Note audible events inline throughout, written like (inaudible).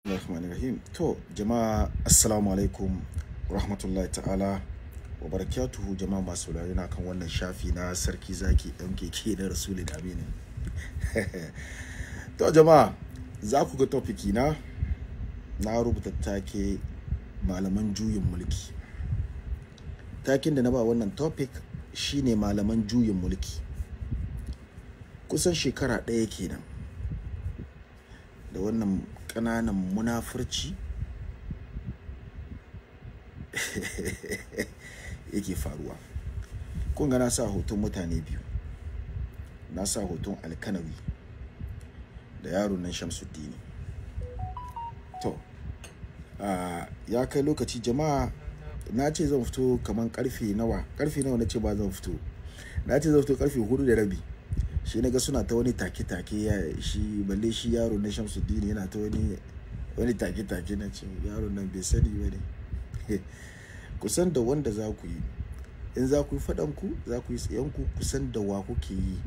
Bismillahirrahmanirrahim. To, jama'a assalamu alaikum rahmatullahi ta'ala wa barakatuhu jama'a masu laurari na kan wannan shafi na sarki zaki MKK na Rasulun Aminu. (laughs) to, jama'a za ku ga topiki na na rubuta take malaman juyin mulki. Takin da na ba wannan topic shine malaman juyin mulki. Kusan shekara ɗaya kenan da wannan ƙananan munafurci (laughs) yake faruwa kun ga na sa hoton mutane biyu na sa hoton alkanawi da yaron nan shamsuddini to ya kai lokaci jama'a na ce zan fito kamar karfe nawa karfe nawa na ce ba zan fito na ce zan fito karfe hudu da rabi shi na ga suna ta wani take-take ya shi balle shi yaro na shamsu dini yana ta wani take-take na ce yaro nan bai sani ba ne (laughs) kusan da wanda za ku yi in za ku yi fadanku za ku yi tsayanku kusan da wa kuke yi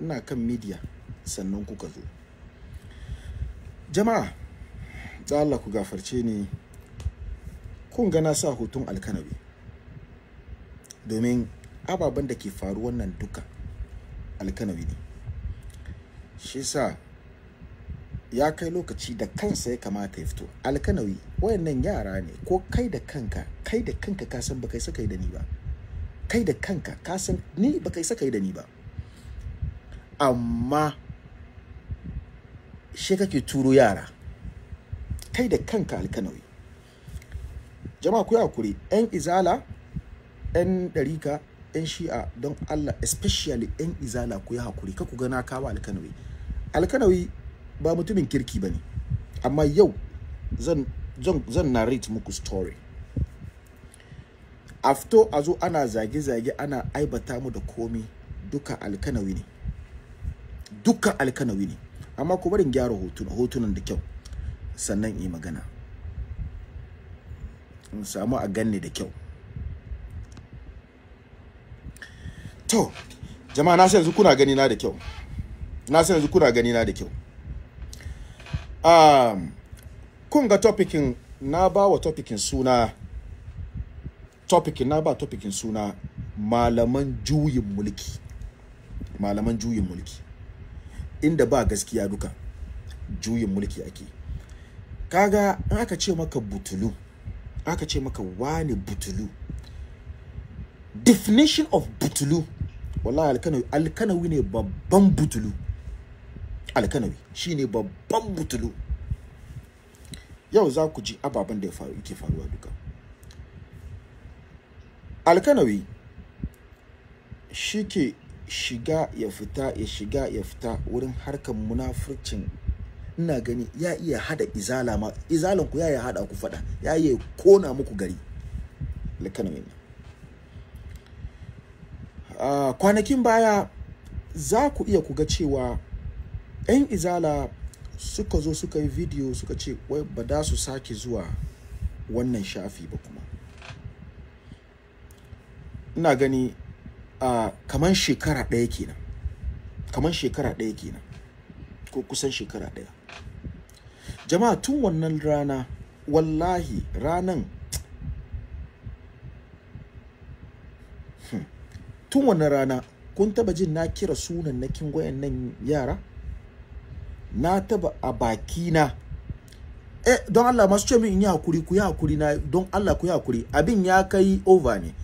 ina kan midiya sannan kuka zo jama'a da Allah ku gafarce ni kun gana sa hoton alkanabi domin ababen da ke faru nan duka alkanawi ne shi sa ya kai lokaci da kansa ya kamata ya fito alkanawi wayannan yara ne ko kai da kanka kai da kanka ka san ba kai saka da ni ba kai da kanka ka san ni ba kai saka da ni ba amma shi kake turo yara kai da kanka alkanawi jama'a ku yi hakuri 'yan izala 'yan ɗarika 'yan shi'a don Allah especially 'yan izala ku yi hakuri ka ku gana kawo alkanawi alkanawi ba mutumin kirki ba ne amma yau zan zan narrate muku story a fito a zo ana zage-zage ana aibata mu da komi duka alkanawi ne duka alkanawi ne amma ku barin gyara hotunan da kyau sannan yi magana in samu a ganni da kyau to jama'a na san yanzu kuna gani na da kyau na san yanzu kuna gani na da kyau um, kun ga topikin na ba wa topikin suna topikin na ba topikin suna malaman juyin mulki malaman juyin mulki inda ba gaskiya duka juyin mulki ake kaga in aka ce maka butulu aka ce maka wani butulu definition of butulu wallahi alkanawi alkanawi ne babban butulu alkanawi shine babban butulu yau za ku ji ababen da yake faruwa duka alkanawi shi ke shiga ya fita ya shiga ya fita wurin harkar munafurcin ina gani ya iya hada izala ma izalan ku ya iya hada ku fada ya iya kona muku gari alkanawi ne uh, kwanakin baya za ku iya kuga cewa 'yan izala suka zo suka yi video suka ce wai ba da su sake zuwa wannan shafi ba kuma ina gani uh, kaman shekara ɗaya kenan kaman shekara ɗaya kenan ko kusan shekara ɗaya jama'a tun wannan rana wallahi ranan tun wannan rana kun taba jin na kira sunan na kin nan yara na taba a baki na eh don Allah masu ce min in yi hakuri ku yi hakuri na don Allah ku yi hakuri abin ya kai over ne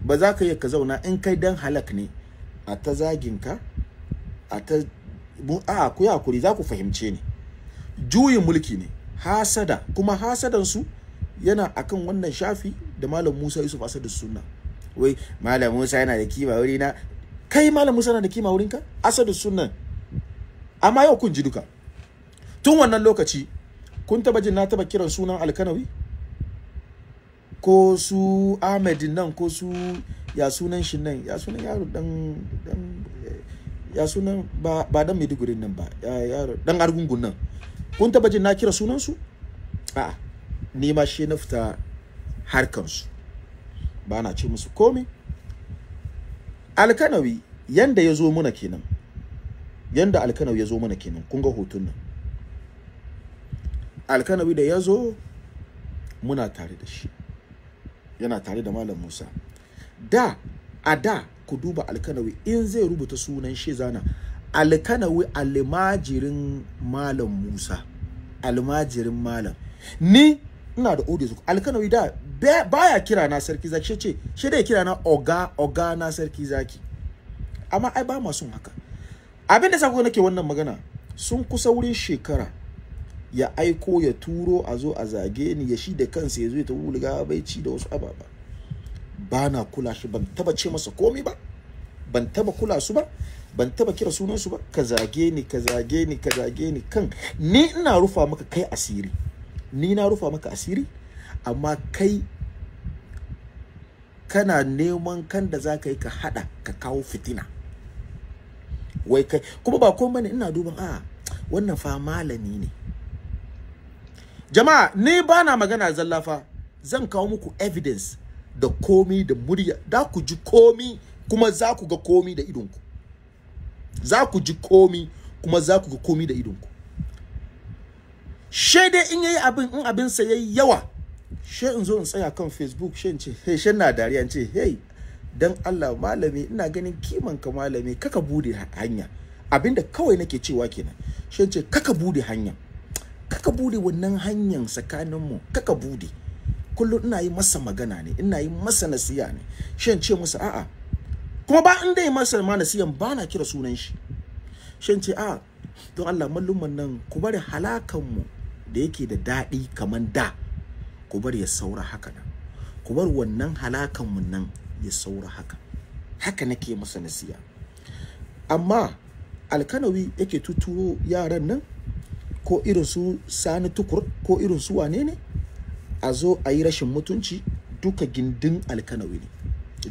ba za ka iya ka zauna in kai dan halak ne a ta zagin ka a ta a ku yi hakuri za ku fahimce ni juyin mulki ne hasada kuma hasadan su yana akan wannan shafi da malam Musa Yusuf Asadu Sunna wai malam Musa yana da kima wuri na kai malam Musa yana da kima wurinka asadu sunan amma yau kun ji duka tun wannan lokaci kun taba jin na taba kiran sunan alkanawi ko su ahmed nan ko su ya sunan shi nan ya sunan yaro dan dan ya sunan ba ba dan maiduguri nan ba ya yaro dan argungun nan kun taba jin na kira sunan su a'a ni ma shi na fita harkansu. ba na ce musu komi alkanawi yanda ya zo muna kenan yanda alkanawi ya zo muna kenan kun ga hoton nan alkanawi da ya zo muna tare da shi yana tare da malam musa da a da ku duba alkanawi in zai rubuta sunan shi zana alkanawi almajirin malam musa almajirin malam ni ina da audio alkanawi da baya kira na sarki zaki shi ce shi dai kira na oga oga na sarki zaki amma ai ba ma haka abin da sako nake wannan magana sun kusa wurin shekara ya aiko ya turo a zo a zage ni ya shi da kansa ya zo ya tabu liga bai ci da wasu ababa ba na kula shi ban taba ce masa komai ba ban taba kula su ba ban taba kira sunan su ba ka zage ni ka zage ni ka zage ni kan ni ina rufa maka kai asiri ni na rufa maka asiri amma kai kana neman kan da za yi ka hada ka kawo fitina wai kai kuma ba komai ne ina duban a wannan fa malami ne jama'a ni ba na magana zallafa zan kawo muku evidence da komi da murya da ku ji komi kuma za ku ga komi da idonku za ku ji komi kuma za ku ga komi da idonku shaidai in yayi abin in abin sa yayi yawa she in zo in tsaya kan facebook she in ce hey she na dariya ce hey dan Allah malami ina ganin kiman ka malami kaka bude hanya abinda kawai nake cewa kenan she ce kaka bude hanya kaka bude wannan hanyar tsakanin mu kaka bude kullum ina yi masa magana ne ina yi masa nasiya ne she ce masa a'a kuma ba in dai masa ma nasiyan ba na kira sunan shi she ce a'a don Allah malluman nan ku bari halakan mu da yake da daɗi kaman da ku bar ya saura haka nan ku bar wannan halakan mun nan ya saura haka haka nake masa nasiya amma alkanawi yake tutuwo yaran nan ko irin su sani tukur ko irin su wane ne a zo a yi rashin mutunci duka gindin alkanawi ne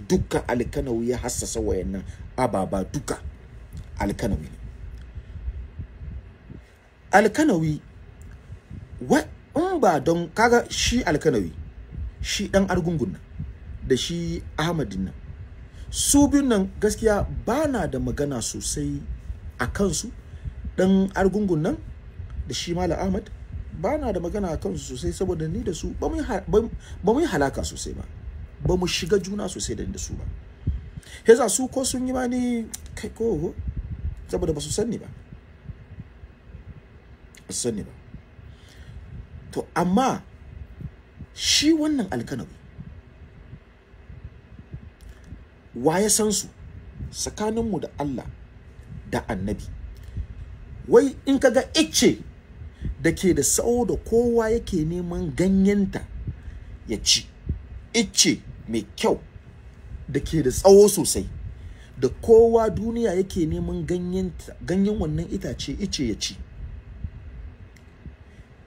duka alkanawi ya hassasa wayannan ababa duka alkanawi ne alkanawi in ba don kaga shi alkanawi shi dan argungun nan da shi ahmadin nan su biyun nan gaskiya ba na da magana sosai a kansu dan argungun nan da shi malam ahmad ba na da magana a kansu sosai saboda ni da su ba mu yi halaka sosai ba ba mu shiga juna sosai da su ba heza su ko sun yi ma ni kai ko saboda ba su sani ba su ba to amma shi wannan alkanawi wa ya san su tsakaninmu da Allah da annabi wai in kaga icce da ke da sau da kowa yake neman ganyenta ya ci icce mai kyau da ke da tsawo sosai da kowa duniya yake neman ganyen wannan itace ice ya ci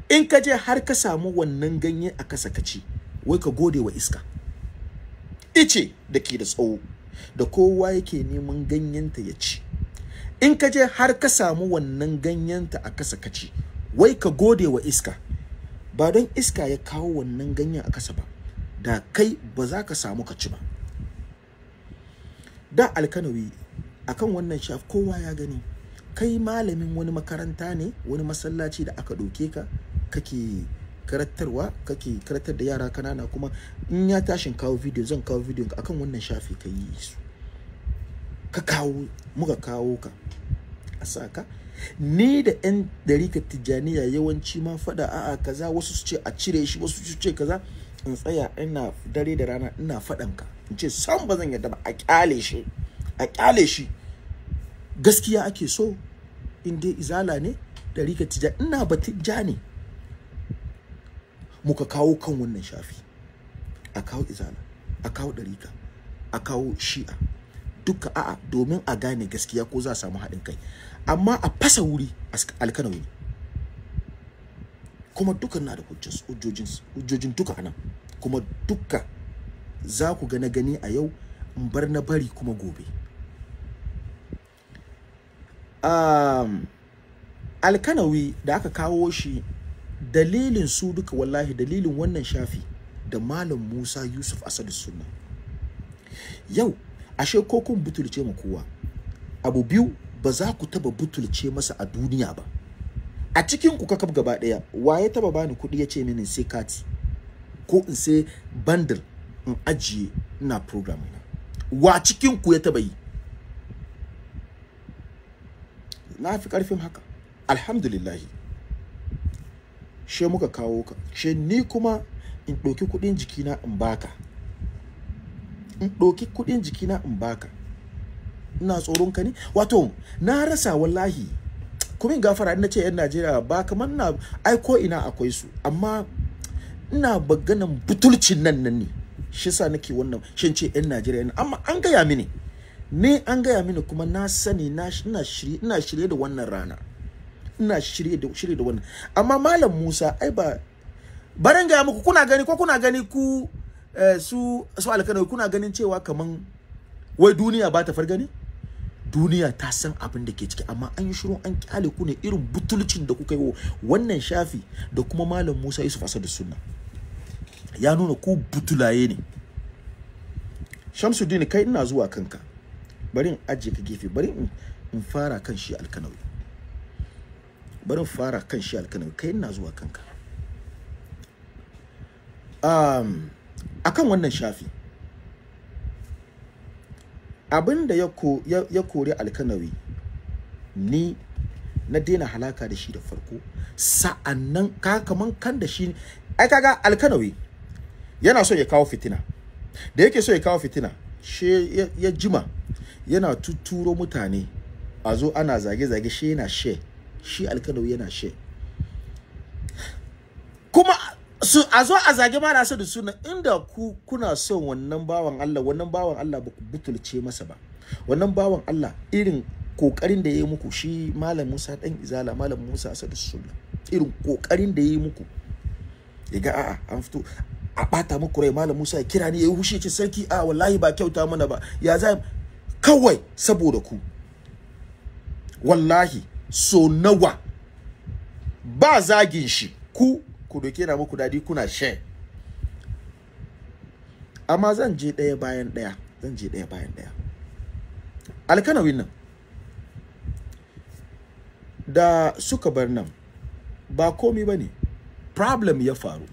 in ka je har ka samu wannan ganye a kasa ka ci wai ka gode wa iska ice da ke da tsawo da kowa yake neman ganyenta ya ci in ka je har ka samu wannan ganyenta a kasa ka ci wai ka gode wa iska ba don iska ya kawo wannan ganyen a kasa ba da kai ba za ka samu ka ci ba da alkanawi akan wannan shaf kowa ya gani kai malamin wani makaranta ne wani masallaci da aka ɗauke ka kake karantarwa kake karantar da yara kanana kuma in ya tashin kawo video zan kawo video akan wannan shafi ka yi su ka kawo muka kawo ka a sa ni da yan dariƙar tijjaniya yawanci ma faɗa a'a kaza wasu su ce a cire shi wasu su ce kaza in tsaya ina dare da rana ina faɗan ka in ce san ba zan yarda ba a kyale shi a kyale shi gaskiya ake so in dai izala ne rika tija ina ba tija ne muka kawo kan wannan shafi a kawo izala a kawo ɗarika a kawo shi'a duka a'a domin a gane gaskiya ko za a samu haɗin kai amma a fasa wuri alkanawi ne kuma duka na da hujjojin duka anan kuma duka za ku ga na gani a yau in bar na bari kuma gobe um, alkanawi da aka kawo shi dalilin su duka wallahi dalilin wannan shafi da malam musa yusuf asadu sunna yau ashe ko kun butulce ma kowa abu biyu ba za ku taba butulce masa a duniya ba a cikin ku kakab gaba daya waye taba bani kuɗi ya ce mini sai kati ko in sai bundle in ajiye ina program wa cikin ku ya taba yi na fi karfin haka alhamdulillahi she muka kawo ka she ni kuma in ɗauki kuɗin jikina in baka in ɗauki kuɗin jikina in baka ina tsoron ka ne wato na rasa wallahi kuma in gafara ina ce 'yan najeriya ba kamar na ai ko ina akwai su amma ina baganan butulcin nan nan ne shi sa nake wannan shin ce 'yan najeriya amma an gaya mini ni an gaya mini kuma na sani na ina shirye da wannan rana ina shirye da wannan amma malam Musa ai ba barin ga muku kuna gani ko kuna gani ku eh, su su alkano kuna ganin cewa kaman wai duniya ba ta fargani duniya ta san abin da ke ciki amma an yi shiru an kyale ku ne irin butulcin da kuka yi wa wannan shafi da kuma malam Musa Yusuf da Sunna ya nuna ku butulaye ne Shamsuddin kai ina zuwa kanka bari in ajiye ka gefe bari in fara kan shi alkanawi bari in fara kan shi alkanawi kai ina zuwa kanka um, akan wannan shafi abin da ya kori alkanawi ni na daina halaka da shi da farko sa'annan ka kaman kan da shi ai kaga alkanawi yana so ya kawo fitina da yake so ya kawo fitina she ya jima yana tuturo mutane a zo ana zage-zage shi yana she shi alkanawi yana she kuma su a zo a zage mara su da suna inda ku kuna son wannan bawan Allah wannan bawan Allah ba ku butulce masa ba wannan bawan Allah irin kokarin da ya yi muku shi malam Musa dan Izala malam Musa Asadu Sunna irin kokarin da ya yi muku ya ga a'a an fito a bata muku rai malam Musa ya kira ni ya yi hushi ce sarki a wallahi ba kyauta mana ba ya zai kawai saboda ku wallahi so nawa ba zagin shi ku ku doke na muku dadi kuna she amma zan je ɗaya bayan ɗaya zan je ɗaya bayan ɗaya alkanawin nan da suka bar nan ba komi ba ne problem ya faru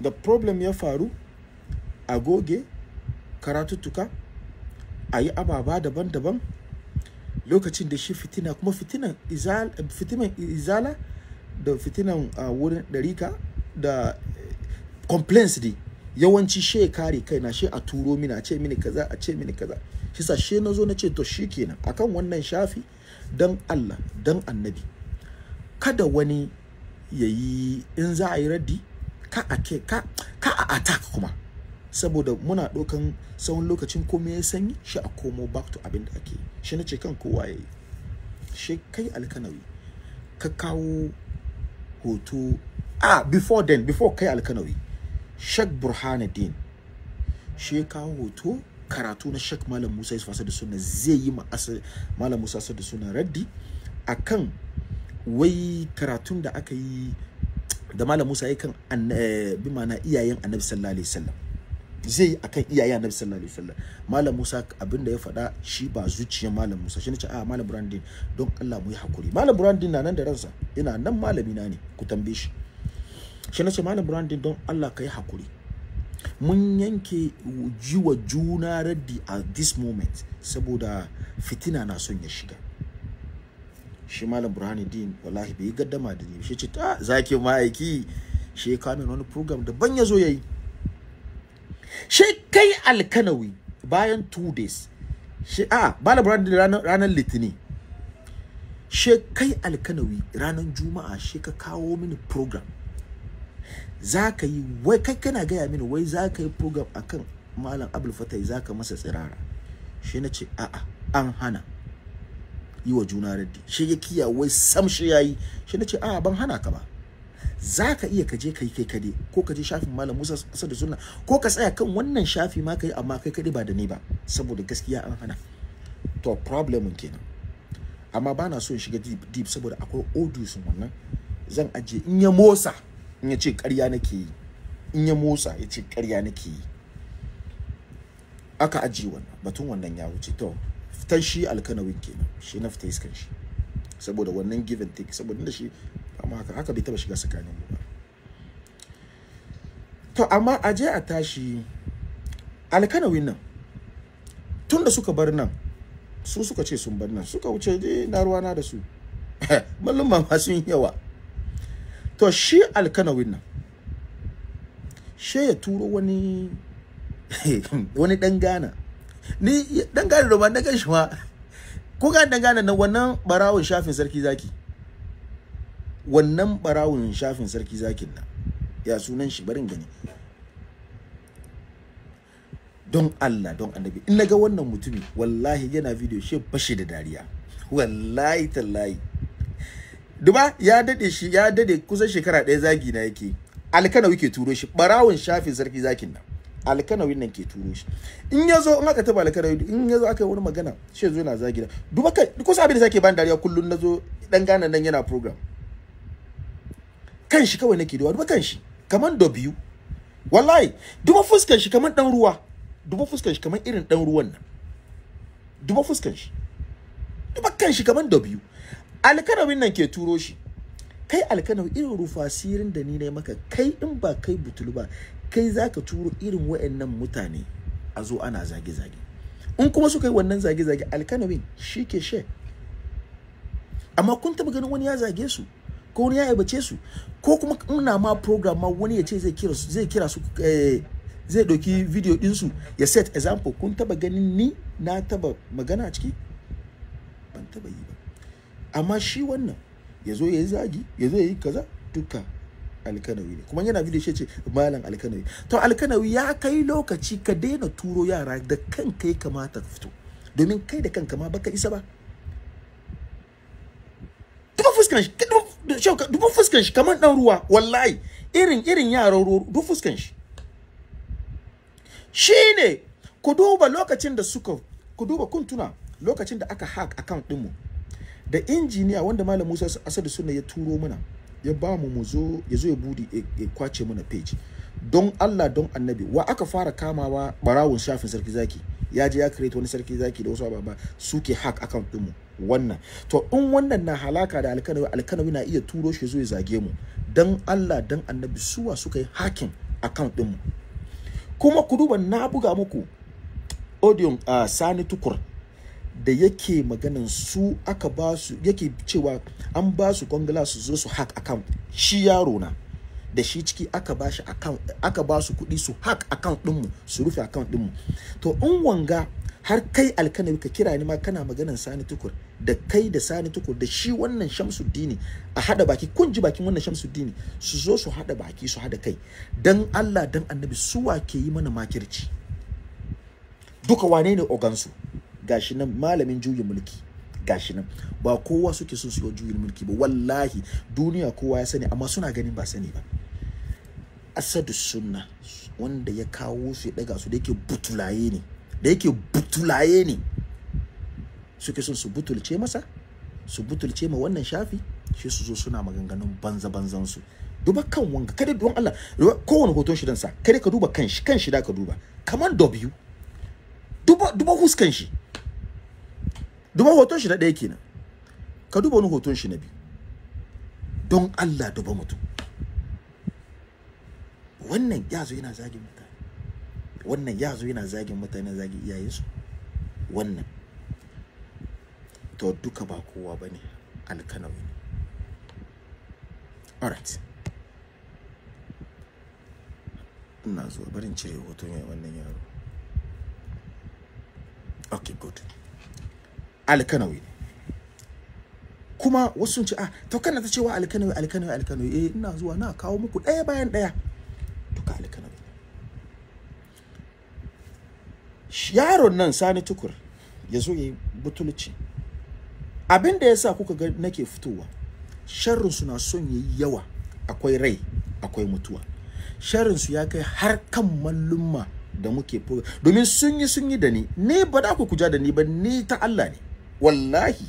da problem ya faru a goge karatuttuka a yi ababa daban-daban lokacin da shi fitina kuma fitinan izala, da fitinan uh, wurin ɗarika da eh, complaints di yawanci shi ya kare na, shi a turo mini a ce mini kaza a ce mini kaza shi sa shi na zo na ce to kenan akan wannan shafi don Allah don annabi kada wani ya yi in za a yi raddi ka a ka, ka a attack kuma saboda muna ɗaukan tsawon lokacin komai ya sanyi shi a komo back to abin da ake shi na ce kan kowa ya yi shi kai alkanawi ka kawo hoto ah before then before kai alkanawi shek burhanuddin shi ya kawo hoto karatu na shek malam musa yusuf asadu suna zai yi malam musa asadu suna raddi A kan wai karatun da aka yi da malam musa ya kan eh, bi mana iyayen annabi sallallahu alaihi wasallam zai yi akan iyaye annabi sallallahu alaihi wasallam malam Musa abinda ya faɗa shi ba zuciyar malam Musa shi ne ce a ah, malam Brandin don Allah mu yi hakuri malam Brandin na nan da ransa ina nan malami na ne ku tambaye shi shi ne ce malam Brandin don Allah ka yi hakuri mun yanke jiwa juna raddi a this moment saboda fitina na son ya shiga shi malam burhanuddin wallahi bai gaddama da ni shi ce ta zaki aiki shi ya wani program daban ya zo ya yi shi kai alkanawi bayan two days shi a ah, bala brandi ranar litini shi kai alkanawi ranar juma'a shi ka kawo mini program za ka yi wai kai kana gaya mini wai za ka program akan malam abul fatai za ka masa tsirara shi na ce a'a an hana yi wa juna raddi shi ya kiya wai sam shi ya shi na ce a'a ban hana ka ba za ka iya kaje kai kai kade ko kaje shafin malam Musa da Sunna ko ka tsaya kan wannan shafi ma kai amma kai kade ba da ni ba saboda gaskiya an hana to problem kenan amma ba na so in shiga deep deep saboda akwai sun wannan zan aje in ya motsa in ya ce ƙarya nake yi in ya motsa ya ce ƙarya nake yi aka aje wannan batun wannan ya wuce to fitan shi alkanawin kenan shi na fita iskan shi saboda wannan give and take saboda shi amma haka haka bai taba shiga tsakanin mu ba to amma a je a tashi alkanawin nan tun da suka bar nan su suka ce sun bar nan suka wuce je na ruwana da su (laughs) mallum mama sun yawa to shi alkanawin nan she ya turo wani (laughs) wani dan gana ni dan gana da ba na gan ma (laughs) ko ga dan gana na wannan barawun shafin sarki zaki wannan barawun shafin sarki zakin nan ya sunan shi barin gani don Allah don annabi in naga wannan mutumi wallahi yana video shi bashi da dariya wallahi tallahi duba ya dade shi ya dade kusan shekara ɗaya zagi na yake alkanawi ke turo shi barawun shafin sarki zakin nan alkanawi nan ke turo shi in ya zo in aka taba alkanawi in ya zo aka yi wani magana shi zo yana zagi na duba kai kusa abin da sake ban dariya kullum na zo dan gana nan yana program kan shi kawai nake duba duba kan shi kaman da biyu wallahi duba fuskan shi kaman dan ruwa duba fuskan shi kaman irin dan ruwan nan duba fuskan shi duba kan shi kaman da biyu alkanawin nan ke turo shi kai alkanawi irin rufasirin da ni ne maka kai in ba kai butul ba kai zaka turo irin wayannan mutane a zo ana zage-zage in kuma suka yi wannan zage-zage alkanawin shi ke she amma kun taba ganin wani ya zage su ko wani ya aibace su ko kuma muna ma program ma wani ya ce zai kira su zai kira su eh, zai ɗauki video su ya set example kun taba ganin ni na taba magana a ciki ban taba yi ba amma shi wannan ya zo ya yi zagi ya zo ya yi kaza duka alkanawi ne kuma yana video ce malam alkanawi to alkanawi ya kai lokaci ka daina turo yara da kanka ya kamata ka fito domin kai da kanka ma baka isa ba duba fuskan shi duba fuskan shi kamar dan ruwa wallahi irin irin yaran ruwa duba fuskan shi shine ku duba lokacin da suka ku duba kun tuna lokacin da aka hack account din da injiniya wanda malam Musa Asadu Sunna ya turo mana ya ba mu mu zo ya zo ya budi ya kwace mana page don Allah don annabi wa aka fara kamawa barawun shafin sarki zaki ya je ya create wani sarki zaki da wasu ababa suke hack account din mu wannan to in wannan na halaka da alkanawi alkanawi na iya turo shi zo ya zage mu dan Allah dan annabi suwa suka yi hakin account din mu kuma ku duba na buga muku audio uh, sani tukur da yake maganan su aka ba su yake cewa an ba su kwangila su zo su hack account shi yaro na da shi ciki aka ba shi account aka ba su kuɗi su hack account din mu su rufe account din mu to in wanga har kai alkanawi ka kira ni ma kana maganan sani tukur da kai da sani tukur da shi wannan shamsuddini a hada baki kun ji bakin wannan shamsuddini su zo su hada baki su hada kai dan Allah dan annabi su wa ke yi mana makirci duka wane ne ogansu gashi nan malamin juyin mulki gashi nan ba kowa suke son su yi juyin mulki ba wallahi duniya kowa ya sani amma suna ganin ba sani ba asadu sunna wanda ya kawo su ya daga su da yake butulaye ne da yake butulaye ne suke son su butulce masa su butulce ma wannan shafi shi su zo suna maganganun banza banzan su duba kan wanga kada don Allah kowane hoton shi dan sa kada ka duba kan shi kan shi da ka duba kaman W duba duba huskan shi duba hoton shi na ɗaya kenan ka duba wani hoton shi na biyu don Allah duba mutum wannan ya zo yana zagin mu wannan ya zo yana zagin mutane zagin iyayensu wannan to duka ba kowa ba ne alkanawi ne alright ina zuwa barin cire hoton ya wannan yaro okay good alkanau ne kuma wasu sun ce ah to kana ta cewa alkanawi alkanawi alkanawi eh ina zuwa na kawo muku ɗaya bayan ɗaya duka alkanawi yaron nan sani tukur ya zo ya yi butulci abin da ya sa kuka ga nake fitowa su na son ya yi yawa akwai rai akwai mutuwa sharrinsu ya kai har kan mallumma da muke domin sun yi sun yi da ni ne ba da ku kuja da ni ba ni ta Allah ne wallahi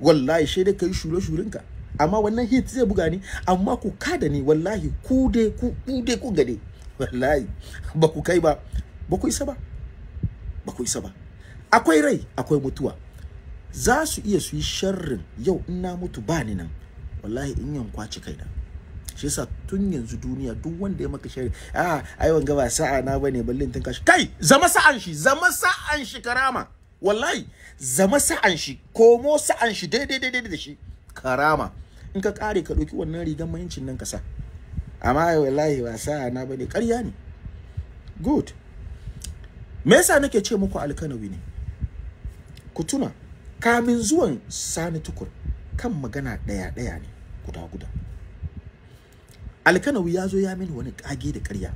wallahi shi dai kai shure ka amma wannan hit zai buga ni amma ku ka da ni wallahi ku dai ku ku dai ku gade wallahi ba ku kai ba ba ku isa ba ba ku ba akwai rai akwai mutuwa za su iya su yi sharrin yau in na mutu ba ni nan wallahi in kwaci kai kaina shi yasa tun yanzu duniya duk wanda ya maka sharri a ai wanga ba sa'a na bane ballin tun kashi kai zama sa'an shi zama sa'an shi karama wallahi zama sa'an shi komo sa'an shi daidai daidai da shi karama in ka kare ka ɗauki wannan rigar mahincin nan ka sa amma wallahi ba sa'a na bane ƙarya ne good me yasa nake ce muku alkanawi ne ku tuna kamin zuwan sani tukur kan magana daya daya ne guda guda alkanawi ya zo ya mini wani kage da ƙarya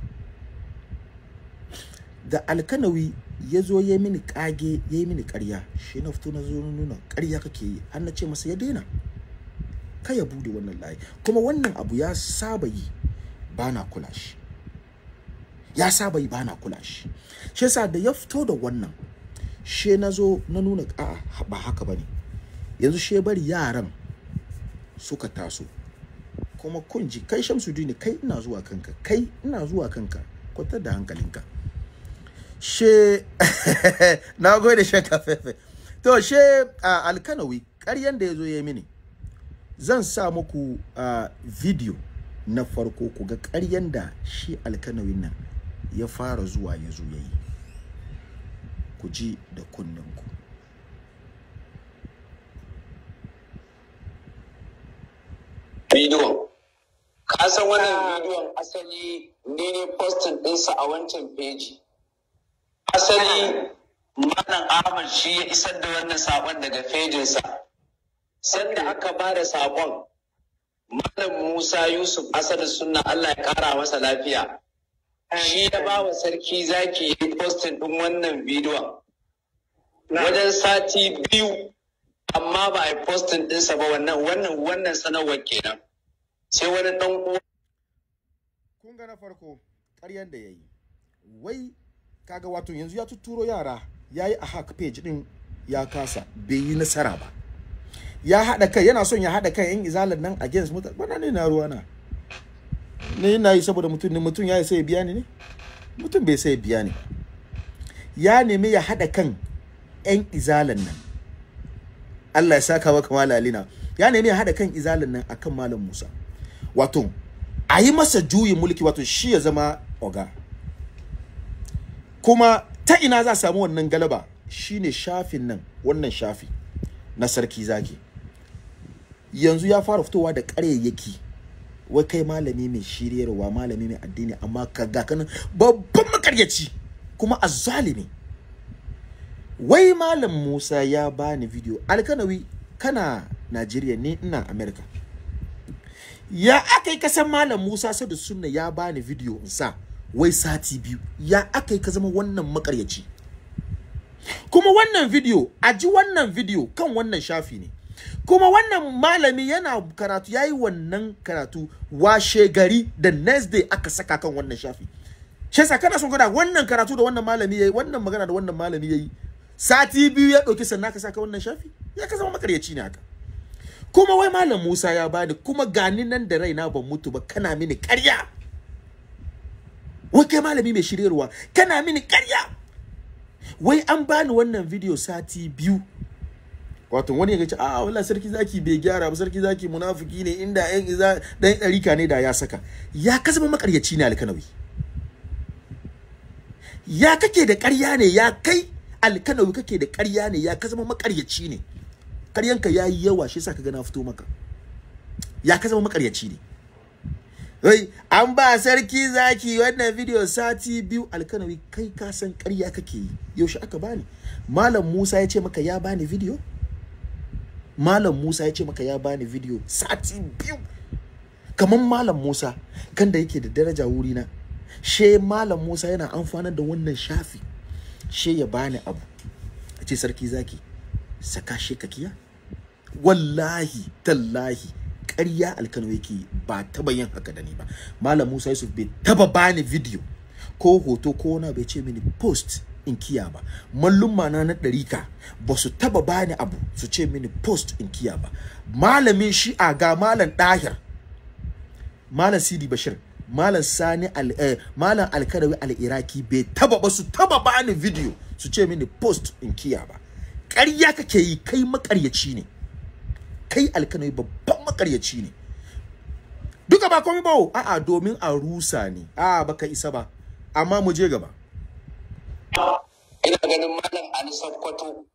da alkanawi ya zo ya mini kage ya mini ƙarya shi na fito na zo nuna ƙarya kake yi an na ce masa ya daina ka ya bude wannan layi kuma wannan abu ya saba yi ba na kula shi ya saba yi bana kula shi shi yasa da ya fito da wannan she na zo na nuna a ba haka bane yanzu she bari yaran suka taso kuma kun ji kai dini kai ina zuwa kanka kai ina zuwa kanka kwata da hankalinka she (laughs) na gode shan kafefe to she alkanawi ƙaryan da ya zo ya mini zan sa muku a video na farko ku ga ƙaryan da shi alkanawin nan ya fara zuwa ya zo ya ku ji da kunninku bidiyon ka san wannan bidiyon asali ne ne postin ɗinsa a wancan feji asali malam ahmad shi ya isar da wannan sabon daga fejinsa sanda aka ba da sabon malam musa yusuf asali sunna allah ya kara masa lafiya shi ya ba wa sarki zaki yi postin ɗin wannan bidiyo. wajen sati biyu amma ba a yi postin ɗinsa ba wannan wannan wannan sanarwar kenan sai wani ɗan uwa kun ga na farko ƙaryar da ya yi wai kaga wato yanzu ya tuturo yara ya yi a hack page ɗin ya kasa bai yi nasara ba ya haɗa kai yana son ya haɗa kai yan izalar nan against mutane wannan ne na ruwana ne na yi saboda mutum ne mutum ya sai biya ni ne mutum bai sai biya ni ya nemi ya hada kan yan izalan nan Allah ya saka maka mala alina ya nemi ya hada kan izalan nan akan malam Musa wato a yi masa juyin mulki wato shi ya zama oga kuma ta ina za samu wannan galaba shine shafin nan wannan shafi na sarki zaki yanzu ya fara fitowa da ƙaryayyaki wai kai malami mai shiryarwa malami mai addini amma ka ga kanan babban makaryaci kuma azzalimi wai malam Musa ya bani video alkanawi kana Najeriya ne ina America ya akai kasan malam Musa sadu sunna ya bani video in sa wai sati biyu ya akai ka zama wannan makaryaci kuma wannan video aji wannan video kan wannan shafi ne kuma wannan malami yana karatu yayi wannan karatu washe gari da next day aka saka kan wannan shafi shi yasa kana son kada wannan karatu da wannan malami yayi wannan magana da wannan malami yayi sati biyu ya dauki sannan ka saka wannan shafi ya ka zama makaryaci ne haka kuma wai malam Musa ya bani kuma gani nan da raina ban mutu ba kana mini ƙarya wai kai malami mai shiryarwa kana mini ƙarya wai an bani wannan video sati biyu wato wani ya ce a wallahi sarki zaki bai gyara ba sarki zaki munafiki ne inda ɗan iza ɗarika ne da ya saka ya ka zama makaryaci ne alkanawi ya kake da ƙarya ne ya kai alkanawi kake da ƙarya ne ya ka zama makaryaci ne ƙaryanka ya yi yawa shi yasa ka na fito maka ya ka zama makaryaci ne Wai, an ba sarki zaki wannan video sati biyu alkanawi kai ka san ƙarya kake yi. Yaushe aka bani? Malam Musa ya ce maka ya bani video? malam Musa ya ce maka ya bani video sati biyu kamar malam Musa kan da yake da daraja wuri na she malam Musa yana amfana da wannan shafi she ya bani abu a ce sarki zaki saka she kakiya wallahi tallahi ƙarya alkano yake ba taba yin haka da ni ba malam Musa Yusuf bai taba bani video ko hoto ko na bai ce mini post in kiya ba mallumma na na ɗarika ba su taba bani abu su ce mini post in kiya ba malamin shi'a ga malam dahir malam sidi bashir malam sani al eh, malam alkarawi al-iraki bai taba ba su taba bani video su ce mini post in kiya ba ƙarya kake yi kai makaryaci ne kai alkanawi babban makaryaci ne duka ba komai ba a'a domin a rusa ne a'a baka isa ba amma mu je gaba ina ganin malam Ali Sakkwato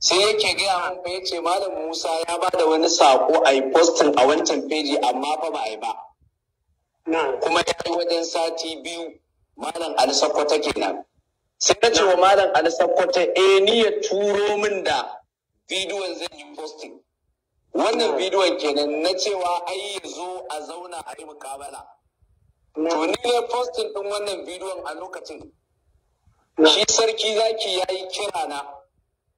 sai yake gaya min fa yace malam Musa ya ba da wani sako a yi posting a wancan feji amma fa ba a yi ba kuma ya yi wajen sati biyu malam Ali Sakkwato kenan sai na ce wa malam Ali Sakkwato eh ni ya turo min da bidiyon zan yi posting wannan bidiyon kenan na cewa ai ya zo a zauna a yi mukabala to ni ne posting din wannan bidiyon a lokacin Shi sarki zaki ya yi kira na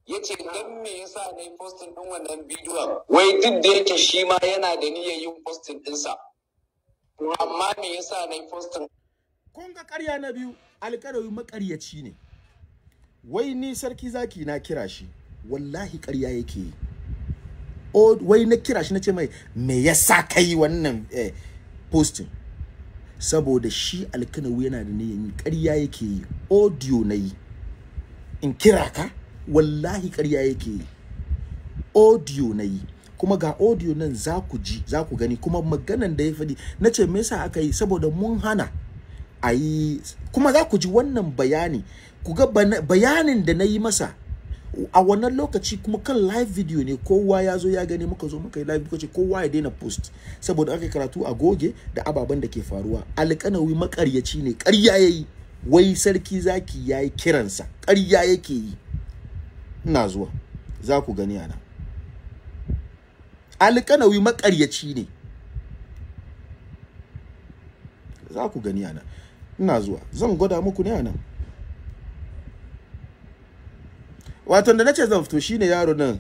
ya ce don me ya sa na yi postin ɗin wannan bidiyon wai duk da yake shi ma yana da niyyar yin postin ɗinsa. Amma me ya sa na yi postin kun ga ƙarya na biyu alƙarawi maƙaryaci ne wai ni sarki zaki na kira shi wallahi karya yake yi wai na kira shi na ce mai me yasa kai wannan eh, saboda shi alkanawu yana da niyan ƙarya yake yi audio na yi in kira ka wallahi ƙarya yake yi audio na yi kuma ga audio nan za ku ji za ku gani kuma maganan da ya faɗi na ce me yasa aka yi saboda mun hana a yi kuma za ku ji wannan bayani ku ga bayanin da na yi masa a wannan lokaci kuma kan live video ne kowa ya zo ya gani muka zo muka yi live kace kowa ya daina post saboda aka karatu a goge da ababen da ke faruwa alƙanawi makaryaci ne ƙarya ya yi wai sarki zaki ya yi kiransa ƙarya yake yi ina zuwa za ku gani ana alƙanawi makaryaci ne za ku gani ana ina zuwa zan gwada muku ne a nan wato da nace zan fito shine yaro nan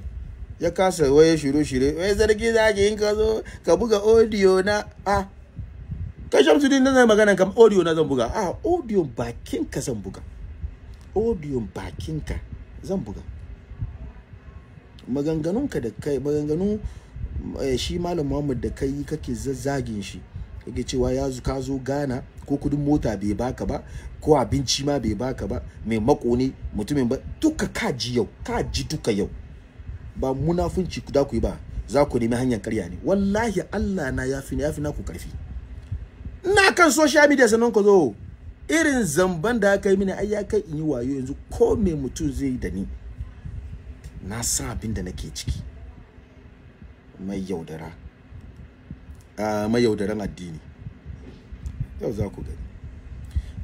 ya kasa waye shiru shire wai zargi zaki in ka zo ka buga audio na a kai shamsu din nan magana kam audio na zan buga a audio bakin ka zan buga audio bakin ka zan buga maganganun ka da kai maganganu eh, shi malam Muhammad da kai kake zazzagin shi ga cewa ya zu ka zo Ghana ko kudin mota bai baka ba ko abinci ma bai baka ba mai mako ne mutumin ba duka ka ji yau ka ji duka yau ba munafunci da ku yi ba za ku nemi hanyar karya ne wallahi Allah na ya fi na ku karfi na kan social media sanan ku zo irin zamban da aka yi mini ai ya kai in yi wayo yanzu ko me mutum zai yi da ni na sa abin da nake ciki mai yaudara mayaudaran addini yau za ku gani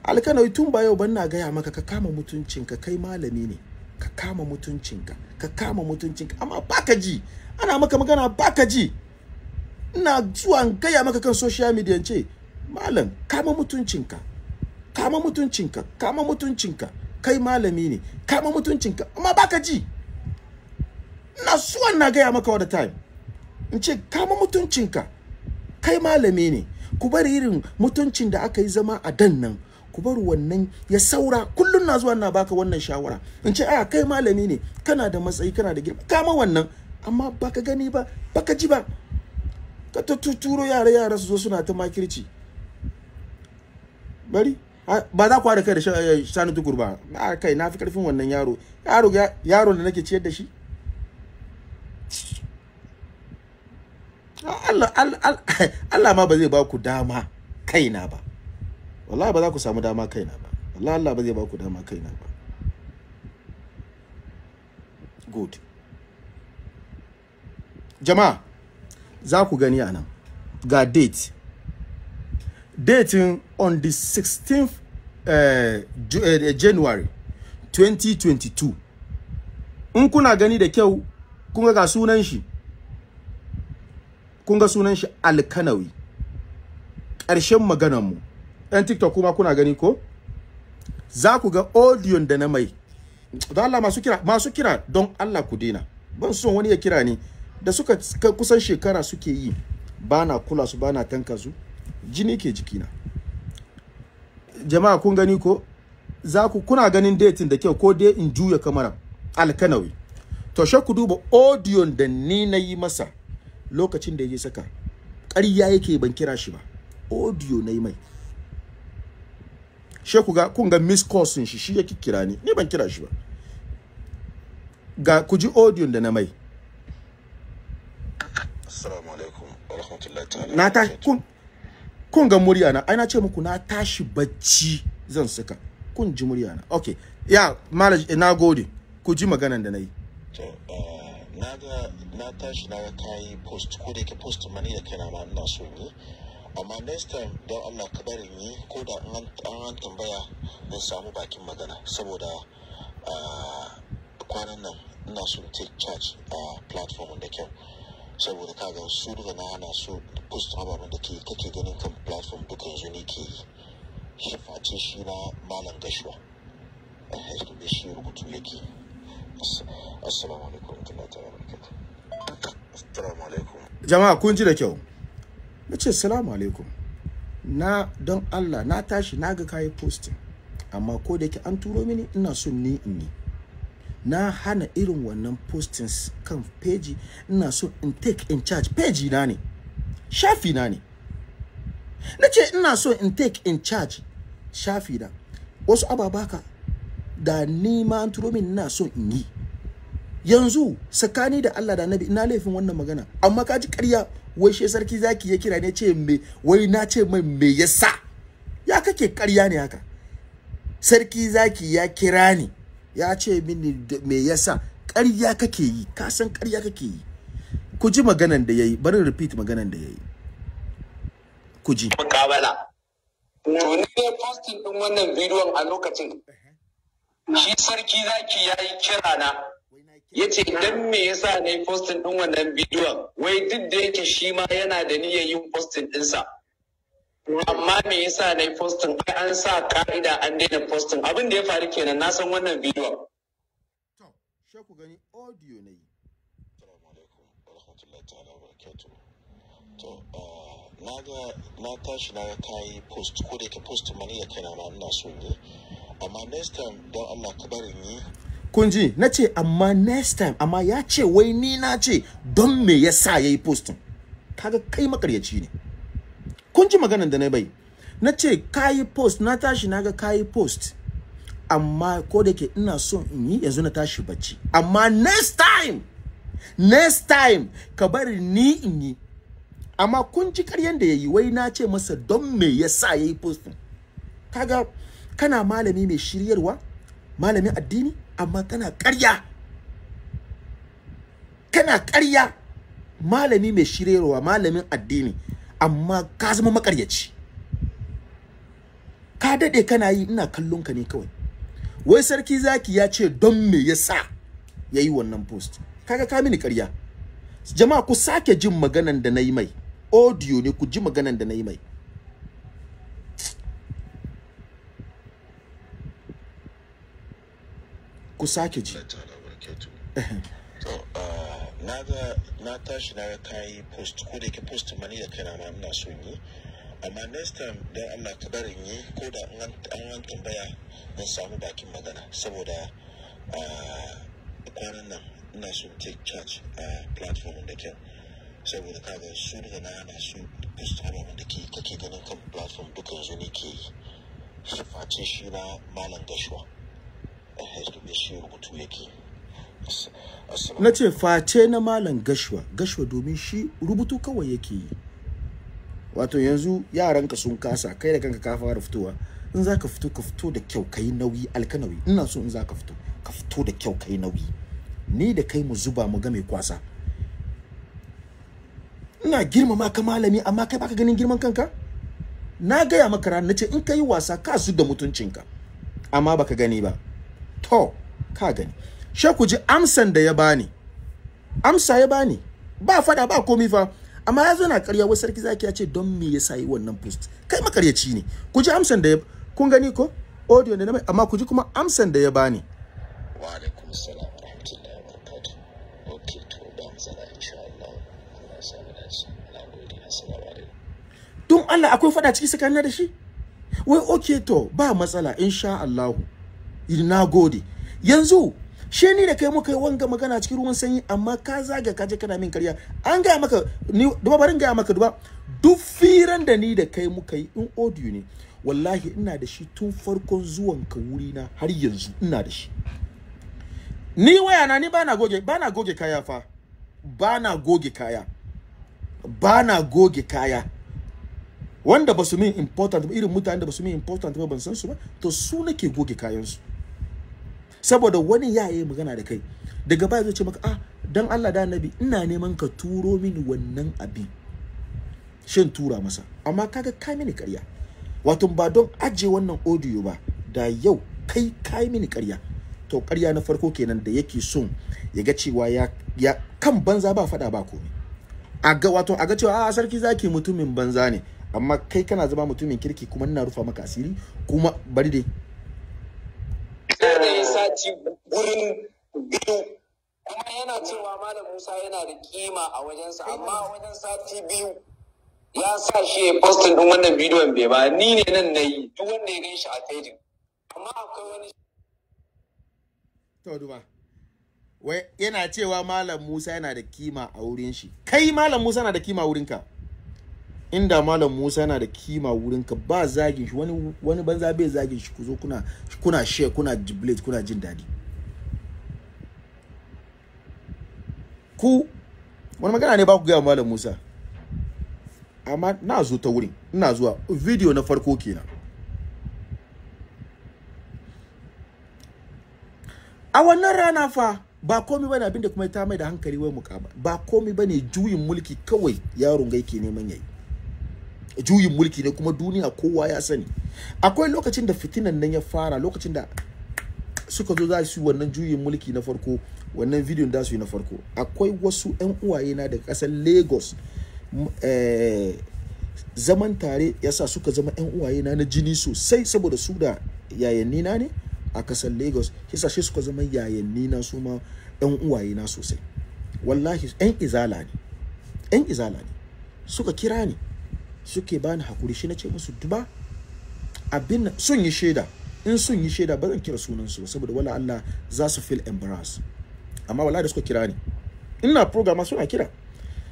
alkanawi tun ba yau ban na gaya maka ka kama mutuncinka kai malami ne ka kama mutuncinka ka kama mutuncinka amma baka ji ana maka magana baka ji ina zuwa in gaya maka kan social media ce malam kama mutuncinka kama mutuncinka kama mutuncinka kai malami ne kama mutuncinka amma baka ji ina zuwa na gaya maka all the time in ce kama mutuncinka kai malami ne ku bari irin mutuncin da aka yi zama a dan nan ku bar wannan ya saura kullum na zuwa na baka wannan shawara in ce a kai malami ne kana da matsayi kana da girma kama wannan amma baka gani ba baka ji ba ka ta tuturo yara yara su zo suna ta makirci bari ba za ku haɗa kai da shanu eh, tukur ba kai na fi karfin wannan yaro yaro yaro da nake ciyar da shi Allah ma ba zai ba ku dama kaina ba wallahi ba za ku samu dama kaina ba wallahi Allah ba zai ba ku dama kaina ba good jama'a za ku gani a nan ga date dating on the 16th uh, eh, eh, January 2022 in kuna gani da kyau kun ga sunan shi kun ga sunan shi alkanawi ƙarshen maganar mu ɗan tiktok kuma kuna gani ko za ku ga audio da na mai don Allah masu kira masu kira don Allah ku dena ban son wani ya kira ni da suka kusan shekara suke yi bana kula su bana tanka su jini ke jikina jama'a kun gani ko za ku kuna ganin dating da kyau ko dai in juya kamara alkanawi to ku duba audio da ni na yi masa lokacin da ya saka ƙarya yake ban kira shi ba audio na yi mai she ku ga kun ga miss course shi shi yake kira ni ni ban kira shi ba ga ku ji audio da na mai assalamu alaikum wa rahmatullahi ta'ala na ta kun kun ga murya na ai na ce muku na tashi bacci zan saka kun ji murya na okay ya malaji eh, na gode ku ji maganan da na yi to uh, na ga na tashi na ga kayi post ko da yake post mani da kaina ma ina so yi amma next time don Allah ka bari ni ko da an an tambaya in samu bakin magana saboda kwanan nan ina so take charge a platform da kyau saboda ga su daga na ana so post ababen da ke kake ganin kan platform duka yanzu ne ke shi face shi na malam gashuwa shi rubutu yake jama'a kun ji da kyau nace assalamu alaikum na don Allah na tashi na ga kayi posting amma ko da yake an turo mini ina so ni in yi na hana irin wannan postin kan page ina so in take in charge page na ne shafi na ne nace ina so in take in charge shafi na wasu ababaka da ni ma an turo min ina son in yi yanzu tsakani da Allah da nabi, ina laifin wannan magana amma ka ji ƙarya wai she sarki zaki ya kira ne ce me wai na ce mai me yasa ya kake ƙarya ne haka sarki zaki ya kira ni ya ce mini me yasa ƙarya kake yi ka san ƙarya kake yi ku ji maganan da yayi bari repeat maganan da yayi ku ji mukabala to ne posting din wannan bidiyon a lokacin shi sarki zaki ya yi kira na ya ce don me yasa na yi postin ɗin wannan bidiyon wai duk da yake shi ma yana da niyyar yin postin ɗinsa amma me yasa na yi postin ai an sa ka'ida an daina postin abin da ya faru kenan na san wannan bidiyon to sai ku gani audio ne assalamu alaikum warahmatullahi ta'ala wabarakatuh to ah, na ga na tashi na kai post ko da ke post mani ya kai na ma ina so ne amma next time don Allah ka bari ni kun ji na ce amma next time amma ya ce wai ni na ce don me ya sa ya yi postin kaga kai makaryaci ne kun ji maganan da na bai na ce ka yi post na tashi na ga ka yi post amma ko da ke ina so in yi yanzu na tashi bacci amma next time next time ka bari ni in yi amma kun ji karyan da ya yi wai na ce masa don me yasa sa ya yi postin kaga kana malami mai shiryarwa malamin addini amma kana ƙarya kana ƙarya malami mai shiryarwa malamin addini amma ka zama makaryaci ka daɗe kana yi ina kallon ka ne kawai wai sarki zaki ya ce don me yasa ya yi wannan post kaga ka mini karya? jama'a ku sake jin maganan da na yi mai audio ne ku ji maganan da na yi mai ku sake ji uh, na tashi na ga kayi post ko da ke post mani da kaina ma ina so yi amma next time don Allah ka barin yi ko da an an tambaya zan samu bakin magana saboda uh, kwanan nan ina so take charge a uh, platform da kyau saboda kaga su daga na ana su post abubuwan da kake ganin kan platform duka yanzu ne ke yi face shi na malam gashuwa na ce face na malam gashwa gashwa domin shi rubutu kawai yake yi wato yanzu yaranka sun kasa kai da kanka ka fara fitowa in za ka fito ka fito da kyau kai nauyi alkanawi ina so in za ka fito ka fito da kyau kai nauyi ni da kai mu zuba mu ga mai kwasa ina girmama ka malami amma kai baka ganin girman kanka na gaya maka rana nace in ka yi wasa ka su da mutuncinka amma baka gani ba to ka gani she ku ji amsan da ya bani amsa ya bani ba fada ba komai fa amma ya zo na ƙarya wai sarki zaki ya ce don me yasa yi wannan post kai makaryaci ne ku ji amsan da ya kun gani ko audio ne na mai amma ku ji kuma amsan da ya bani wa alaikum salam wa rahmatullahi wa barakatuh okay to ba matsala insha Allah Allah ya mu dace na gode assalamu alaikum don Allah akwai fada ciki tsakanin da shi wai okay to ba matsala insha Allah na gode yanzu she ni da kai muka yi wanga magana cikin ruwan sanyi amma ka zaga ka je kana min karya an gaya maka ni duba barin gaya maka duba duk firan da ni da kai muka yi in audio ne wallahi ina da shi tun farkon zuwan ka wuri na har yanzu ina da shi ni waya na ni bana goge bana goge kaya fa bana goge kaya bana goge kaya wanda ba su min important irin mutanen da ba su min important ba ban san su ba to su nake goge kayansu saboda wani ya yi magana da kai daga baya zai ce maka ah dan Allah da annabi ina neman ka turo mini wannan abin shin tura masa amma kaga ka mini ƙarya wato ba don aje wannan audio ba da yau kai ka mini ƙarya to ƙarya na farko kenan da yake son ya ga cewa ya ya kan banza ba fada ba komai a ga wato a ga cewa a ah, sarki zaki mutumin banza ne amma kai kana zama mutumin kirki kuma ina rufa maka asiri kuma bari dai ci gurin biyu kuma yana cewa malam Musa yana da kima a wajensa amma wajen sati biyu ya sa shi ya postin ɗin wannan bidiyon bai ba ni ne nan na yi duk wanda ya gan shi a fejin amma akwai wani to yana cewa malam Musa yana da kima a wurin shi kai malam Musa yana da kima a wurinka inda malam Musa yana da kima wurin ka ba zagin shi wani wani banza bai zagin shi ku zo kuna kuna she kuna jiblet kuna jin dadi ku wani magana ne ba ku gaya malam Musa amma na zo ta wurin ina zuwa video na farko kenan a wannan rana fa ba komi bane abinda kuma ta mai da hankali wai muka ba ba komi bane juyin mulki kawai yaron gai ke neman yayi juyin mulki ne kuma duniya kowa ya sani akwai lokacin da fitinan nan ya fara lokacin da suka zo za su wannan juyin mulki na farko wannan bidiyon da su yi na farko akwai wasu 'yan uwaye na daga kasar lagos eh, zaman tare yasa suka zama 'yan uwaye na na jini sosai saboda su da yayanni na ne a kasar lagos yasa shi suka zama yayanni na su ma 'yan uwaye na sosai wallahi 'yan izala ne 'yan izala ne suka kira ni suke bani hakuri shi nace musu duba abin sun yi shaida in sun yi shaida ba zan kira sunan su saboda wala Allah za su feel embarrassed amma wala da suka kira ni ina program suna kira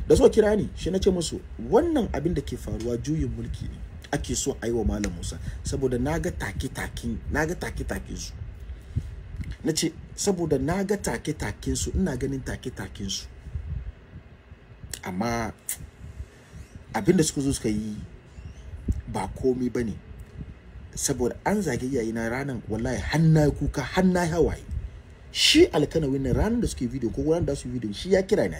da suka kira ni shi nace musu wannan abin da ke faruwa juyin mulki ne ake so a yi wa malam Musa saboda naga take takin naga take takin su nace saboda naga take takin su ina ganin take takin su amma abin da suka zo suka yi ba komi ba ne saboda an zage na ranar wallahi hanna kuka hanna hawaye shi alkana nan ranar da suke video ko ranar da su video shi ya kira ni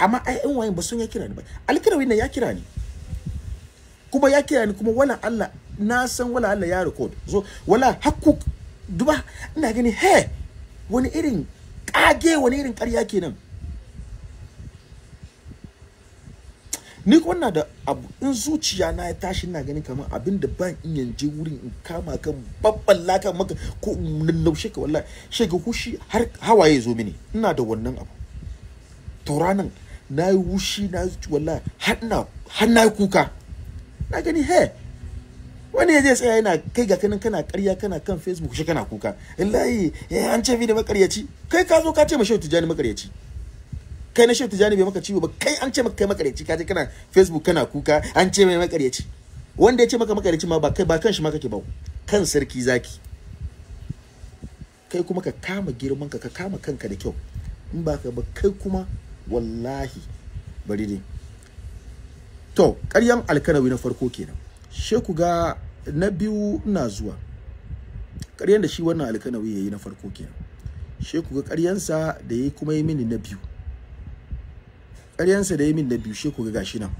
amma ai ɗan wayan ba sun ya kira ni ba alkana nan ya kira ni kuma ya kira ni kuma wala Allah na san wala Allah ya record so wala hakku duba ina gani he wani irin kage wani irin ƙarya kenan ni ko na da abu in zuciya na ya tashi ina ganin kamar abin da ban in yanje wurin in kama kan babban lakan maka ko in lallaushe ka wallahi shi hushi har hawaye zo mini ina da wannan abu to ranan na yi wushi na zuci wallahi har na kuka na gani he wani ya je tsaya yana kai ga kanin kana ƙarya kana kan facebook shi kana kuka wallahi eh an ce da makaryaci kai ka zo ka ce ma shehu tijani makaryaci kai na shehu tijani bai maka ciwo ba kai an ce maka kai makareci ka je kana facebook kana kuka an ce mai makareci wanda ya ce maka makareci ma ba kai ba kan shi ma kake ba kan sarki zaki kai kuma ka kama girman ka ka kama kanka da kyau in ba ka ba kai kuma wallahi bari dai to ƙaryan alkanawi na farko kenan sheku ga na biyu ina zuwa ƙaryan da shi wannan alkanawi ya yi na farko kenan sheku ga ƙaryansa da ya kuma yi mini na biyu ƙaryansa da yamin na biyu shi ku ga gashi nan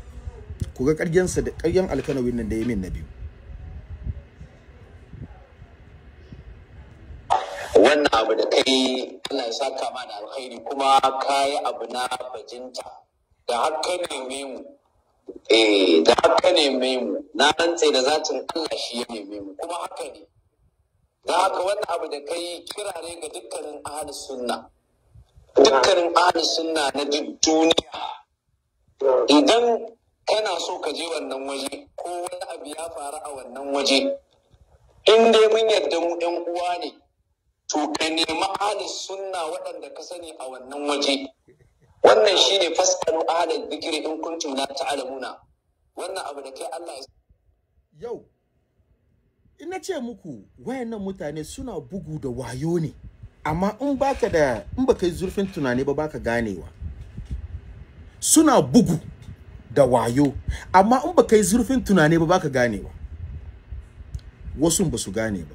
ku ga ƙaryansa da ƙaryan alkanawin nan da yamin na biyu wannan abu da kai Allah ya saka ma da alkhairi kuma kayi abu na bajinta da haka mai mu eh da haka mai mu na rantse da zatin Allah shi ya neme mu kuma haka ne da haka wannan abu da kai kirare ga dukkanin ahlus sunna dukkanin ahli sunna na duk duniya idan kana so ka je wannan waje ko wani abu ya faru a wannan waje in dai mun yarda mu 'yan uwa ne to ka nemi ahli sunna waɗanda ka sani a wannan waje wannan shine fasalu ahli dhikri in kuntum ta ta'lamuna wannan abu da kai Allah ya yau ina ce muku wayannan mutane suna bugu da wayo ne amma in baka da in baka yi zurfin tunani ba baka ganewa suna bugu da wayo amma in baka yi zurfin tunani ba baka ganewa wasu ba su gane ba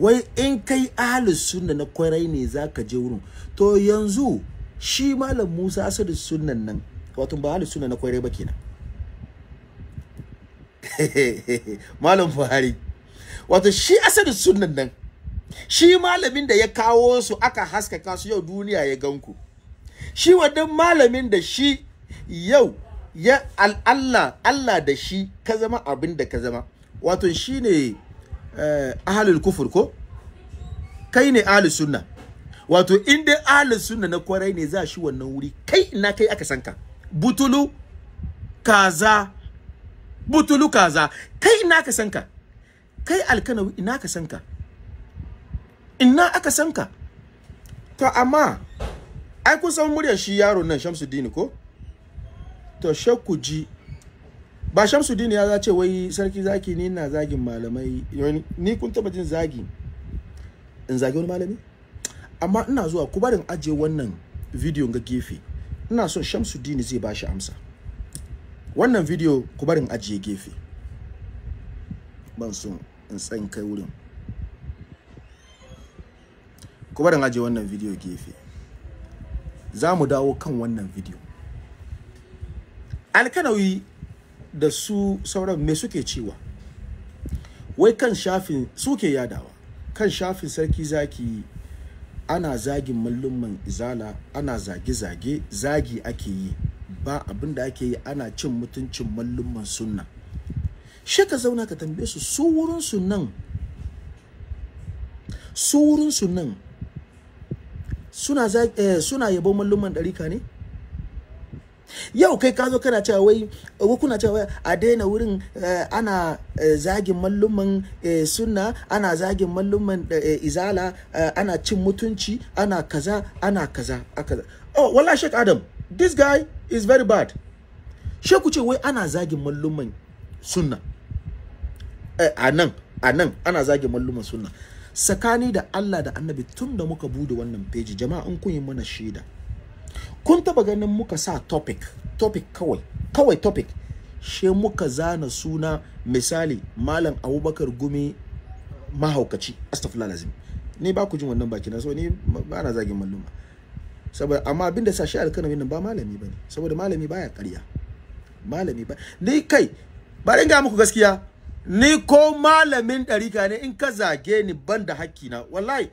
wai in kai ahli sunna na kwarai ne zaka je wurin to yanzu shi malam Musa Asadu sunnan nan wato ba ahli sunna na kwarai ba kenan (laughs) malam Buhari wato shi Asadu sunnan nan shi malamin da ya kawo su aka haskaka su yau duniya ya ganku shi wadan malamin da shi yau ya Allah Allah da shi ka zama abin da ka zama wato shine ne eh, ahalul kufur ko kai ne ahalul sunna wato in dai ahlus sunna na kwarai ne za shi wannan wuri kai ina kai aka sanka butulu kaza butulu kaza kai ina ka sanka kai alkanawi ina ka sanka ina aka san ka to amma ai kun san muryar shi yaro nan Shamsuddin ko to shakku ji ba Shamsuddin ya zace wai sarki zaki ni ina zagin malamai ni kun taba jin zagi in zagi wani malami amma ina zuwa ku barin aje wannan bidiyon ga gefe ina so Shamsuddin zai bashi amsa wannan bidiyo ku barin ajiye gefe ban so in kai wurin ku bari aje wannan video gefe za mu dawo kan wannan video alkanawi da su sauran me suke cewa wai kan shafin suke yadawa kan shafin sarki zaki ana zagin mallumman izala ana zage-zage zagi ake yi ba abinda ake yi ana cin mutuncin mallumman sunna shi ka zauna ka tambaye su su wurin su nan su wurin nan suna eh, suna yabo malluman dariƙa ne yau kai ka zo kana cewa wai kuna cewa a daina wurin eh, ana eh, zagin malluman sunna ana zagin malluman izala ana cin mutunci ana kaza ana kaza kaza oh wallahi shek adam this guy is very bad she ku ce wai ana zagin malluman sunna a nan a nan ana zagin malluman sunna tsakani da Allah da annabi tun da muka bude wannan peji jama'a an kun yi mana shaida kun taba ganin muka sa topic topic kawai kawai topic she muka zana suna misali malam abubakar gumi mahaukaci astaghfirullah lazim ni ba ku jin wannan baki na so ni ba na zagin malluma saboda amma abinda sa shi alkanamin nan ba malami bane saboda malami baya ƙarya malami ba ni kai ba ringa muku gaskiya ni ko malamin ɗarika ne in ka zage ni ban da hakkina wallahi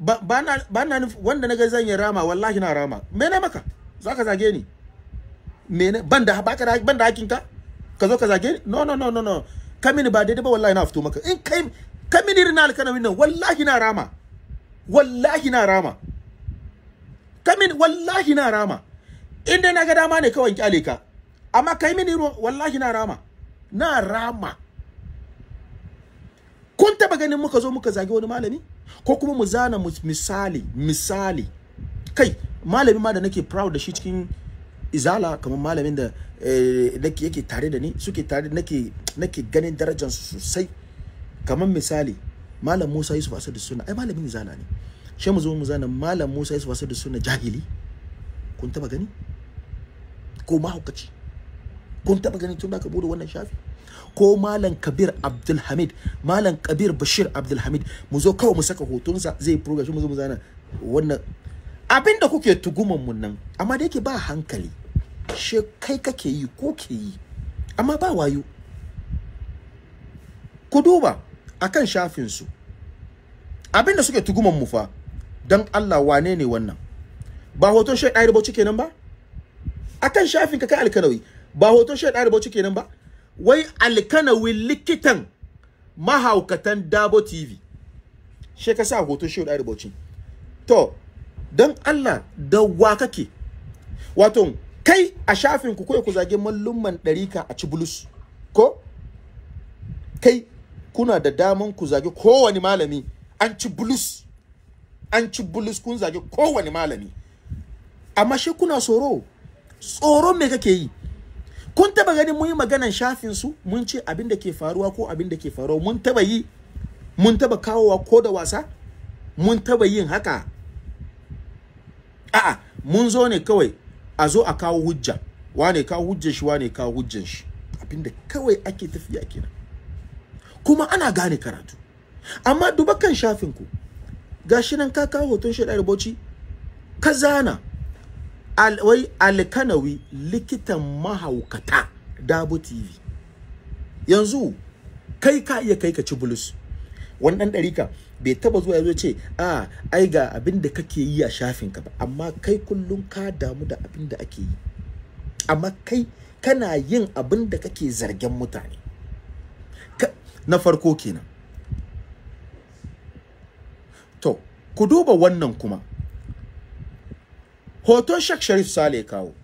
ba na wanda na ga zan yi rama wallahi na rama me maka za ka zage ni mene ban da baka da ban da hakinka ka zo ka zage ni no no no no no kamini ba daidai ba wallahi na fito maka in kai kamini rina alkanawi nan wallahi na rama wallahi na rama kamin wallahi na rama in dai na ga dama ne kawai kyale ka amma kai mini wallahi na rama na rama kun taba ganin muka zo muka zagi wani malami ko kuma mu zana misali misali kai malami ma da nake proud da shi cikin izala kamar malamin da eh, nake yake tare da ni suke tare nake nake ganin darajar su sosai kamar misali malam Musa Yusuf Asadu Sunna ai malamin izala ne she mu zo mu zana malam Musa Yusuf Asadu Sunna jahili kun taba gani ko mahaukaci kun taba gani tun da ka bude wannan shafi ko malam kabir abdulhamid malam kabir bashir abdulhamid mu zo kawai mu saka hotonsa zai program mu zo mu zana wannan abin da kuke tuguman mun nan amma da yake ba hankali she kai kake yi ko ke yi amma ba wayo ku duba akan shafin su abin da suke tuguman mu fa dan Allah wane ne wannan ba hoton shaidai rubuci kenan ba akan shafin ka kai alkanawi ba hoton shaidai rubuci kenan ba wai alkanawi likitan mahaukatan dabo tv shi ka sa hoto shi da rubuci to don Allah da wa kake wato kai a shafin ku ku zage mallumman ɗarika a cibulus ko kai kuna da daman ku zage kowani malami an cibulus. an cibulus kun zage kowani malami amma shi kuna tsoro tsoro me kake yi kun taba ganin mun yi maganan shafin su mun ce abin da ke faruwa ko abin da ke faruwa mun taba yi mun taba kawowa ko da wasa mun taba yin haka a'a mun zo ne kawai a zo a kawo hujja wane kawo hujjar shi wane kawo hujjar shi da kawai ake tafiya kenan kuma ana gane karatu amma duba kan shafin ku gashi nan ka kawo hoton shi da rubuci ka zana al wai alkanawi likitan mahaukata dabo tv yanzu kai ka iya kai ka ci bulus wani ɗan ɗarika bai taba zuwa ya zo ce a ai ga abin da kake yi a shafin ka ba amma kai kullum ka damu da abin ake yi amma kai kana yin abinda da kake zargen mutane na farko kenan to ku duba wannan kuma hoton shak sharif sale kawo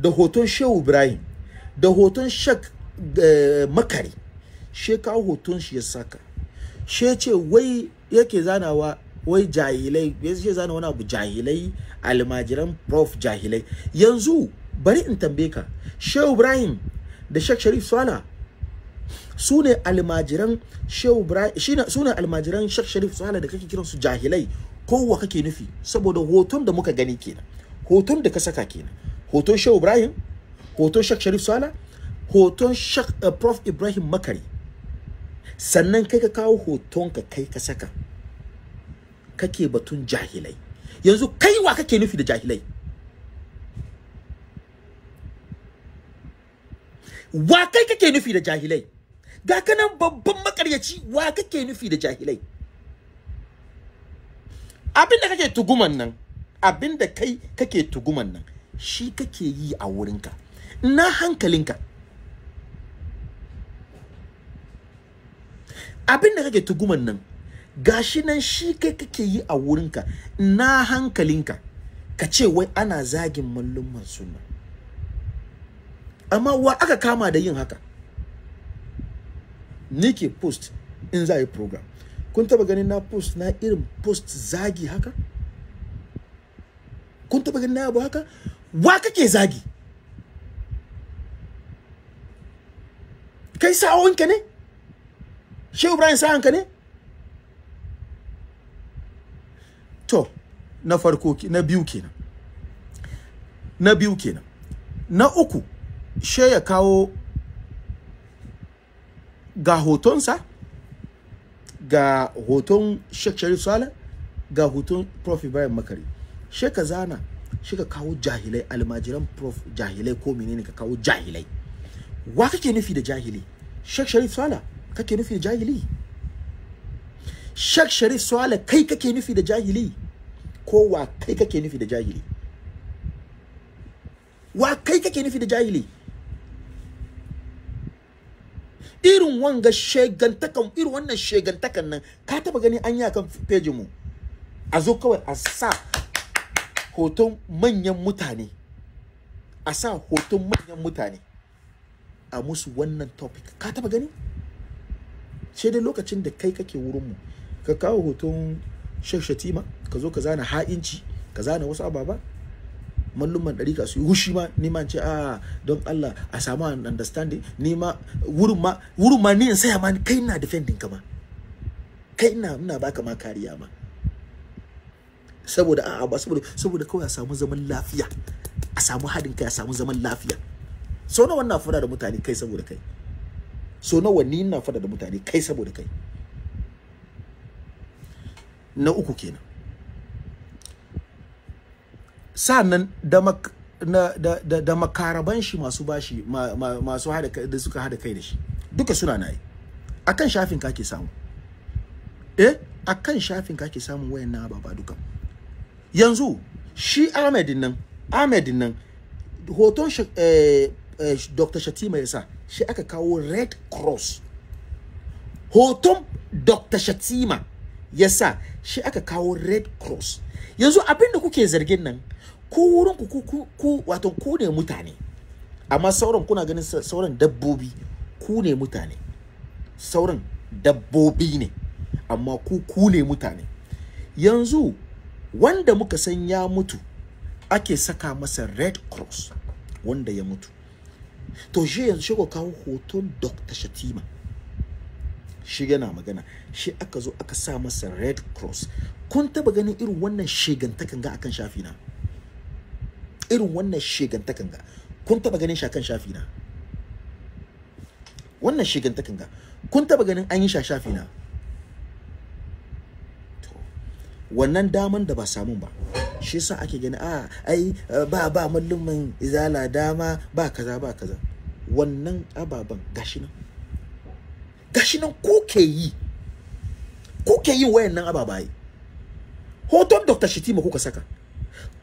da hoton shehu ibrahim da hoton shak eh, makari she kawo hoton shi ya saka she ce wai yake zanawa wai jahilai ya zana wani abu jahilai almajiran prof jahilai yanzu bari in tambaye ka shehu ibrahim da shek sharif sala su almajiran shehu ibrahim sune almajiran shek sharif sala da kake kiransu jahilai kowa kake nufi saboda hoton da muka gani kenan hoton da ka saka kenan hoton shehu ibrahim hoton shek sharif sala hoton shek eh, prof ibrahim makari sannan kai ka kawo hoton ka kai ka saka kake batun jahilai yanzu kai wa kake nufi da jahilai wa kai kake nufi da jahilai ga kanan babban makaryaci wa kake nufi da jahilai abin da kake tuguman nan abin da kai kake tuguman nan shi kake yi a wurinka na hankalinka abin da kake tuguman nan gashi nan shi kai kake yi a wurinka na hankalinka ka ce wai ana zagin mallumman sunna amma wa aka kama da yin haka ni ke post in za yi program kun taba ganin na post na irin post zagi haka kun taɓa ganin abu haka wa kake zagi kai sa'o'inka ne shehu ibrahim sa'anka ne to na farko na biyu kenan na biyu kenan na uku she ya kawo ga hotonsa ga hoton Sheikh Sharif Sala ga hoton Prof Ibrahim Makari she ka zana she ka kawo jahilai almajiran prof jahilai ko menene ka kawo jahilai wa kake nufi da jahili shek Sharif Sala kake nufi da jahili shek Sharif Sala kai kake nufi da jahili ko wa kai kake nufi da jahili wa kai kake nufi da jahili irin wanga shegantakan irin wannan shegantakan nan ka taba gani an yi akan pejin mu a zo kawai a sa hoton manyan mutane a sa hoton manyan mutane a musu wannan topic ka taba gani sai dai lokacin da kai kake wurinmu ka kawo hoton shek ma, ka zo ka zana ha'inci ka zana wasu ababa malluman ɗarika su yi hushi ma ni ce a ah, don Allah a samu an understanding ni wurin ma ni in saya ma kai ina defending ka ma kai ina ina baka ma kariya ma saboda a'a ba saboda saboda kawai a samu zaman lafiya a samu haɗin kai a samu zaman lafiya so nawa na fada da mutane kai saboda kai so nawa ni na fada da mutane kai saboda kai na uku kenan sa'annan da mak na da, da, da makaraban shi masu bashi ma, ma, masu hada da suka hada kai da shi duka suna nayi akan shafin ka ke samu eh akan shafin ka ke samun wayannan ababa duka yanzu shi ahmed nan ahmed nan hoton eh, eh, dr shatima ya sa shi aka kawo red cross hoton dr shatima ya sa shi aka kawo red cross yanzu abinda kuke zargin nan ku wurin ku ku wato ku ne mutane amma sauran kuna ganin sauran dabbobi ku ne mutane sauran dabbobi ne amma ku ku ne mutane yanzu wanda muka san ya mutu ake saka masa red cross wanda ya mutu to shi yanzu shi kawo hoton dr shatima shi yana magana shi aka zo aka sa masa red cross kun taba ganin irin wannan shegantakan ga akan shafi na irin wannan shegantakan ga kun taba ganin shi akan shafi na wannan shegantakan ga kun taba ganin an yi shi a shafi na wannan daman da ba samun ba shi sa ake gani a ah, ai ba ba mallumin izala dama ba kaza ba kaza wannan ababen gashi nan gashi nan ko ke yi ko ke yin wayannan ababaye hoton dr shitima kuka saka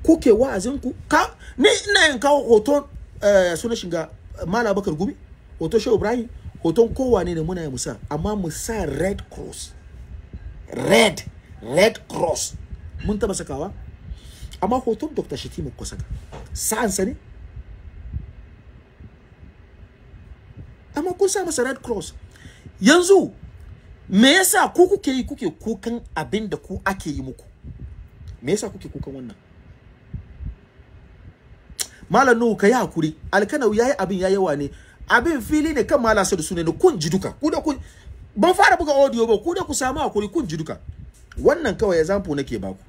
ko ke wa'azin ku ka ni ina yin kawo hoton eh, suna shiga mala bakar gumi hoton shehu ibrahim hoton kowane ne muna yi musa amma musa red cross red red cross mun taba sakawa amma hoton dr shatima ku saka sa ne amma kun sa masa red cross yanzu me yasa ku kuke yi kuke kukan abin da ku ake yi muku me yasa kuke kukan wannan malam nuhu ka yi hakuri alkanau ya yi abin ya yawa ne abin fili ne kan malasa da suna ne kun ji duka ku da kun ban fara buga audio ba ku da ku samu hakuri kun ji duka wannan kawai example nake baku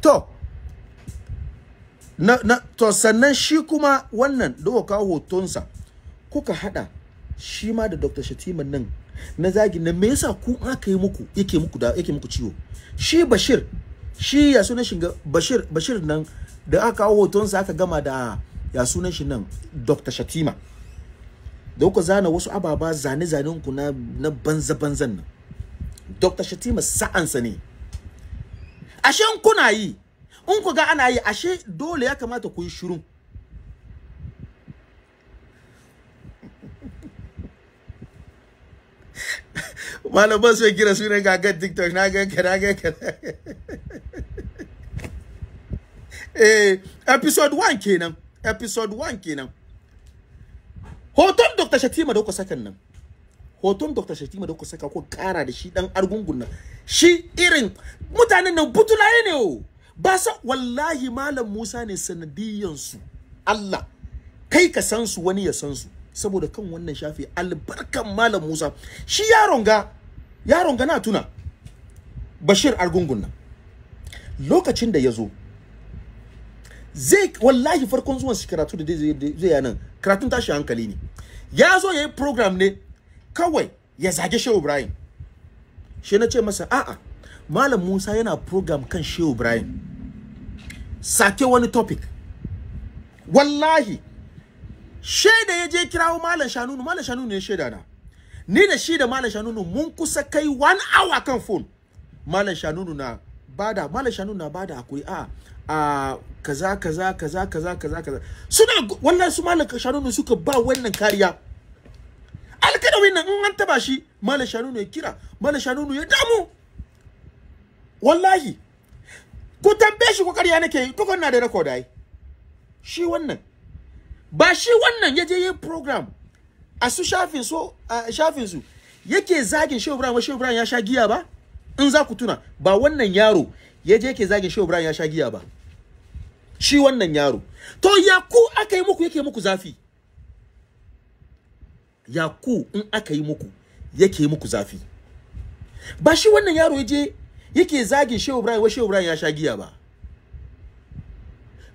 to na, na to sannan shi kuma wannan da kawo hotonsa kuka hada shi ma da Dr. Shatiman nan na zagi na me yasa ku aka yi muku yake muku da yake muku ciwo shi Bashir shi ya sunan shi Bashir Bashir nan da aka kawo hotonsa aka gama da ya sunan shi nan Dr. Shatima da kuka zana wasu ababa zane-zanen ku na banza-banzan nan Dr. Shatima sa'ansa ne ashe in kuna yi in ku ga ana yi ashe dole ya kamata ku yi shiru (laughs) malaman sai kira sunan gagan tiktok na ga ka na ga (laughs) eh episode 1 kenan episode 1 kenan hoton dr shatima da kuka sakan nan hoton dr shatima da ku saka ku kara da shi dan argungun nan shi irin mutanen nan butulaye ne o ba sa wallahi malam musa ne sanadiyan Allah kai ka san su wani ya san su saboda kan wannan shafi albarkan malam musa shi yaron ga yaron ga na tuna bashir argungun nan lokacin da ya zo zai wallahi farkon zuwan shi karatu da zai zai nan karatun tashi hankali ne ya zo yayi program ne kawai ya zage shehu ibrahim shi na ce masa a'a malam musa yana program kan shehu ibrahim sake wani topic wallahi shaida ya je kirawo malam shanunu malam shanunu ne shaida na ni da shi da malam shanunu mun kusa kai one hour kan phone malam shanunu na bada malam shanunu na bada hakuri a a kaza kaza kaza kaza kaza kaza suna wannan su malam shanunu suka ba wannan kariya alkadawi nan in an taba shi malam shanunu ya kira malam shanunu ya damu wallahi ku tambaye shi ko ƙarya nake yi tukun na da record ai shi wannan ba shi wannan ya je yi program a su shafin so a shafin su yake zagin Shehu Ibrahim Shehu Ibrahim ya sha giya ba in za ku tuna ba wannan yaro ya je yake zagin Shehu Ibrahim ya sha giya ba shi wannan yaro to ya ku aka yi muku yake muku zafi ya ku in aka yi muku yake muku zafi ba shi wannan yaro je yake zagin shehu ibrahim wa shehu ibrahim ya sha giya ba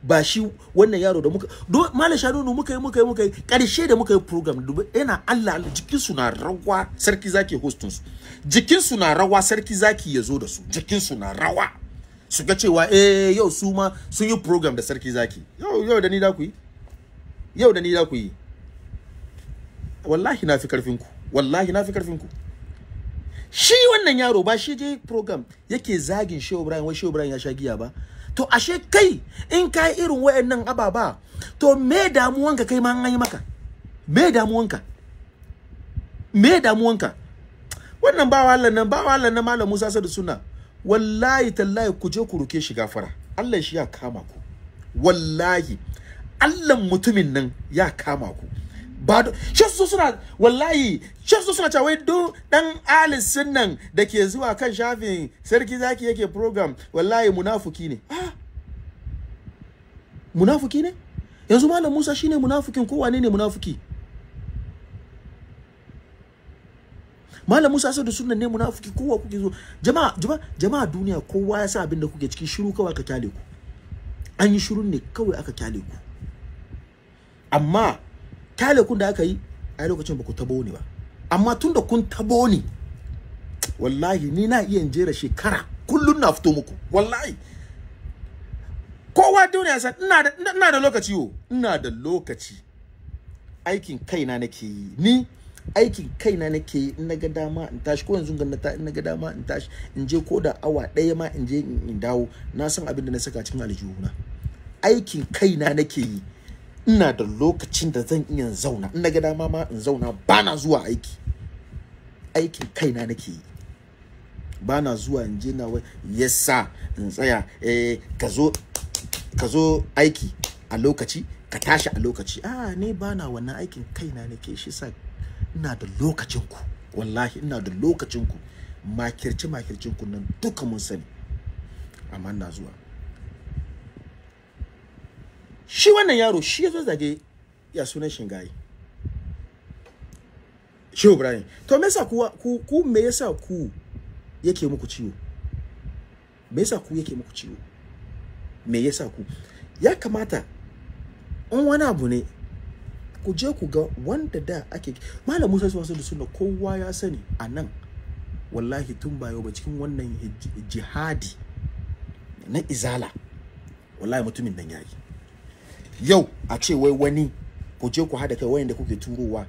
ba shi wannan yaro da muka do malam shanunu muka yi muka yi muka yi karshe da muka yi program dubu yana Allah Allah jikin su na rawa sarki zaki hostin su jikin su na rawa sarki zaki ya zo da su jikin su na rawa su ga cewa eh yau su ma sun yi program da sarki zaki yau yau da ni da ku yi yau da ni da ku yi wallahi na fi karfin ku wallahi na fi karfin ku shi wannan yaro ba shi je program yake zagin Shehu Ibrahim wai Shehu Ibrahim ya sha giya ba to ashe kai in ka irin wayannan ababa to me damuwanka kai ma an yi maka me damuwanka me damuwanka wannan bawa Allah nan bawa Allah nan malam Musa sadu Sunna wallahi tallahi ku je ku ruke shi gafara Allah shi ya kama ku wallahi Allah mutumin nan ya kama ku ba shi su suna wallahi shi su suna cewa duk dan alisin nan da ke zuwa kan shafin sarki zaki yake program wallahi munafuki ne ah! munafuki ne yanzu malam Musa shine munafukin ko wane ne munafuki malam Musa sai da sunan ne munafuki kowa kuke zo jama'a jama'a jama'a duniya kowa ya sa abin da kuke cikin shiru kawai aka kyale ku an yi shirun ne kawai aka kyale ku amma kyale kun da aka yi a lokacin ba ku tabo ni ba amma tun da kun tabo ni wallahi ni na iya jera shekara kullum na fito muku wallahi kowa duniya san ina da ina da lokaci yo ina da lokaci aikin kaina nake yi ni aikin kaina nake yi in naga dama in tashi ko yanzu ganna in naga dama in tashi in je ko da awa daya ma in je in dawo na san abin da na saka cikin na. aikin kaina nake yi ina da lokacin da zan iya zauna ina naga dama ma in zauna bana zuwa aiki aikin kaina nake yi bana zuwa in je na wai yasa in tsaya eh ka zo aiki a lokaci ka tashi a lokaci a ah, ne bana wannan aikin kaina nake shi sa ina da lokacin ku wallahi ina da lokacin ku makirci makircin ku nan duka mun sani amma na zuwa shi wannan yaro shi ya zo zage ya sunan shingaye shehu ibrahim to me yasa ku ku me yasa ku yake muku ciwo me yasa ku yake muku ciwo me yasa ku ya kamata in wani abu ne ku je ku ga wanda da ake malam musa su wasu da suna kowa ya sani a nan wallahi tun ba yau ba cikin wannan jihadi na izala wallahi mutumin nan yayi yau a ce wai wani ku je ku hada kai wayanda kuke turowa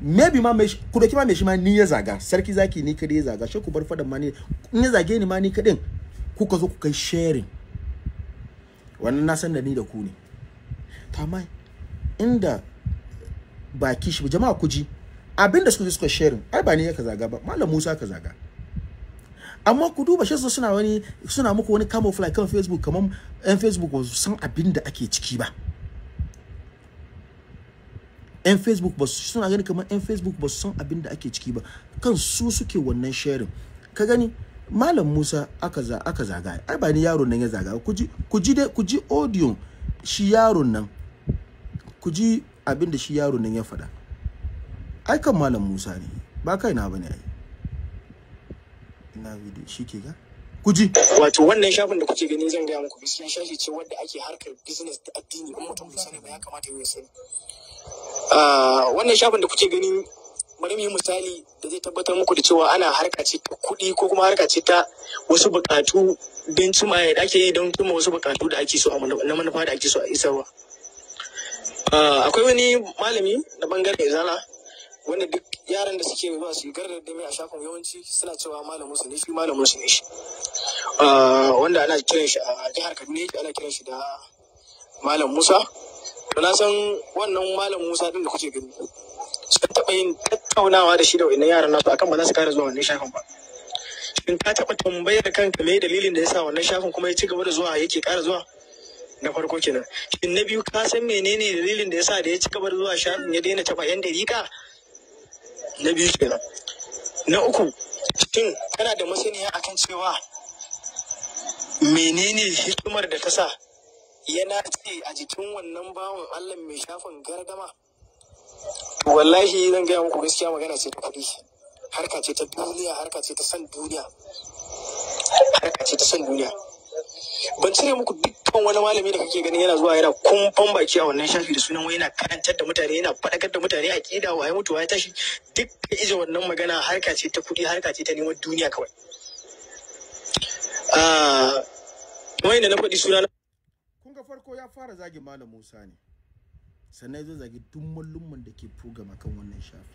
maybe ma ku doki ma mai shi ma ni ya zaga sarki zaki ni kadai ya zaga shi ku bar fadan ma ni in ya zage ni ma ni kadin kuka zo ku kai sharing wannan na san da ni da ku ne to amma inda baki shi jama'a ku ji abinda suka suka sharing ai ba ni ya ka zaga ba malam Musa ka zaga amma ku duba shi suna wani suna muku wani camouflage kan Facebook kaman yan Facebook ba san abin da ake ciki ba 'yan facebook ba su suna gani kamar 'yan facebook ba su san abin da ake ciki ba kan su suke wannan sharing ka gani malam musa aka za aka zaga ai ba ni yaron nan ya zaga ku ji ku ji ku ji audio shi yaron nan ku ji abin da shi yaron nan ya faɗa ai kan malam musa ne ba kai na bane ai ina video shi ke ga kuji. Wato wannan shafin da kuke gani zan gaya muku gaskiya shafi ce wadda ake harkar business da addini in mutum bai sani ba ya kamata ya sani. Ah, wannan shafin da kuke ganin bari mu yi misali da zai tabbatar muku da cewa ana harka ce ta kuɗi ko kuma harka ce ta wasu buƙatu don cima da ake yi don cima wasu buƙatu da ake so a na manufa da ake so a isarwa. Ah, akwai wani malami na bangaren zana wanda duk yaran da suke ba su garda da a shafin yawanci suna cewa malamin su ne shi malamin su ne shi. Ah, wanda ana kiran shi a jihar Kaduna ana kiran shi da Malam Musa. to na san wannan malam Musa din da kuke gani sun taɓa yin tattaunawa da shi da wannan yaran nasu akan ba za su kare zuwa wannan shafin ba shin ka taɓa tambayar kanka me dalilin da yasa wannan shafin kuma ya ci gaba da zuwa yake ƙara zuwa na farko kenan shin na biyu ka san menene dalilin da yasa da ya ci gaba da zuwa shafin ya daina taɓa yan dalika na biyu kenan na uku shin kana da masaniya akan cewa menene hikimar da ta sa yana ce a jikin wannan bawan Allah mai shafin gargama. wallahi zan gaya muku gaskiya magana ce ta kuɗi harka ce ta duniya harka ce ta san duniya harka ce ta san duniya ban cire muku dukkan wani malami da kake ganin yana zuwa yana kumfan baki a wannan shafi da sunan yana karantar da mutane yana faɗakar da mutane a ƙida wa ya mutu wa ya tashi duk da ije wannan magana harka ce ta kuɗi harka ce ta neman duniya kawai. Ah, wai da na faɗi suna na. ga farko ya fara zagi malam Musa ne sannan zai zagi duk mallumman da ke program kan wannan shafi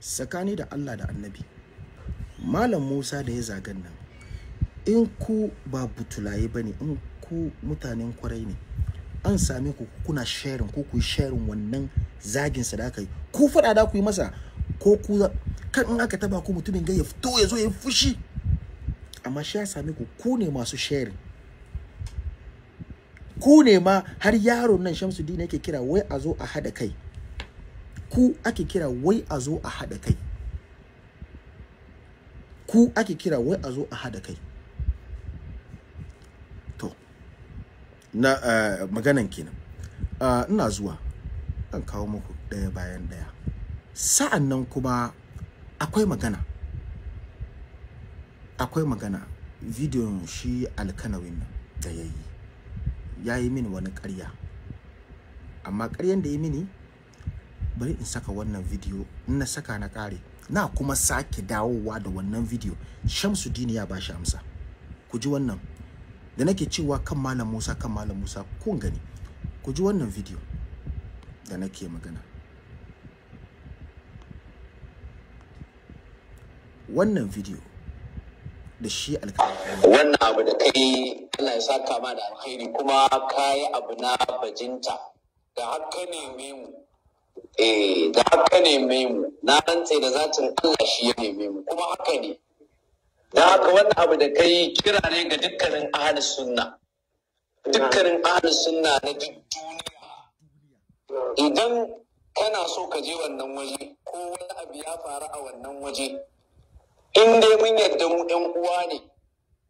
tsakani da Allah da Annabi malam Musa da ya zagan nan in ku ba butulaye bane in ku mutanen kwarai ne an same ku kuna sharing ko ku sharing wannan zagin sa da aka ku fada da ku yi masa ko ku kan in aka taba ku mutumin ga ya fito ya zo ya fushi amma shi ya same ku ku ne masu sharing ku ne ma har yaron nan shamsuddin yake kira wai a zo a haɗa kai ku ake kira wai a zo a haɗa kai ku ake kira wai a zo a haɗa kai to na uh, maganan kenan uh, ina zuwa dan kawo muku daya bayan daya sa'an nan kuma akwai magana akwai magana video shi alkanawin da ya yi ya yi mini wani ƙarya amma ƙaryan da ya mini bari in saka wannan video in na saka na ƙare na kuma sake dawowa da wannan video Shamsu, ya ba shi amsa ku ji wannan da nake cewa kan malam musa kan malam musa kun gani ku ji wannan video da nake magana wannan video da shi alkalin wannan abu da kai Allah ya saka ma da alkhairi kuma kayi abu na bajinta da haka ne mu eh da haka ne mu na rantse da zatin Allah shi ya neme mu kuma haka ne da haka wannan abu da kai kira ne ga dukkanin ahli sunna dukkanin ahli sunna na duk duniya idan kana so ka je wannan waje ko wani abu ya faru a wannan waje in dai mun yarda mu 'yan uwa ne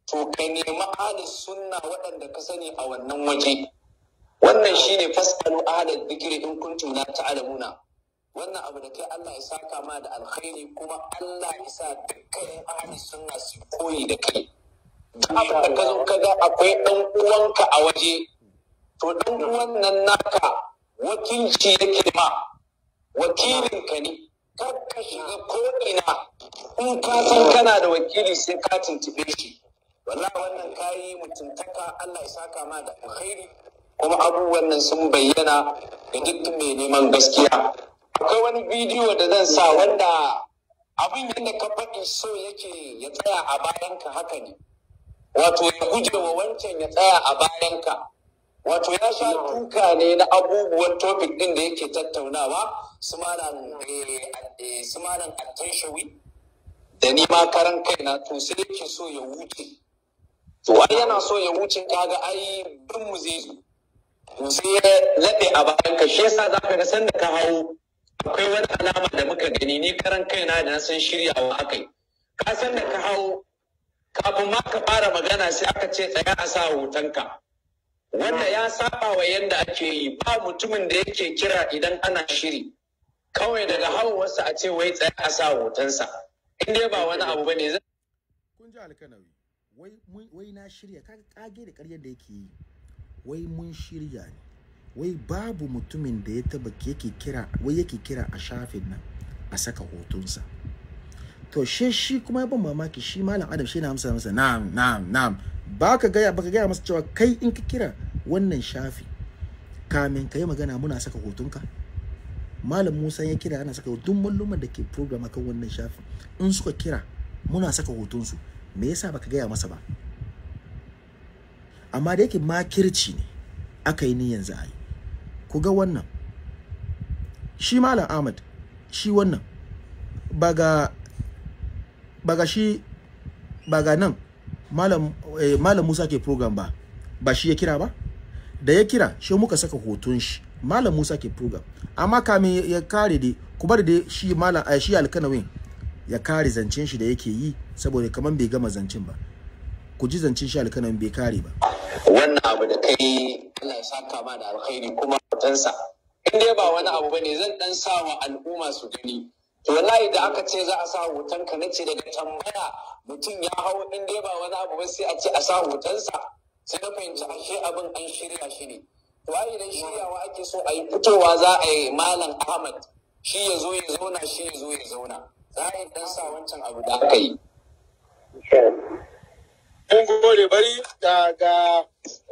to ka nemi ahalin sunna waɗanda ka sani a wannan waje wannan shine fasalu ahalin digiri in kuntum ta ta'lamuna wannan abu da kai Allah ya saka ma da alkhairi kuma Allah ya sa dukkanin ahalin sunna su koyi da kai abin da ka zo ka ga akwai ɗan uwanka a waje to ɗan uwan nan naka wakilci yake ma wakilinka ne kar ka shiga ko'ina in ka san kana da wakili sai ka tuntube shi walla wannan kayi mutuntaka Allah ya saka ma da alkhairi kuma abubuwan nan sun bayyana da duk mai neman gaskiya akwai wani bidiyo da zan sa wanda abin yadda ka faɗi so yake ya tsaya a bayanka haka ne wato ya guje wa wancan ya tsaya a bayanka wato ya sha tuka ne na abubuwan topic ɗin da yake tattaunawa su malam eh, eh, attashawi da ni ma karan na to sai yake so ya wuce to ai yana so ya wuce kaga ai duk mu zai zo sai ya laɗe a bayan ka shi yasa za ga sanda ka hau akwai wani alama da muka gani ni karan kaina da na san shiryawa akai ka san da ka hau kafin ma ka fara magana sai aka ce tsaya a sa hotonka wanda ya saba wa yanda ake yi ba mutumin da yake kira idan ana shiri kawai daga hawarsa a ce wai tsaya a sa hotonsa in dai ba wani abu bane zai kun ji alkanawi wai na shirya kaga kage da karyar da yake yi wai mun shirya ne wai babu mutumin da ya taba yake kira wai yake kira a shafin nan a saka hotunsa to she shi kuma ya ban mamaki shi malam adam shi na amsa masa na'am na'am na'am baka gaya baka gaya masa cewa kai in ka kira wannan shafi kamin ka yi magana muna saka hotunka malam musa ya kira ana saka duk malluman da ke program akan wannan shafi in suka kira muna saka hotunsu me yasa baka gaya masa ba amma da yake makirci ne aka yi niyan za a yi ku ga wannan shi malam ahmad shi wannan ba ga shi ba ga nan malam eh, musa ke program ba ba shi ya kira ba da ya kira shi muka saka hoton shi malam musa ke program amma kamin ya kare dai ku bar dai shi malam eh, shi alkanawin ya kare zancen shi da yake yi saboda kamar bai gama zancin ba ku ji zancin shi alkanan bai kare ba wannan abu da kai Allah ya saka ma da alkhairi kuma mutansa in dai ba wani abu bane zan dan sa wa al'umma su gani to wallahi da aka ce za a sa hoton ka nace daga tambaya mutum ya hau in dai ba wani abu ba sai a ce a sa hotonsa sai na fahimci ashe abin an shirya shi ne to ai idan shiryawa ake so a yi fitowa za a yi malam ahmad shi ya zo ya zauna shi ya zo ya zauna za a yi dan sa wancan abu da aka yi Mun gode bari ga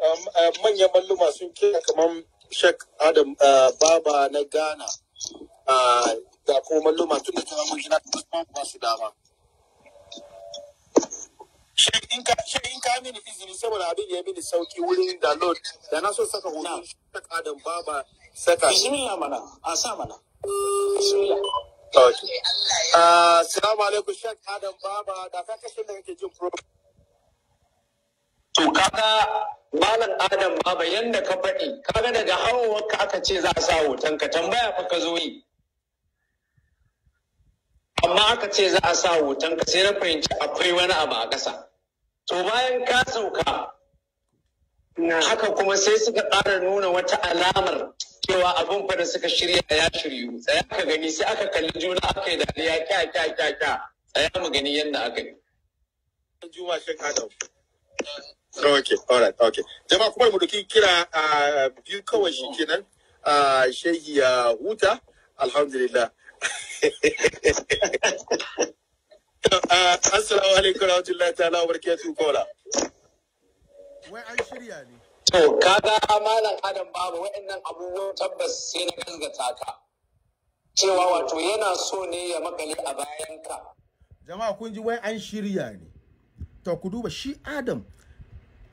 um, um, manyan malluma sun kira kamar Sheikh Adam uh, Baba na Ghana da uh, kuma malluma tun da kamar shi na ba su dama. Sheikh in ka mini izini saboda abin ya mini sauki wurin da Lord da na so saka hoton shek Adam Baba saka. Bismillah mana, a sa mana. Bismillah. Uh, Assalamu alaikum Baba da ka da kake jin To kaga Malam Adam Baba yanda ka faɗi kaga daga hawan ka aka ce za a sa hoton ka tambaya fa ka zo yi. Amma aka ce za a sa hoton ka sai na fahimci akwai wani abu a ƙasa. To bayan ka sauka haka kuma sai suka ƙara nuna wata alamar cewa abin fa suka shirya ya shiryu tsaya ka gani sai aka kalli juna aka yi dariya kya kya kya kya tsaya mu gani yadda aka yi. Juma Sheikh Adam. Okay, all right, okay. Jama'a kuma mu duki kira a biyu kawai shi kenan shehi ya huta alhamdulillah. (laughs) Assalamu alaikum warahmatullahi ta'ala wa barakatuhu kola. Wai an shirya ne. To, kaga malam Adam babu waɗannan abubuwan tabbas sai na gazgata ka. Cewa wato yana so ne ya makale a bayanka. Jama'a kun ji wai an shirya ne. To, ku duba shi Adam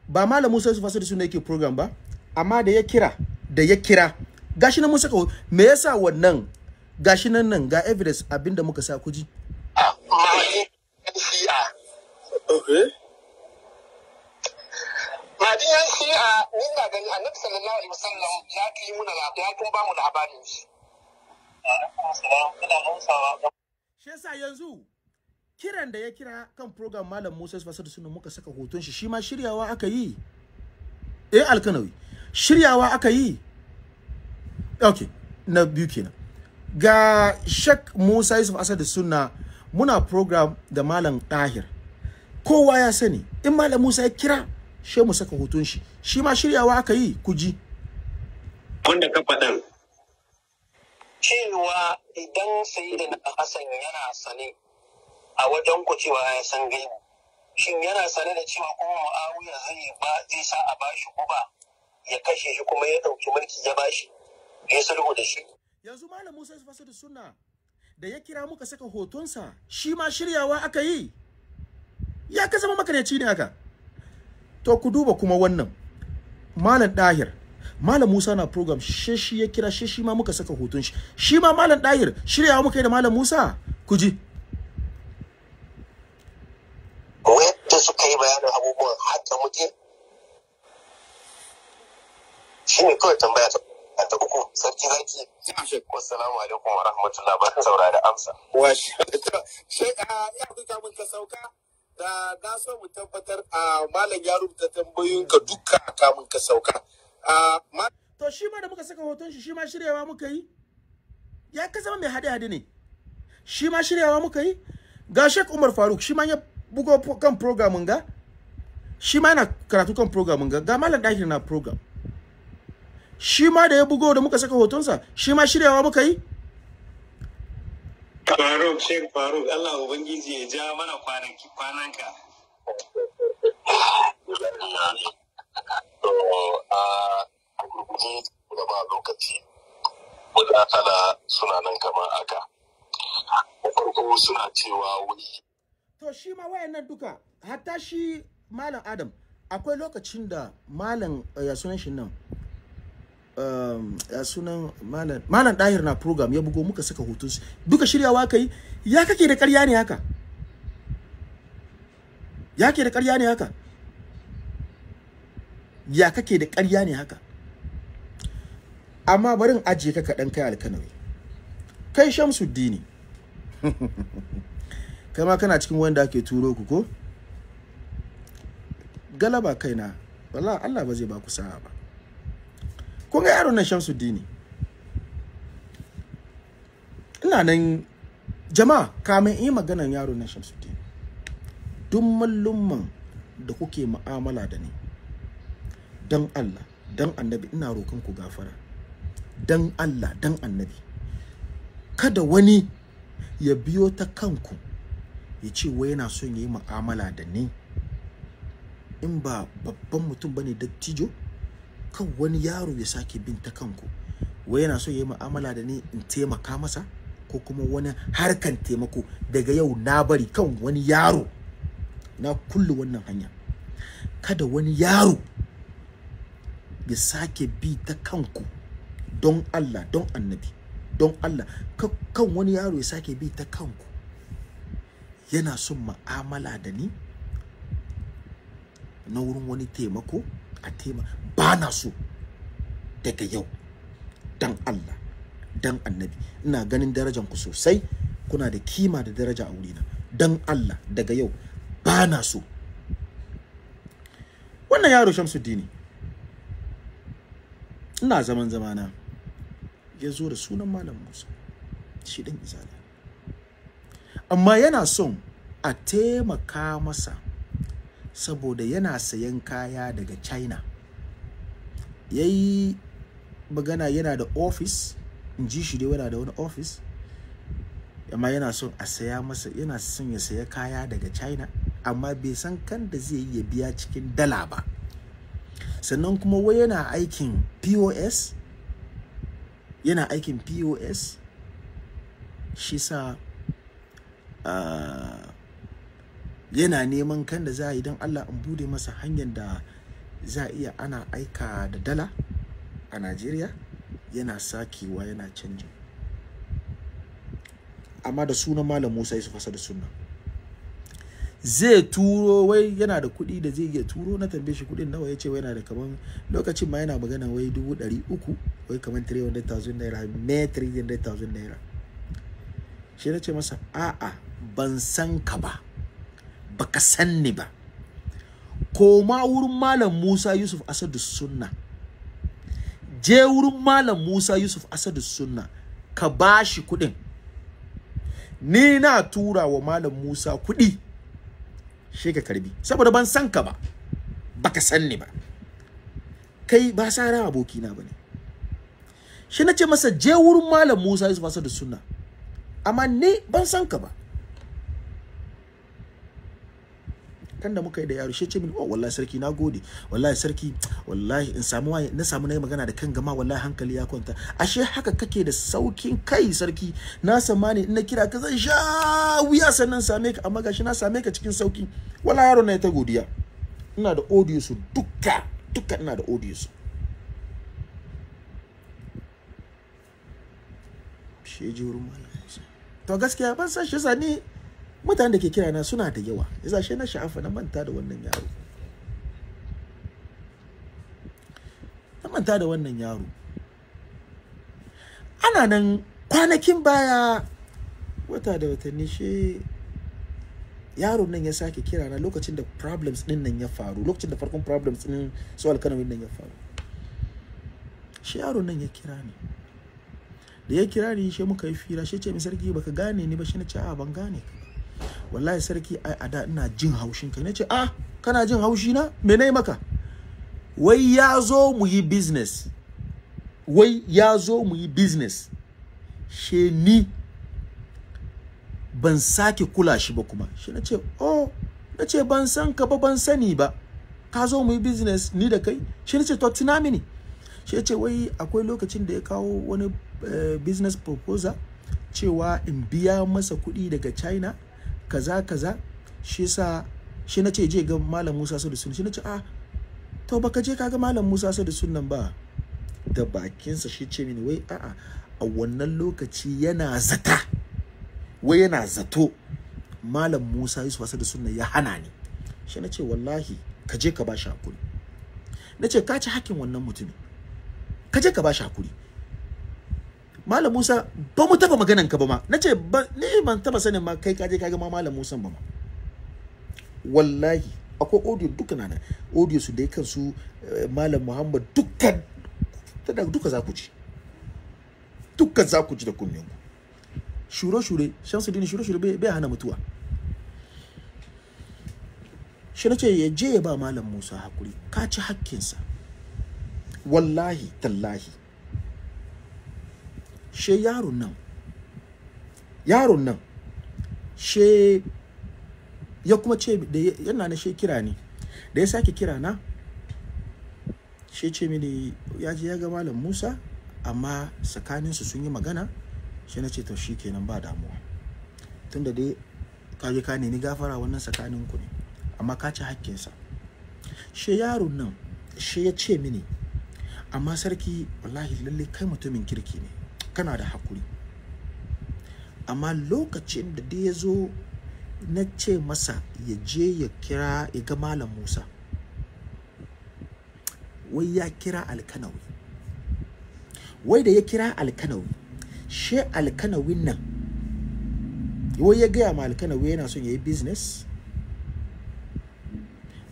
ba malam Musa Yusuf Asadu suna yake program ba, amma da ya kira, da ya kira. Gashi nan mun saka me yasa wannan gashi nan nan ga evidence abinda muka sa ku ji. Ah, ma'ana Okay. Hadin yan shi'a ni na gani annabi sallallahu alaihi wasallam ya kai muna ya kun ba mu labarin shi. Shi yasa yanzu kiran da ya kira kan program Malam Musa Fasar Sunu muka saka hoton shi shi ma shiryawa aka yi. Eh Alkanawi shiryawa aka yi. Okay na biyu kenan. Ga Sheikh Musa Yusuf Asad Sunna muna program da Malam Tahir. Kowa ya sani in Malam Musa ya kira she mu saka hoton shi shi ma shiryawa aka yi ku wanda ka faɗan cewa idan sai da Hassan yana sane a wajen ku cewa ya san gaibu shin yana sane da cewa kuma Muawiya zai ba zai sa a bashi guba ya kashe shi kuma ya ɗauki mulki ya bashi ya sulhu da shi yanzu malam Musa ya fasa da sunna da ya kira muka saka hotonsa shi ma shiryawa aka yi ya ka zama makaryaci ne haka to ku duba kuma wannan malam dahir malam musa na program she shi ya kira she shi ma muka saka hoton shi shi ma malam dahir wa muka yi da malam musa ku ji yadda suka yi bayanin abubuwan hatta muke shi ne kawai tambaya ta ta uku sarki zaki assalamu alaikum wa rahmatullah ba saura da amsa wa shi (laughs) ya fita mun ka sauka da na so mu tabbatar a malam ya rubuta ka duka kamun ka sauka. To shi ma da muka saka hoton shi shi ma shiryawa muka yi? Ya ka zama mai hade-hade ne. Shi ma shiryawa muka yi? Ga Sheikh Umar Faruk shi ma ya bugo kan programin ga? Shi ma yana karatu kan programin ga ga malam dakin na program. Shi ma da ya bugo da muka saka hotonsa shi ma shiryawa muka yi? Faruk, Sheikh Faruk, Allah Ubangiji ya ja mana kwanaki kwananka. a gurguje da ba lokaci, wadda suna nan kamar aka. farko suna cewa wani. To shi ma wayannan duka, hatta shi Malam Adam, akwai lokacin da Malam eh, ya sunan shi nan, Um, a sunan malam malam dahir na program ya bugo muka saka hoton su duka shiryawa kai ya kake da ƙarya ne haka ya ke da ƙarya ne haka ya kake da ƙarya ne haka amma barin ajiye ka kaɗan kai alkanawi kai shamsuddini (laughs) kai ma kana cikin wanda ake turo ku ko galaba kaina wala Allah ba zai ba ku sa'a ba kun ga yaron nan dini ina nan jama'a kamin in yi maganar yaron nan Shamsuddini duk mallumman da kuke ma'amala da ni dan Allah dan annabi ina roƙon ku gafara dan Allah dan annabi kada wani ya biyo ta kanku ya ce wai yana son ya yi ma'amala da ni in ba babban mutum bane dattijo kan wani yaro ya sake bin ta kanku wai yana so ya yi mu'amala da ni in taimaka masa ko kuma wani harkan taimako daga yau na bari kan wani yaro na kullu wannan hanya kada wani yaro ya sake bi ta kanku don Allah don annabi don Allah kan wani yaro ya sake bi ta kanku yana son ma'amala da ni na wurin wani taimako a tema ba na so daga yau dan Allah dan annabi ina ganin darajan ku sosai kuna da kima da daraja a wurina dan Allah daga yau ba na so wannan yaro Shamsuddini ina zaman zamana ya zo da sunan malam Musa shi din izala amma yana son a taimaka masa saboda yana sayan kaya daga china ya yi magana yana da ofis in ji shi dai yana da wani ofis amma yana son a saya masa yana son ya saya kaya daga china amma bai san kan da zai yi ya biya cikin dala ba sannan kuma wai yana aikin pos yana aikin pos shi sa ah, yana neman kan da za a yi don Allah in bude masa hanyar da za a iya ana aika da dala a Najeriya yana sakewa yana canji amma da sunan Malam Musa Yusuf fasa da sunna zai turo wai yana da kuɗi da zai iya turo na tambaye shi kuɗin nawa ya ce wai yana da kaman lokacin ma yana magana wai dubu ɗari uku wai kaman 300,000 naira me 300,000 naira shi na ce masa a'a ban san ka ba baka san ni ba koma wurin malam Musa Yusuf Asadu Sunna je wurin malam Musa Yusuf Asadu Sunna ka bashi kudin ni na tura wa malam Musa kudi shi ka karbi saboda ban san ka ba baka san ni ba kai ba aboki abokina bane shi na ce masa je wurin malam Musa Yusuf Asadu Sunna amma ni ban san ka ba tanda muka yi da yaro shi ce min oh wallahi sarki na gode wallahi sarki wallahi in samu waye na samu nayi magana da kan gama wallahi hankali ya kwanta ashe haka kake da saukin kai sarki na samani in na kira ka zan sha wuya sannan same ka amma gashi na same ka cikin sauki wallahi yaro na ta godiya ina da audio su duka duka ina da audio su shi ji wurin malam to gaskiya ban san shi sani mutanen da ke kira na suna da yawa yasa shi na sha'afa na manta da wannan yaro na manta da wannan yaro ana nan kwanakin baya wata da watanni shi yaron nan ya sake kira na lokacin da problems din nan ya faru lokacin da farkon problems din su alkanawin nan ya faru shi yaron nan ya kira ni da ya kira ni shi muka yi fira shi ce mai sarki baka gane ni ba shi na ce a ban gane ka wallahi sarki ai a da ina jin haushin ka nace ah kana jin haushi na me nayi maka wai ya zo mu yi business wai ya zo mu yi business she ni ban sake kula shi ba kuma she nace oh nace ban san ka ba ban sani ba ka zo mu yi business ni da kai she nace to tuna mini she ce wai akwai lokacin da ya kawo wani eh, business proposal cewa in biya masa kuɗi daga china kaza kaza shi sa shi na ce je ga malam musa da sunna shi na ce a ah, to baka je kaga malam musa da sunnan ba da bakinsa shi ce mini wai a'a a wannan lokaci yana zata wai yana zato malam musa yusuf da sunna ya hana ni shi na ce wallahi ka je ka ba shi hakuri na ce ka ci hakkin wannan mutumin ka je ka ba shi hakuri malam musa ba mu taba maganan ka ba ma nace ba ni ban taba sanin ma kai kaje kage ma malam musa ba ma wallahi akwai audio duka na audio su dai kansu eh, malam muhammad dukkan duka za ku ci dukkan za ku ji da kunnen ku shure shure shamsuddin shure shure bai hana mutuwa shi nace ya je ya ba malam musa hakuri ka ci hakkinsa wallahi tallahi she yaron nan yaron nan she ya kuma ce da yana na she kira ni da ya sake kira na she ce mini ya je ya ga malam Musa amma tsakaninsu sun yi magana shi na ce to shi kenan ba damuwa tunda dai kaje ka nemi gafara wannan tsakanin ku ne amma ka ci hakkinsa she yaron nan she ya ce mini amma sarki wallahi lalle kai mutumin kirki ne kana da hakuri amma lokacin da dai ya zo na ce masa ya je ya kira ya ga malam musa wai ya kira alkanawi wai da ya kira alkanawi she alkanawin nan wai ya gaya ma alkanawi yana son ya yi business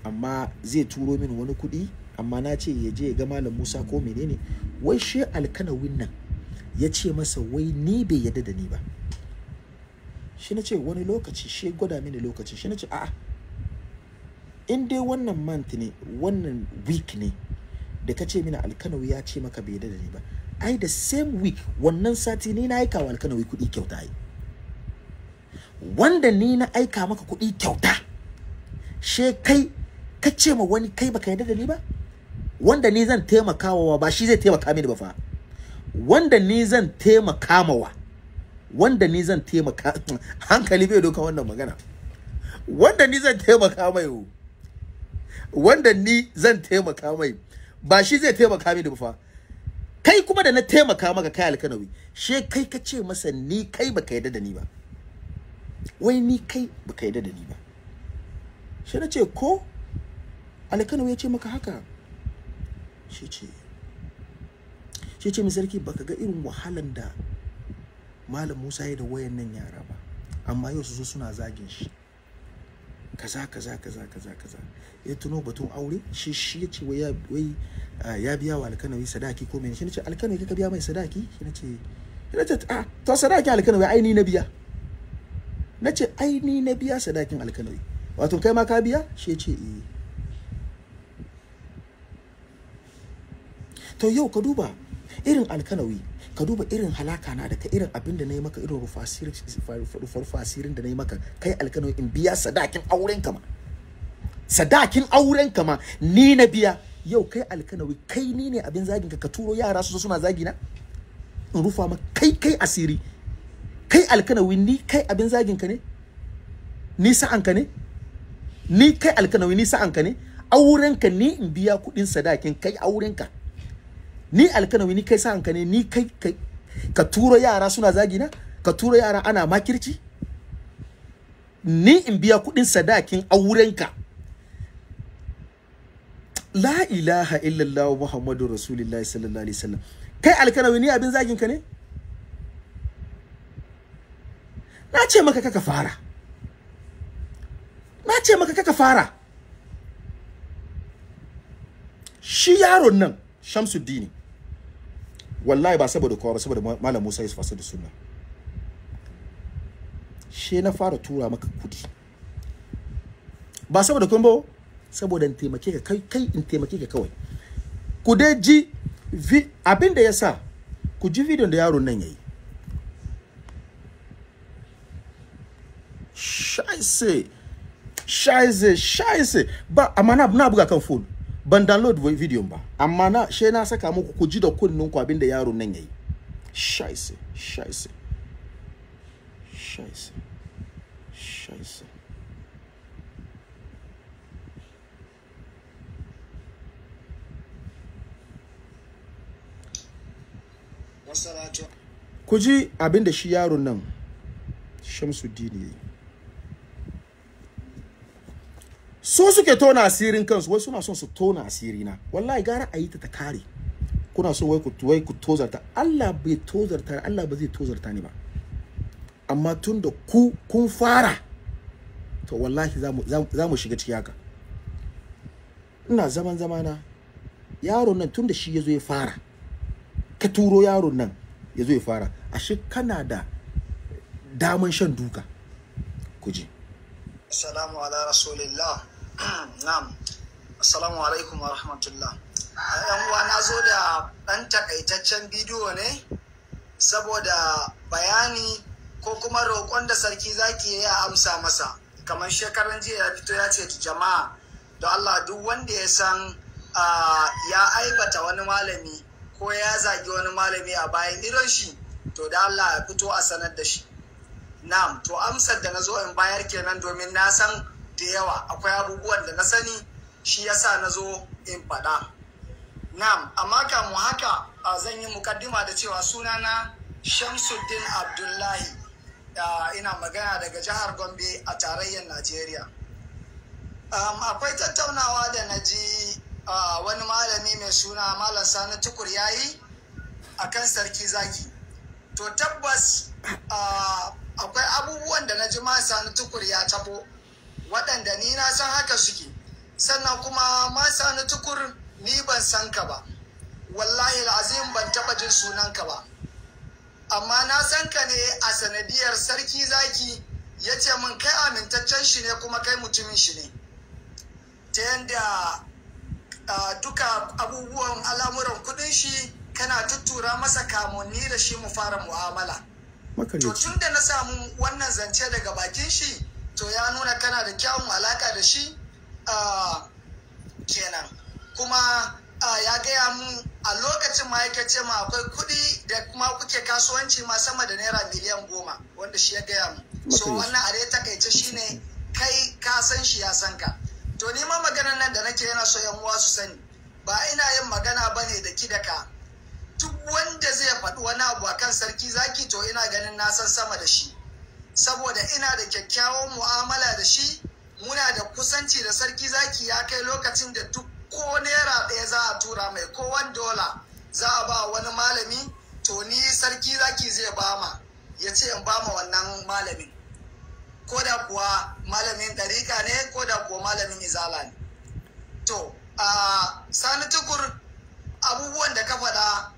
amma zai turo min wani kuɗi amma na ce ya je ya ga malam musa ko menene wai she alkanawin nan ya ce masa wai ni bai yadda da ni ba shi na ce wani lokaci shi gwada mini lokaci shi na ce a'a in dai wannan month ne wannan week ne da ka ce mini alkanawi ya ce maka bai yadda da ni ba ai da same week wannan sati ni na aika wa alkanawi kuɗi kyauta ai wanda ni na aika maka kuɗi kyauta she kai ka ce ma wani kai baka yarda da ni ba wanda ni zan taimaka taimakawa ba shi zai taimaka mini ba fa wanda ni zan taimaka mawa wanda ni zan taimaka (clears throat) hankali bai doka wannan magana wanda ni zan taimaka mai wanda ni zan taimaka mai ba shi zai taimaka mini ba fa kai kuma da na taimaka maka kai alkanawi she kai ka ce masa ni kai baka yarda da ni ba wai ni kai baka yarda da ni ba she na ce ko alkanawi ya ce maka haka she ce shi ce mai sarki baka ga irin wahalan da malam musa ya da wayan nan yara ba amma yau su zo suna zagin shi kaza kaza kaza kaza kaza ya tuno batun aure shi shi ya ce wai ya ah, biya wa alkanawi sadaki ko mai shi ne ce alkanawi kaka biya mai sadaki shi ne ce na ce a ah, to sadakin alkanawi ai ni na biya na ce ai ni na biya sadakin alkanawi wato kai ma ka biya shi ce eh to yau ka duba irin alkanawi ka duba irin halaka na da ka irin abin da na yi maka irin rufasirin da na yi maka kai alkanawi in biya sadakin auren kama sadakin auren kama ni na biya yau kai alkanawi kai ni ne abin zagin ka ka turo yara su suna zagi na in rufa ma kai kai asiri kai alkanawi ni kai abin zagin ka ne ni sa'an ka ne ni kai alkanawi ni sa'an ka ne aurenka ni in biya kuɗin sadakin kai aurenka ni alkanawi ni kai hanka ne ni kai ka tura yara suna zagina ka tura yara ana makirci ni in biya kudin sadakin aurenka la ilaha illallah muhammadu rasulullahi sallallahu alaihi wasallam kai alkanawi ni abin zaginka ne na ce maka kaka fara na ce maka kaka fara shi yaron nan shamsuddini wallahi ba saboda kowa ba saboda malam Musa fasa da Sunna she na fara tura maka kudi ba saboda kun saboda in taimake ka kai kai in taimake ka kawai ku dai ji abin da ya sa ku ji bidiyon da yaron nan ya yi shaise shaise shaise ba amma na buga kan phone ban download video ba amma na she na saka muku ku ji da kunnun ku abinda yaro nan yayi shaise shaise shaise shaise ku ji abinda shi yaro nan Shamsuddin yayi su suke tona asirin kansu wai suna son su tona asiri na wallahi gara a yi ta ta kare kuna so wai ku wai ku tozarta Allah bai tozarta Allah ba zai tozarta ni ba amma tun da ku kun fara to wallahi za mu shiga ciki haka ina zaman zamana yaron nan tun da shi yazo ya fara ka turo yaron nan yazo ya fara ashe kana da daman shan duka kuje. ji Assalamu ala rasulillah Hmm, na'am assalamu alaikum wa rahmatullah yan uwa na zo da ɗan takaitaccen bidiyo ne saboda bayani ko kuma roƙon da sarki zaki ya amsa masa kamar shekaran jiya ya fito ya ce jama'a da allah duk wanda ya san ya aibata wani malami ko ya zagi wani malami a bayan idon shi to da allah ya fito a sanar da shi na'am to amsar da na zo in bayar kenan domin na san da yawa akwai abubuwan da na sani shi yasa na zo in faɗa na'am amma kamu haka zan yi mukaddima da cewa sunana shamsuddin abdullahi ina magana daga jihar gombe a tarayyar najeriya akwai tattaunawa da na ji wani malami mai suna malam sani tukur yayi a kan sarki zaki to tabbas akwai abubuwan da na ji malam sani tukur ya tabo waɗanda ni na san haka suke sannan kuma ma sani tukur ni ban san ka ba wallahi azim ban taɓa jin sunan ka ba amma na san ka ne a sanadiyar sarki zaki ya ce min kai amintaccen shi ne kuma kai mutumin shi ne ta yadda duka abubuwan al'amuran kudin shi kana tuttura masa kamunni da shi mu fara mu'amala to tun da na samu wannan zance daga bakin shi to ya nuna kana da kyawun alaka da shi kenan kuma ya gaya mu a lokacin ma yake ce ma akwai kuɗi da kuma kuke kasuwanci ma sama da naira miliyan goma wanda shi ya gaya mu so wannan a dai takaice shine kai ka san shi ya san ka to ni ma maganan nan da nake yana so yan uwa su sani ba ina yin magana bane da ki da ka duk wanda zai faɗi wani abu akan sarki zaki to ina ganin na san sama da shi saboda ina da kyakkyawan mu'amala da shi muna da kusanci da sarki zaki ya kai lokacin da duk ko naira ɗaya za a tura mai ko wani dola za a ba wani malami to ni sarki zaki zai ba ma ya ce in ba ma wannan malamin ko da kuwa malamin ɗarika ne ko da kuwa malamin izala ne to a sani tukur abubuwan da ka faɗa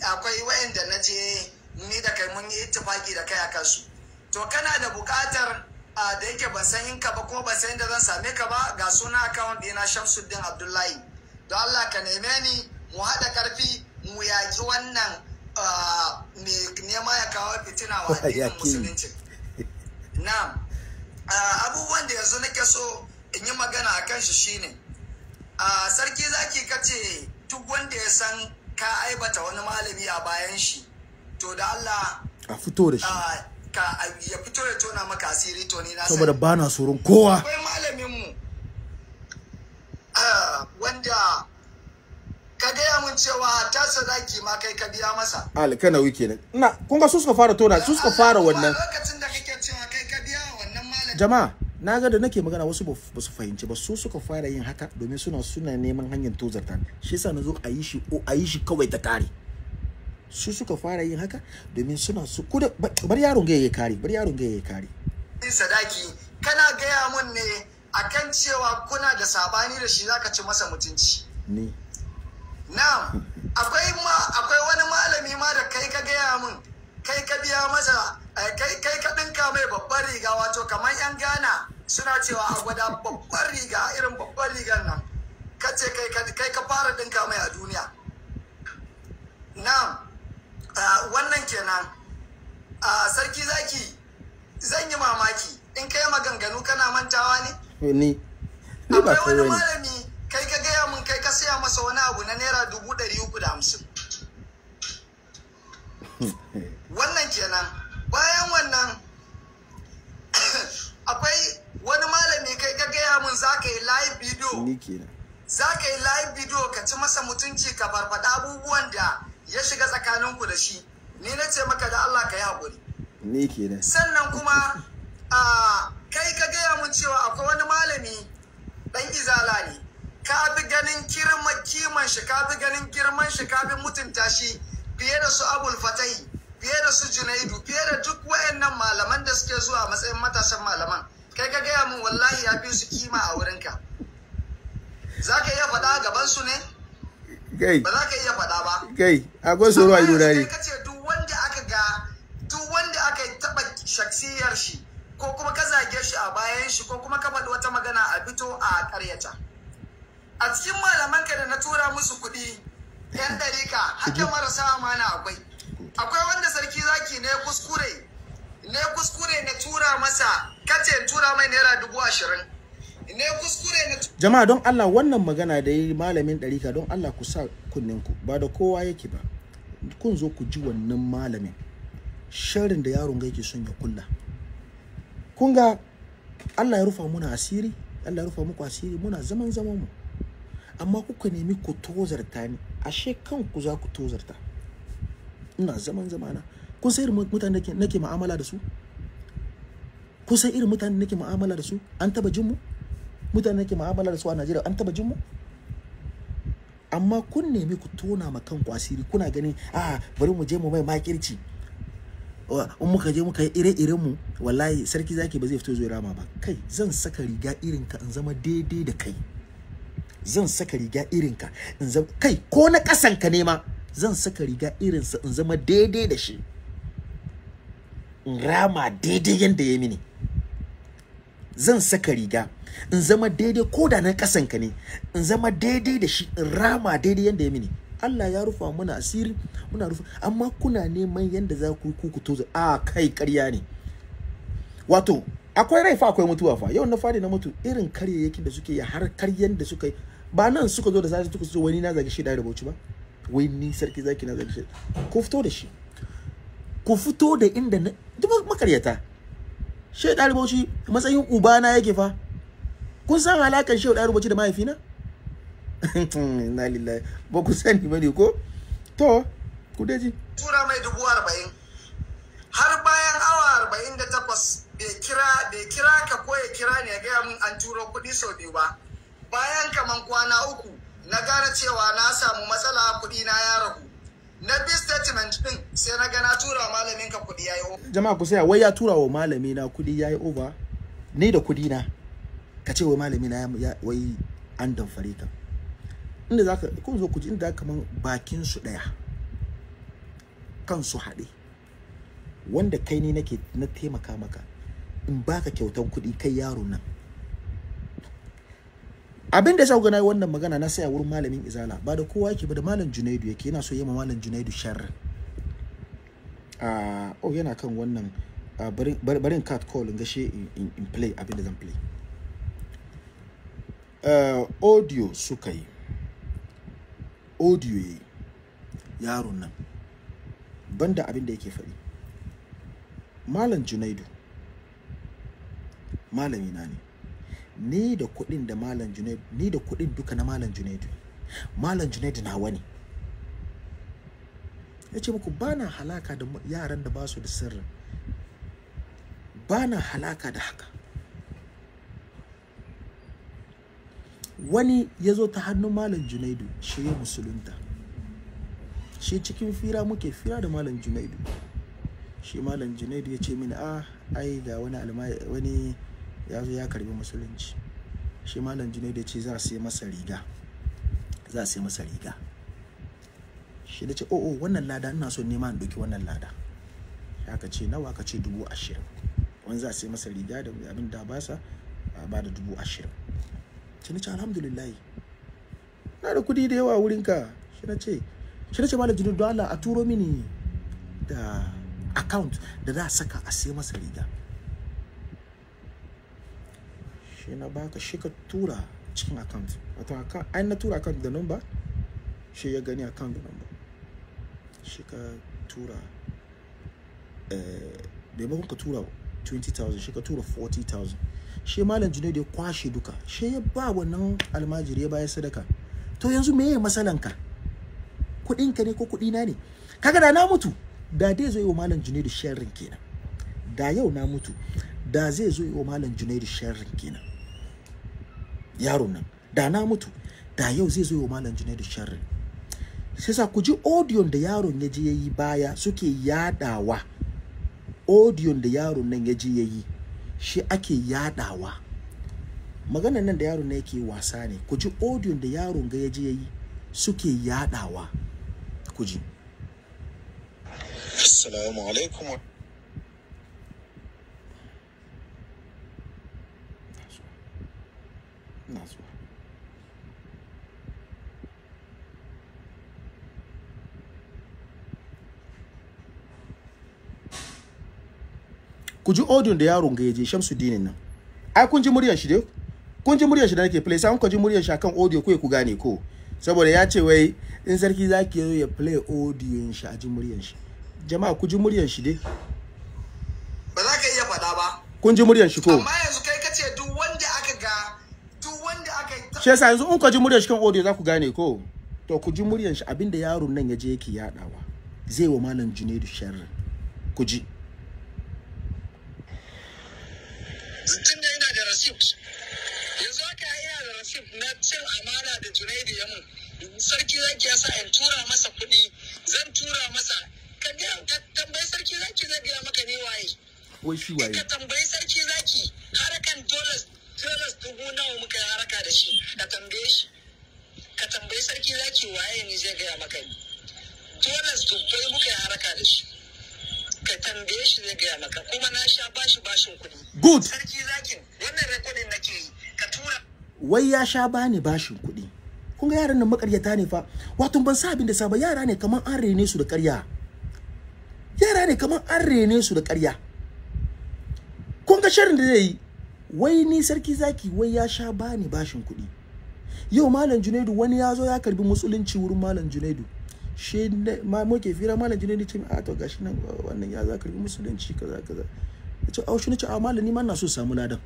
akwai da na je ni da kai mun yi ittifaki da kai a kansu to kana da buƙatar da yake ban san inka ba kuma ban san inda zan same ka ba ga suna account ɗina Shamsuddin Abdullahi don Allah ka neme ni mu haɗa karfi mu yaƙi wannan mai nema ya kawo fitina wa (laughs) addinin musulunci na abubuwan da yanzu nake so in yi magana a kan shi shine sarki zaki kace duk wanda ya san ka aibata wani malami a bayan shi to da Allah a fito da shi ka ya fito ya tona maka asiri to ni na saboda ba na tsoron kowa akwai malamin mu ah, wanda ka mun cewa ta sadaki suka fara tona su suka fara wannan lokacin da jama'a na ga da nake magana wasu ba su fahimci ba su suka fara yin haka domin suna suna neman hanyar tozarta shi yasa na zo a yi shi ko a yi shi kawai ta kare su suka fara yin haka domin suna su kuda bar yaron ga yayi kare bar yaron ga yayi kare sadaki kana gaya mun ne akan cewa kuna da sabani da shi zaka ci masa mutunci ni na'am akwai ma akwai wani malami ma da kai ka gaya mun kai ka biya masa eh, kai kai ka dinka mai babbar riga wato kamar yan Ghana suna cewa a gwada babbar riga irin babbar rigar nan kace kai kai ka fara dinka mai a duniya na'am Ah, wannan kenan a ah, sarki zaki zan yi mamaki in kai maganganu kana mantawa ne eh, ni ni ba kai wani malami kai ka gaya mun kai ka saya masa wani abu na naira dubu ɗari uku da hamsin (laughs) wannan kenan bayan wannan (coughs) akwai wani malami kai ka gaya mun za ka yi live video za ka yi live video ka ci masa mutunci ka farfaɗa abubuwan da ya shiga tsakaninku da shi ni na ce maka da Allah ka yi haƙuri ni kenan sannan kuma a kai ka gaya mun cewa akwai wani malami dan izala ne ka bi ganin kirma kiman shi ka bi ganin girman shi ka bi mutunta shi fiye da su abul fatai fiye da su junaidu fiye da duk wayannan malaman da suke zuwa matsayin matasan malaman kai ka gaya mun wallahi ya fi su kima a wurinka za ka iya faɗa gaban su ne gai ba za ka iya faɗa ba gai akwai tsoro a yi na ne kace duk wanda aka ga duk wanda aka taɓa shaksiyar shi ko kuma ka zage shi a bayan shi ko kuma ka faɗi wata magana a fito a ƙaryata a cikin malaman ka da na tura musu kuɗi yan ɗarika hakkin marasa amana akwai akwai wanda sarki zaki ne kuskure ne kuskure na tura masa kace tura mai naira dubu ashirin jama'a don Allah wannan magana da yi malamin ɗarika don Allah ku sa kunninku ba da kowa yake ba kun zo ku ji wannan malamin sharrin da yaron ga yake son ya kulla kun ga Allah ya rufa muna asiri Allah ya rufa muku asiri muna zaman zaman mu amma kuka nemi ku tozarta ni ashe kanku za ku tozarta ina zaman zamana kun san irin mutane nake mu'amala da su kun san irin mutane nake mu'amala da su an taba jin mu mutane ke mu'amala da su a Najeriya an taba jin mu amma kun nemi ku tona ma kan kwasiri kuna ganin a bari mu je mu mai makirci in muka je muka yi ire-iren mu wallahi sarki zaki ba zai fito zuwa rama ba kai zan saka riga irin ka in zama daidai da kai zan saka riga irin ka in zama kai ko na kasan ka ne ma zan saka riga irinsa in zama daidai da shi in rama daidai yanda ya mini zan saka riga in zama daidai ko da na kasan ka ne in zama daidai da shi in rama daidai yanda ya mini Allah ya rufa mana asiri muna rufa amma kuna neman yanda za ku ku kuto a kai ƙarya ne wato akwai rai fa akwai mutuwa fa yau na fadi na mutu irin yake da suke ya har karyan da suka yi ba nan suka zo da sai suka zo wani na zage shi da rubuci ba wai ni sarki zaki na zage shi ku fito da shi ku fito da inda na duk makaryata shehu ɗari bauchi matsayin ubana yake fa kun san alakan shehu ɗari bauchi da mahaifina (laughs) na lillahi ba ku sani ba ne ko to ku daji tura mai dubu arba'in har bayan awa arba'in da takwas bai kira bai kira ka ko ya kira ne ya gaya mun an turo kuɗi sau biyu ba bayan kaman kwana uku na gane cewa na samu matsala kuɗi na ya ragu na bi statement din sai na ga na tura malamin ka kuɗi yayi over jama'a ku saya wai ya tura wa malami na kudi yayi over ni da kudi na ka ce wai malami na wai an damfare ka inda zaka kun zo ku ji inda kaman bakin su daya kansu haɗe wanda kai ne nake na taimaka maka in baka kyautan kuɗi kai yaro nan abin da ga na yi wannan magana na saya wurin malamin izala ba da kowa yake ba da malam junaidu yake yana so yi ma malam junaidu sharri uh, ah, oh yana kan wannan uh, ah, barin cat call in gashe in, in, in play abin da zan play uh, audio suka yi audio yi yaron nan banda abin da yake faɗi malam junaidu malami na ne ni da kuɗin da malam junaid ni da kuɗin duka na malam junaidu malam junaidu na wani ya ce muku ba na halaka da yaran da ba su da sirrin ba na halaka da haka wani ya zo ta hannun malam junaidu shi ya musulunta shi cikin fira muke fira da malam junaidu shi malam junaidu ya ce mini a ah, ai ga wani ya zo ya karbi musulunci shi malam junaidu ya ce za a sai masa riga za a sai masa riga shi da ce oh oh wannan lada ina so nema in doki wannan lada ka ce nawa ka ce dubu ashirin wani za a sai masa riga da abin da basa a ba da dubu ashirin shi na ce alhamdulillah na da kudi da yawa wurinka shi na ce shi na ce malam junaidu Allah a turo mini da account da za a saka a sai masa riga shi na baka shi ka tura cikin account wato account ai na tura account da number shi ya gani account da number shi ka tura eh, maimakon ka tura 20,000 shi ka tura 40,000 shi malam junaidu ya kwashe duka shi ya ba wannan almajiri ya bayar sadaka to yanzu me ya matsalanka kuɗinka ne ko kuɗina ne kaga da na mutu da dai zo yi wa malam junaidu sharrin kenan da yau na mutu da zai zo yi wa malam junaidu sharrin kenan yaron nan da na mutu da yau zai zo wa malam junaidu sharri sai sa ku ji odiyon da yaron ya je ya yi baya suke yadawa odiyon da yaron nan ya je ya yi shi ake yadawa Magana nan da yaron na yake wasa ne ku ji odiyon da yaron ga ya je ya yi suke yadawa ku ji assalamu alaikum ina zuwa ku ji audio da yaro ga yaje Shamsu Dinin nan ai kun ji muryar shi dai kun ji muryar shi da nake play sai kun ji muryar shi akan audio ku ku gane ko saboda ya ce wai in sarki zaki yazo ya play audio shi a ji muryar shi jama'a ku ji muryar shi dai ba za ka iya faɗa ba kun ji muryar shi ko amma yanzu kai kace shi yasa yanzu in ku ji muryar cikin audio za ku gane ko to ku ji muryar shi abinda yaron nan ya je yake yadawa zai wa malam Junaidu sharri ku ji tunda ina da receipt yanzu da rasif na cin amana da Junaidu ya mun sarki zaki yasa in tura masa kuɗi zan tura masa ka ga tambayi sarki zaki zai gaya maka ne waye wai shi waye ka tambayi sarki zaki harakan dollars taras dubu nawa muka yi haraka da shi ka tambaye shi ka tambaye sarki zaki waye ne zai gaya maka ni dollars dubbai muka yi haraka da shi ka tambaye shi zai gaya maka kuma na sha bashi bashin kuɗi good sarki zakin wannan rekodin nake yi ka tura wai ya sha bani bashin kuɗi kun ga yaran nan makaryata ne fa wato ban sa abin da saba yara ne kamar an rene su da ƙarya yara ne kamar an rene su da ƙarya kun ga sharrin da zai yi wai ni sarki zaki wai ya sha bani bashin kuɗi yau malam junaidu wani ya zo ya karbi musulunci wurin malam junaidu she ma muke fira malam junaidu ce a ah, to gashi nan wannan ya za karbi musulunci kaza kaza ce au shi nace a ah, malam ni ma na so samu ladan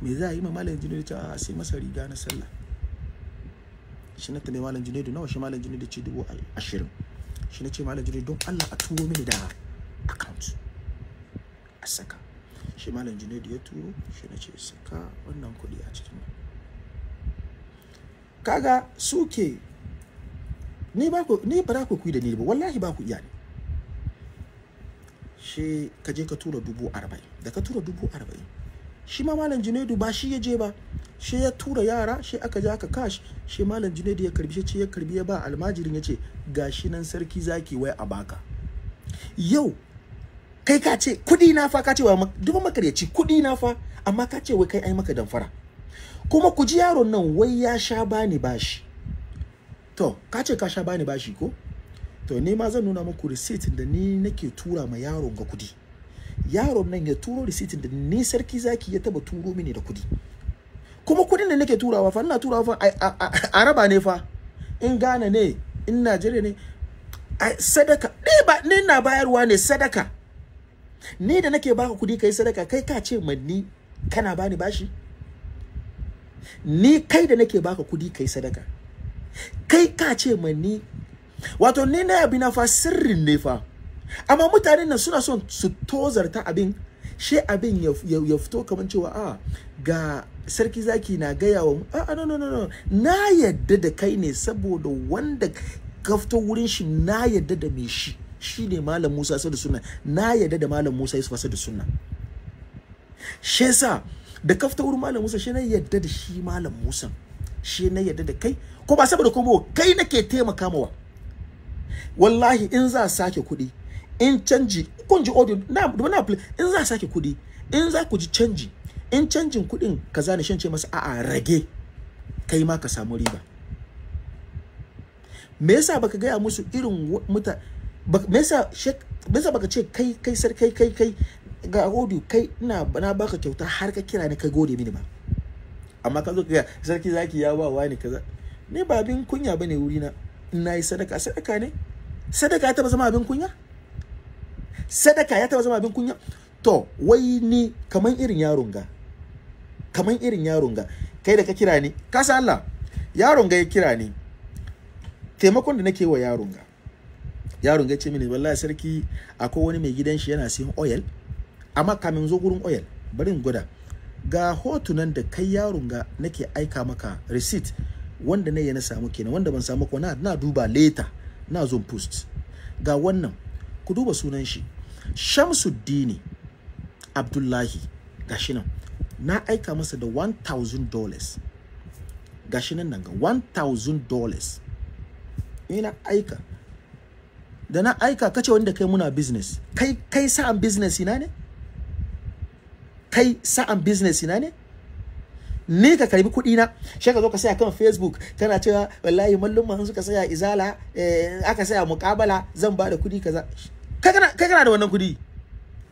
me za a yi ma malam junaidu ta a ah, sai masa riga na sallah shi na tambaye malam junaidu nawa shi malam junaidu ce dubu ashirin shi na ce malam junaidu don allah a turo mini da account a saka shi malam junaidu ya turo shi na ce saka wannan kuɗi a cikin kaga suke ni ba ku ni ba ku da ni ba wallahi ba ku iya ne shi ka je ka tura dubu arba'in da ka tura dubu arba'in shi ma malam junaidu ba shi ya je ba shi ya tura yara shi aka je aka kash shi malam junaidu ya karbi shi ya karbi ya ba almajirin ya ce gashi nan sarki zaki wai a baka yau kai ka ce kuɗi na fa ka ce wa duk makaryaci kuɗi na fa amma ka ce wai kai ai maka damfara kuma ku ji yaron nan wai ya sha bani bashi to ka ce ka sha bani bashi ko to ni ma zan nuna muku receipt da ni nake tura ma yaron ga kudi yaron nan ya turo receipt da ni sarki zaki ya taba turo mini da kudi kuma kudin da nake turawa fa ina turawa fa araba ne fa in Ghana ne in Najeriya ne sadaka ne ba ne na bayarwa ne sadaka ni da nake baka kudi kai sadaka kai ka ce ni kana bani bashi ni kai da nake baka kudi kai sadaka kai ka ce ni wato ni na yabi na fa sirrin ne fa amma mutanen nan suna son su tozarta abin she abin ya fito kamar cewa a ah, ga sarki zaki na gaya wa a a no no no na yadda da kai ne saboda wanda ka fito wurin shi na yadda da me shi shine malam Musa da Sunna na yadda da malam Musa Yusuf da Sunna she sa da kafta wurin malam Musa shi na yadda da shi malam Musa shi na yadda da kai ko ba saboda ko kai nake taimaka mawa wallahi in za sake kuɗi in canji kun ji audio na na in za sake kuɗi in za ku ji canji in canjin kuɗin kaza ne shan ce masa a'a rage kai ma ka samu riba me yasa baka gaya musu irin muta me yasa baka ce kai kai sar kai kai kai ga audio kai ina na baka kyauta har ka kira ni ka gode mini ba amma ka zo ka sarki zaki ya ba wani kaza Ni ba abin kunya bane wuri na ina yi sadaka sadaka ne sadaka ya taba zama abin kunya sadaka ya taba zama abin kunya to wai ni kaman irin yaron ga kaman irin yaron ga kai da ka kira ni ka san Allah yaron ga ya kira ni taimakon da nake wa yaron ga yaron ga ce mini wallahi sarki akwai wani mai gidan shi yana siyan oil amma kamin zo gurin oil bari in gwada ga hotunan da kai yaron ga nake aika maka receipt wanda ne ya na samu kenan wanda ban samu ko na na duba later na zo post ga wannan ku duba sunan shi Shamsuddini Abdullahi gashi nan na aika masa da $1000 gashi nan nan ga $1000 dollars ina aika da na aika kace wanda kai muna business kai kai sa'an business ina ne kai sa'an business ina ne ni ka karbi kuɗi na shi ka zo ka saya kan facebook kana cewa wallahi mallum suka saya izala eh, aka saya muƙabala zan ba da kuɗi kaza kai kana da wannan kuɗi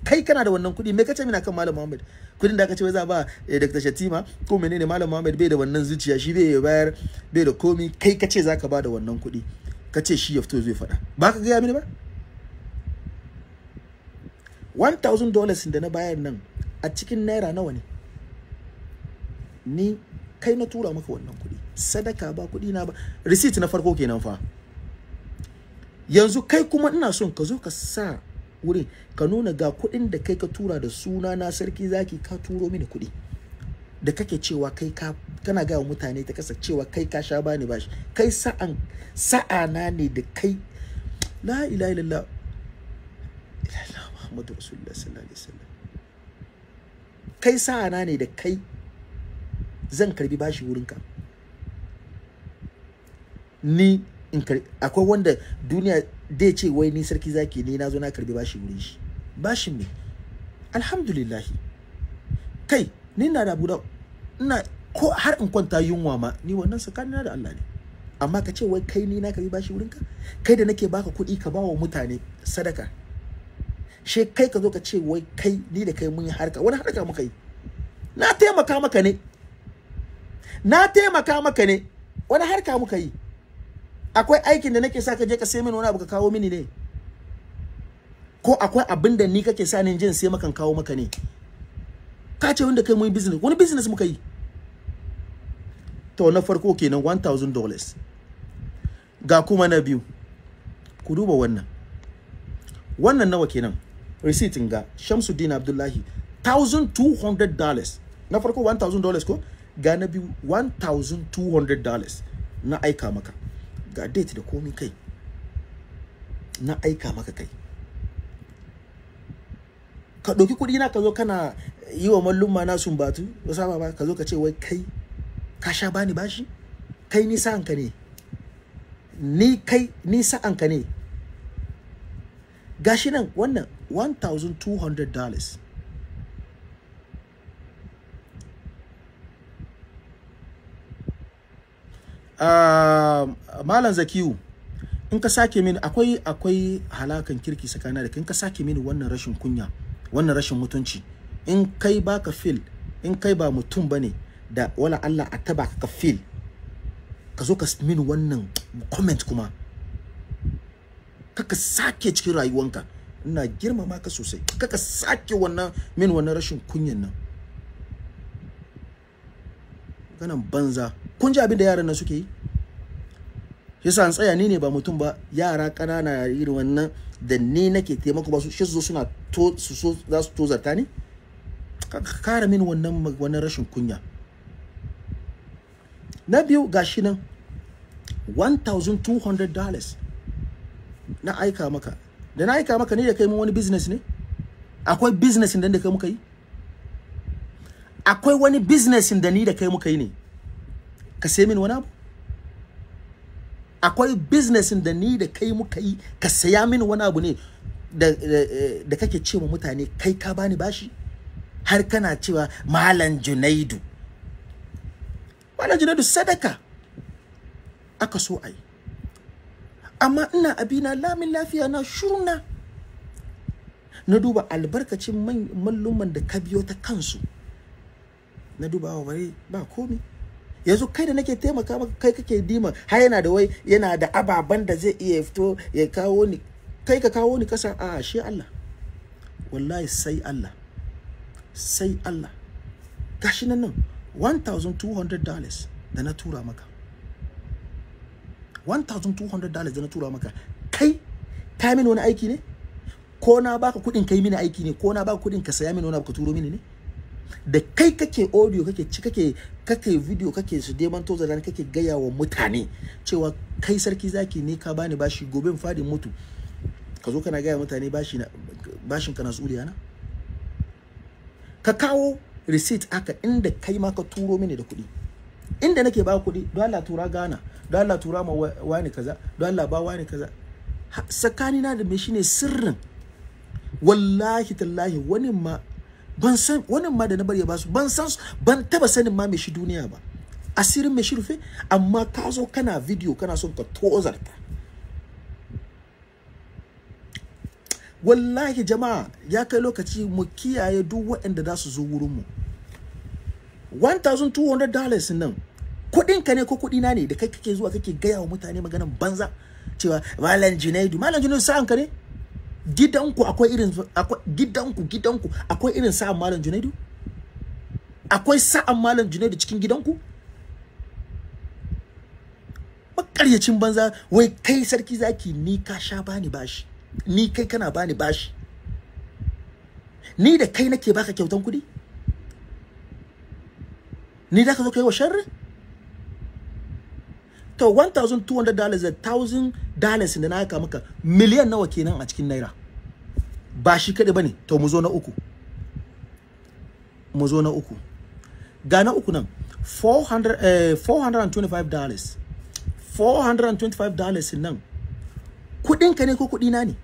kai kana da wannan kuɗi me kace mina kan malam Muhammad kuɗin da aka ce za ba eh, Dr. Shatima ko menene malam Muhammad bai da wannan zuciya shi bai bayar bai da komi kai kace zaka ba da wannan kuɗi ka ce shi ya fito zai faɗa ba ka gaya mini ba 1000 dollars da na bayar nan a cikin naira nawa ne ni kai na tura maka wannan kuɗi sadaka ba kuɗi na ba receipt na farko kenan fa yanzu kai kuma ina son ka zo ka sa wurin ka nuna ga kuɗin da kai ka tura da suna na sarki zaki ka turo mini kuɗi da kake cewa kai ka kana ga mutane ta kasa cewa kai ka sha bani bashi kai sa'an sa'ana ne da kai la ilaha illallah illallah muhammadu rasulullah sallallahu alaihi wasallam kai sa'ana ne da kai zan karbi bashi wurinka ni in akwai wanda duniya dai ce wai ni sarki zaki ni na zo na karbi bashi wurin shi bashin me alhamdulillah kai ni na da buɗa ina ko har in kwanta yunwa ma ni wannan tsakanina da Allah ne amma ka ce wai kai ni na ka yi bashi wurinka kai da nake baka kuɗi ka bawa mutane sadaka she kai ka zo ka ce wai kai ni da kai mun yi harka wani harka muka yi na taimaka maka ne na taimaka maka ne wani harka muka yi akwai aikin da nake sa ka je ka sai min wani abu ka kawo mini ne ko akwai abin da ni kake sa ni jin sai makan kawo maka ne ka ce wanda kai mun business wani business muka yi to na farko kenan 1000 dollars ga kuma na biyu ku duba wannan wannan nawa kenan receipt ga Shamsuddin Abdullahi 1200 dollars na farko 1000 dollars ko ga na biyu 1200 dollars na aika maka ga date da komai kai na aika maka kai ka ɗauki kuɗi na ka zo kana yi wa mallumma na sumbatu ba saba ba ka zo ka ce wai kai ka sha bani bashi kai ni sa'anka ne ni kai ni sa'anka ne gashi nan wannan $1,200 Uh, ah, Malam Zakiyu, in ka sake mini akwai akwai halakan kirki tsakanin da in ka sake mini wannan rashin kunya, wannan rashin mutunci, in kai baka fil in kai ba mutum bane da wala Allah a taba ka fil ka zo ka min wannan comment kuma kaka sake cikin rayuwanka ina girmama ka sosai kaka sake wannan min wannan rashin kunyan nan kana banza kun ji abin da yaran nan suke yi yasa an tsaya ni ne ba mutum ba yara ƙanana irin wannan da ni nake taimako ba su shi zo suna to su so za su tozarta ni kara min wannan wannan rashin kunya na biyu gashi nan $1,200 na aika maka da na aika maka ne da kai mun wani business ne akwai business da kai muka yi akwai wani business da ni da kai muka yi ne ka sai min wani abu akwai business da ni da kai muka yi ka saya min wani abu ne da eh, kake ce wa mutane kai ka bani bashi har kana cewa malam junaidu malam junaidu sadaka aka so a amma ina abina lamin lafiya na shurna na duba albarkacin malluman da ka biyo ta kansu na duba wa bare ba komi yanzu kai da nake taimaka maka kai kake dima har yana da wai yana da ababen da zai iya fito ya kawo ni kai ka kawo ni kasa a shi Allah wallahi sai Allah sai Allah gashi nan nan $1,200 da na tura maka $1,200 da na tura maka kai ka mini wani aiki ne ko na baka kudin kai mini aiki ne ko na baka kudin ka saya mini wani ka turo mini ne da kai kake audio kake ci kake kake video kake su deman toza da kake gaya wa mutane cewa kai sarki zaki ne ka bani bashi gobe fadin mutu ka zo kana gaya mutane bashi na bashin ka na tsuriya na ka kawo receipt aka inda kai ma ka turo mini da kuɗi inda nake ba kuɗi don Allah tura gana, don Allah tura ma wani kaza don Allah ba wani kaza tsakanina da me shine sirrin wallahi tallahi wani ma ban san wani ma da na bari ya basu ban san ban taba sanin ma me shi duniya ba asirin me shi rufe amma ka zo kana video kana son ka tozarta wallahi jama'a ya kai lokaci mu kiyaye duk waɗanda za su zo wurinmu $1,200 nan kuɗinka ne ko kuɗina ne da kai kake zuwa kake gaya wa mutane maganan banza cewa malam junaidu malam junaidu sa'an ka ne gidanku akwai irin akwai gidanku gidanku akwai irin sa'an malam junaidu akwai sa'an malam junaidu cikin gidanku makaryacin banza wai kai sarki zaki ni ka sha bani bashi ni kai kana bani bashi ni da kai nake baka kyautan kuɗi ni da ka zo kai wa sharri to 1200 dollars da 1000 dollars da na aika maka miliyan nawa kenan a cikin naira ba shi kaɗai bane to mu zo na uku mu zo na uku ga na uku nan 400 eh, 425 dollars 425 dollars nan kuɗinka ne ko kuɗina ne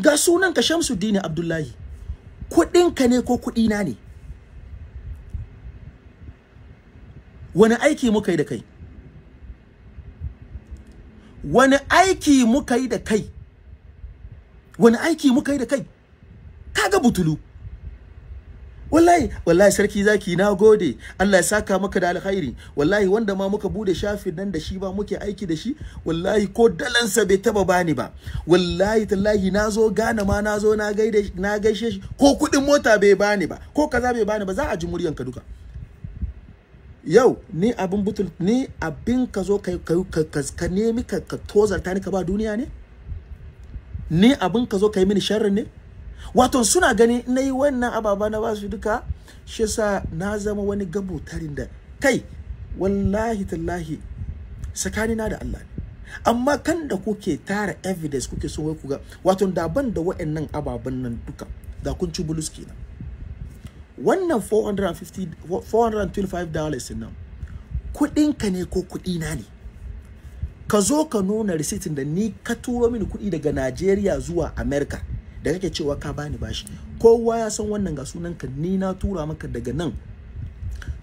ga sunanka shamsuddin abdullahi kuɗinka ne ko kuɗina ne wani aiki muka yi da kai wani aiki muka yi da kai wani aiki muka yi da kai kaga butulu wallahi wallahi sarki zaki na gode Allah ya saka maka da alkhairi wallahi wanda ma muka bude shafin nan da shi ba muke aiki da shi wallahi ko dalansa bai taba bani ba wallahi tallahi na zo gana ma na zo na gaida na gaishe shi ko kudin mota bai bani ba ko kaza bai bani ba za a ji muryanka duka yau ni abin butul ni abin ka zo ka ka nemi ka tozarta ni ka ba duniya ne ni abin ka zo ka yi mini sharrin ne wato suna gani na yi wannan ababa na basu duka shi sa na zama wani gabo tarin da kai wallahi tallahi tsakani na da Allah amma kan da kuke tara evidence kuke so wai kuga wato da ban da wa'annan ababan nan duka da kun ci bulus kenan wannan 450 425 dollars nan kudin ka ne ko kudi na ne ka zo ka nuna receipt da ni ka turo mini kudi daga Najeriya zuwa America da kake cewa ka bani bashi kowa ya san wannan ga ka ni na tura maka daga nan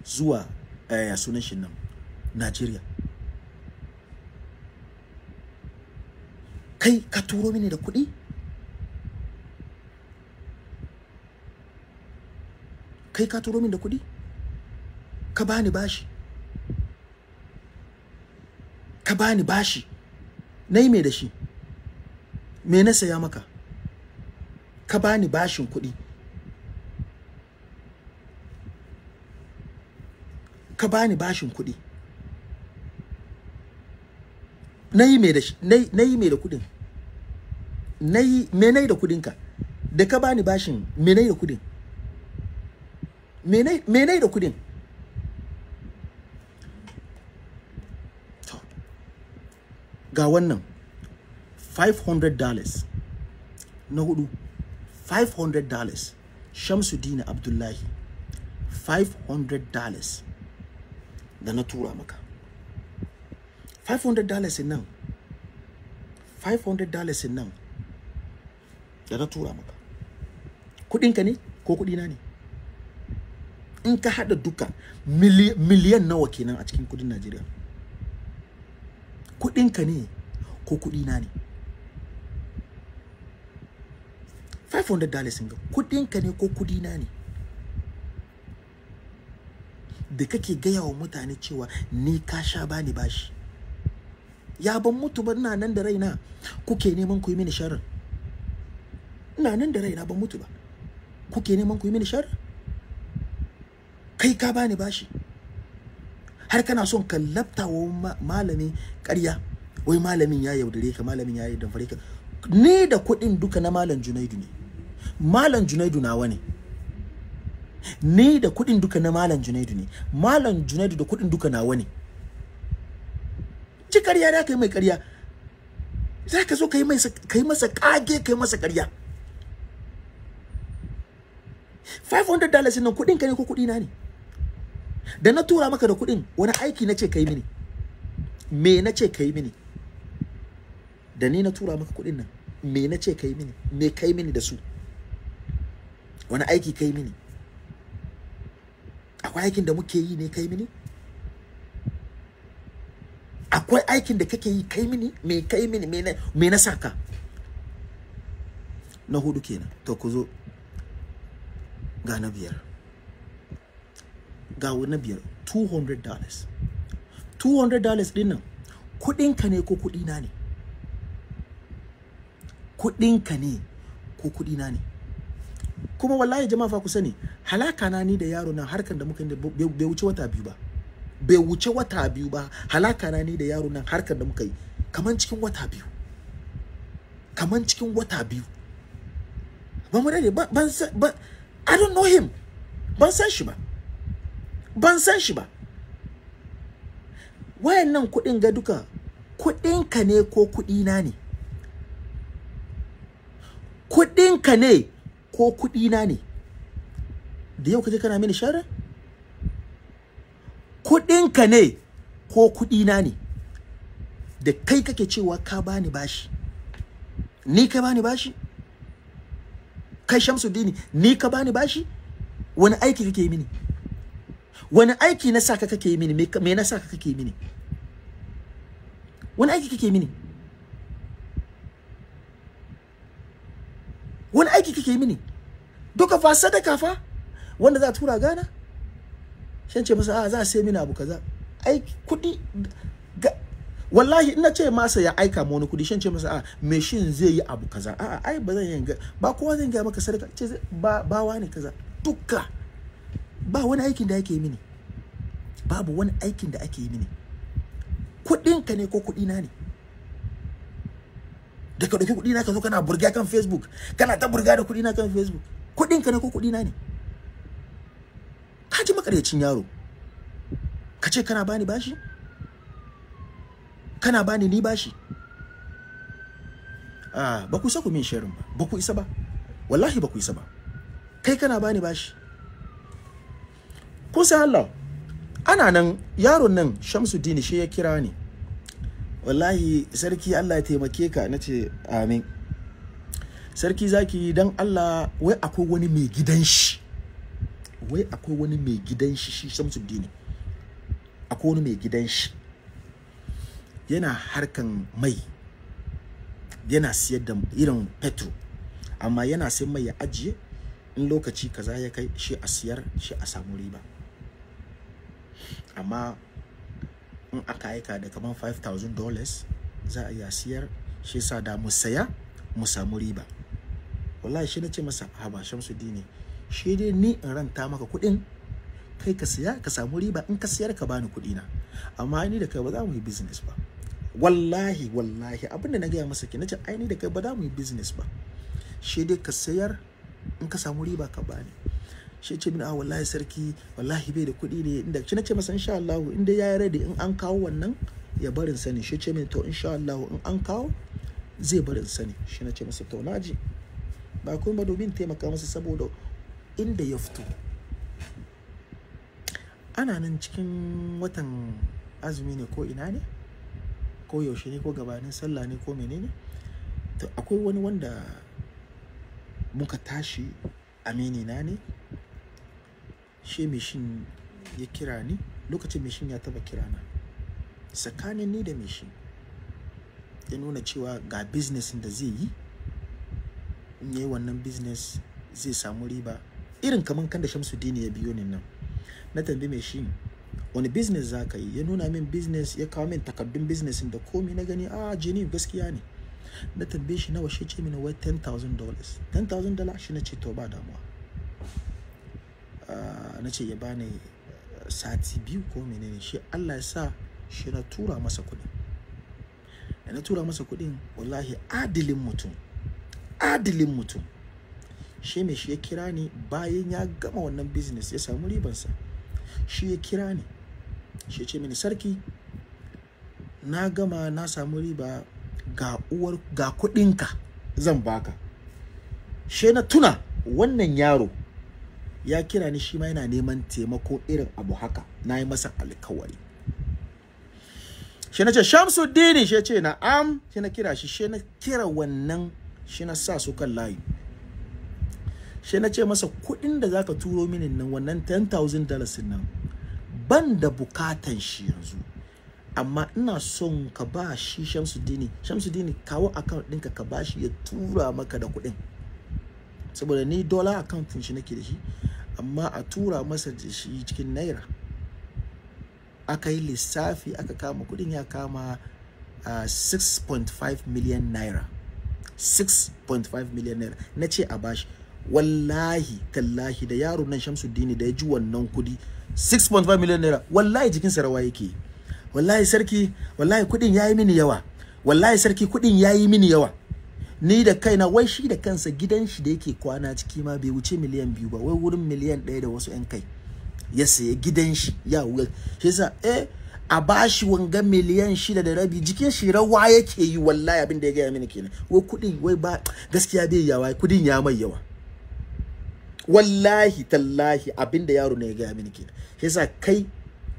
zuwa eh, sunan shi nan Najeriya kai ka turo mini da kuɗi kai ka turo mini da kuɗi ka bani bashi ka bani bashi na yi mai da shi me na saya maka ka bani bashin kuɗi ka bani bashin kuɗi na nayi me da kuɗin nayi me nayi da kuɗinka da ka bani bashin me nayi da kuɗin me nayi da kuɗin ga wannan $500 na hudu $500 Shamsuddin Abdullahi $500 da na tura maka $500 nan $500 nan da na tura maka kudinka ne ko kudina ne in ka hada duka miliyan nawa kenan a cikin kudin Najeriya kudinka ne ko kudina ne 500 dollars ga kudinka ne ko kudina ne da kake gaya wa mutane cewa ni ka sha bani bashi ya ban mutu ba ina nan da raina kuke neman ku yi mini sharri ina nan da raina ban mutu ba kuke neman ku yi mini sharri kai ka bani bashi har kana son ka labta wa malami ƙarya wai malamin ya yaudare ka malamin ya yaudare ka ne da kuɗin duka na malam junaidu ne malam junaidu na wani ni da kudin duka na malam junaidu ne malam junaidu da kudin duka na wani ci karya da kai mai karya za ka zo kai masa kage kai masa karya 500 dollars nan kudin ka ne ko kudina ne da na tura maka da kudin wani aiki na ce kai mini me na ce kai mini da ni na tura maka kudin nan me na ce kai mini me kai mini da su wani aiki kai mini akwai aikin da muke yi ne kai mini akwai aikin da kake yi kai mini me kai mini me na saka na hudu kenan to ku zo ga na biyar ga na biyar $200 $200 din nan kudinka ne ko kudina ne kudinka ne ko kudina ne kuma wallahi jama'a fa ku sani halaka na ni da yaro na harkan da muka yi bai wuce wata biyu ba bai wuce wata biyu ba halaka na ni da yaro nan harkan da muka yi kaman cikin wata biyu kaman cikin wata biyu ba mu dade ban san ba I don't know him ban san shi ba ban san shi ba wayannan kuɗin ga duka kuɗinka ne ko kuɗina ne kuɗinka ne ko kuɗi na ne da yau kaje kana mini share kuɗinka ne ko kuɗi na ne da kai kake cewa ka bani bashi ni ka bani bashi kai Shamsuddini ni ka bani bashi wani aiki kake mini wani aiki na saka kake mini me na saka kake mini wani aiki kake mini suke mini duka fa sadaka fa wanda za a tura gana shan ce masa a za a sai mini abu kaza ai kudi wallahi ina ce masa ya aika ma wani kudi shan ce masa a me zai yi abu kaza a ai ba zan yanga ba kowa zan ga maka sadaka ce ba ba wani kaza duka ba wani aikin da ake mini babu wani aikin da ake yi mini kudin ka ne ko kudi na ne da ka dauki kuɗi na ka zo kana burga kan facebook kana ta burga da kuɗi na kan facebook kuɗinka ka ne ko kuɗi na ne ka ji makaryacin yaro ka ce kana bani bashi kana bani ni bashi ah ba ku isa ku min sharing ba ba ku isa ba wallahi ba ku isa ba kai kana bani bashi kun san Allah ana nan yaron nan Shamsuddin shi ya kira ni wallahi sarki Allah ya taimake ka na ce amin sarki zaki don Allah wai akwai wani mai gidan shi wai akwai wani mai gidan shi shi dini akwai wani mai gidan shi yana harkan mai yana siyar da irin petrol amma yana sai mai ya ajiye in lokaci kaza ya kai shi a siyar shi a samu riba amma in aka aika da kamar 5000 dollars za a iya siyar shi sa da mu saya mu samu riba wallahi shi nace masa haba shamsu dini shi dai ni in ranta maka kuɗin kai ka siya ka samu riba in ka siyar ka bani kuɗi na amma ni da kai ba za mu yi business ba wallahi wallahi abinda na gaya masa ke nace ai ni da kai ba za mu yi business ba shi dai ka sayar in ka samu riba ka bani shi ce min a ah, wallahi sarki wallahi bai da kuɗi ne inda shi na ce masa insha Allah in dai yayi ready in an kawo wannan ya barin sani shi ce min to insha Allah in an kawo zai barin sani shi na ce masa to naji ba kuma ba domin taimaka masa saboda inda ya fito ana nan cikin watan azumi ne ko ina ne ko yaushe ne ko gabanin sallah ne ko menene to akwai wani wanda muka tashi amini na ne she mishin ya kira ni lokacin mishin ya taba kira na tsakanin ni da mishin ya nuna cewa ga business da zai yi in yi wannan business zai samu riba irin kamar kan da shamsu dini ya biyo ni nan na tambi mai wani business za ka yi ya nuna min business ya kawo min takardun business da komi na gani a ah, jini gaskiya ne na tambaye shi nawa shi ce mini wai $10,000 $10,000 shi na ce to ba damuwa Ah, na ce ya bani eh, sati biyu ko menene shi Allah ya sa shi na tura masa kuɗi da na tura masa kuɗin wallahi adilin mutum adilin mutum shi mai shi ya kira ni bayan ya gama wannan business ya samu ribansa shi ya kira ni shi ce mini sarki na gama na samu riba ga uwar ga kuɗinka zan baka Shi na tuna wannan yaro ya kira ni shi ma yana neman taimako irin abu haka na yi masa alkawari shi na ce dini shi ce na am shi na kira shi shi na kira wannan shi na sa su kan layi shi na ce masa kuɗin da zaka turo mini nan wannan 10,000 dollars nan ban da bukatan shi yanzu amma ina son ka ba shi Shamsu dini kawo account ɗinka ka ba shi ya tura maka da kuɗin saboda ni dola account shi nake da shi amma a tura masa da shi cikin naira aka yi lissafi aka kama kudin ya kama uh, 6.5 million naira 6.5 million naira na ce a bashi wallahi tallahi da yaro nan Dini da ya ji wannan kudi 6.5 million naira wallahi jikinsa rawa yake wallahi sarki wallahi kudin yi mini yawa wallahi sarki kudin yi mini yawa ni da kaina wai shi da kansa gidan shi da yake kwana ciki ma bai wuce miliyan biyu ba wai wurin miliyan ɗaya da wasu 'yan kai ya saye gidan shi ya wuya shi sa eh a bashi wanga miliyan shida da rabi jikin shi rawa yake yi wallahi abin da ya gaya mini kenan wai kudin wai ba gaskiya bai yawa kudin ya mai yawa wallahi tallahi abin da yaro ne ya gaya mini kenan shi sa kai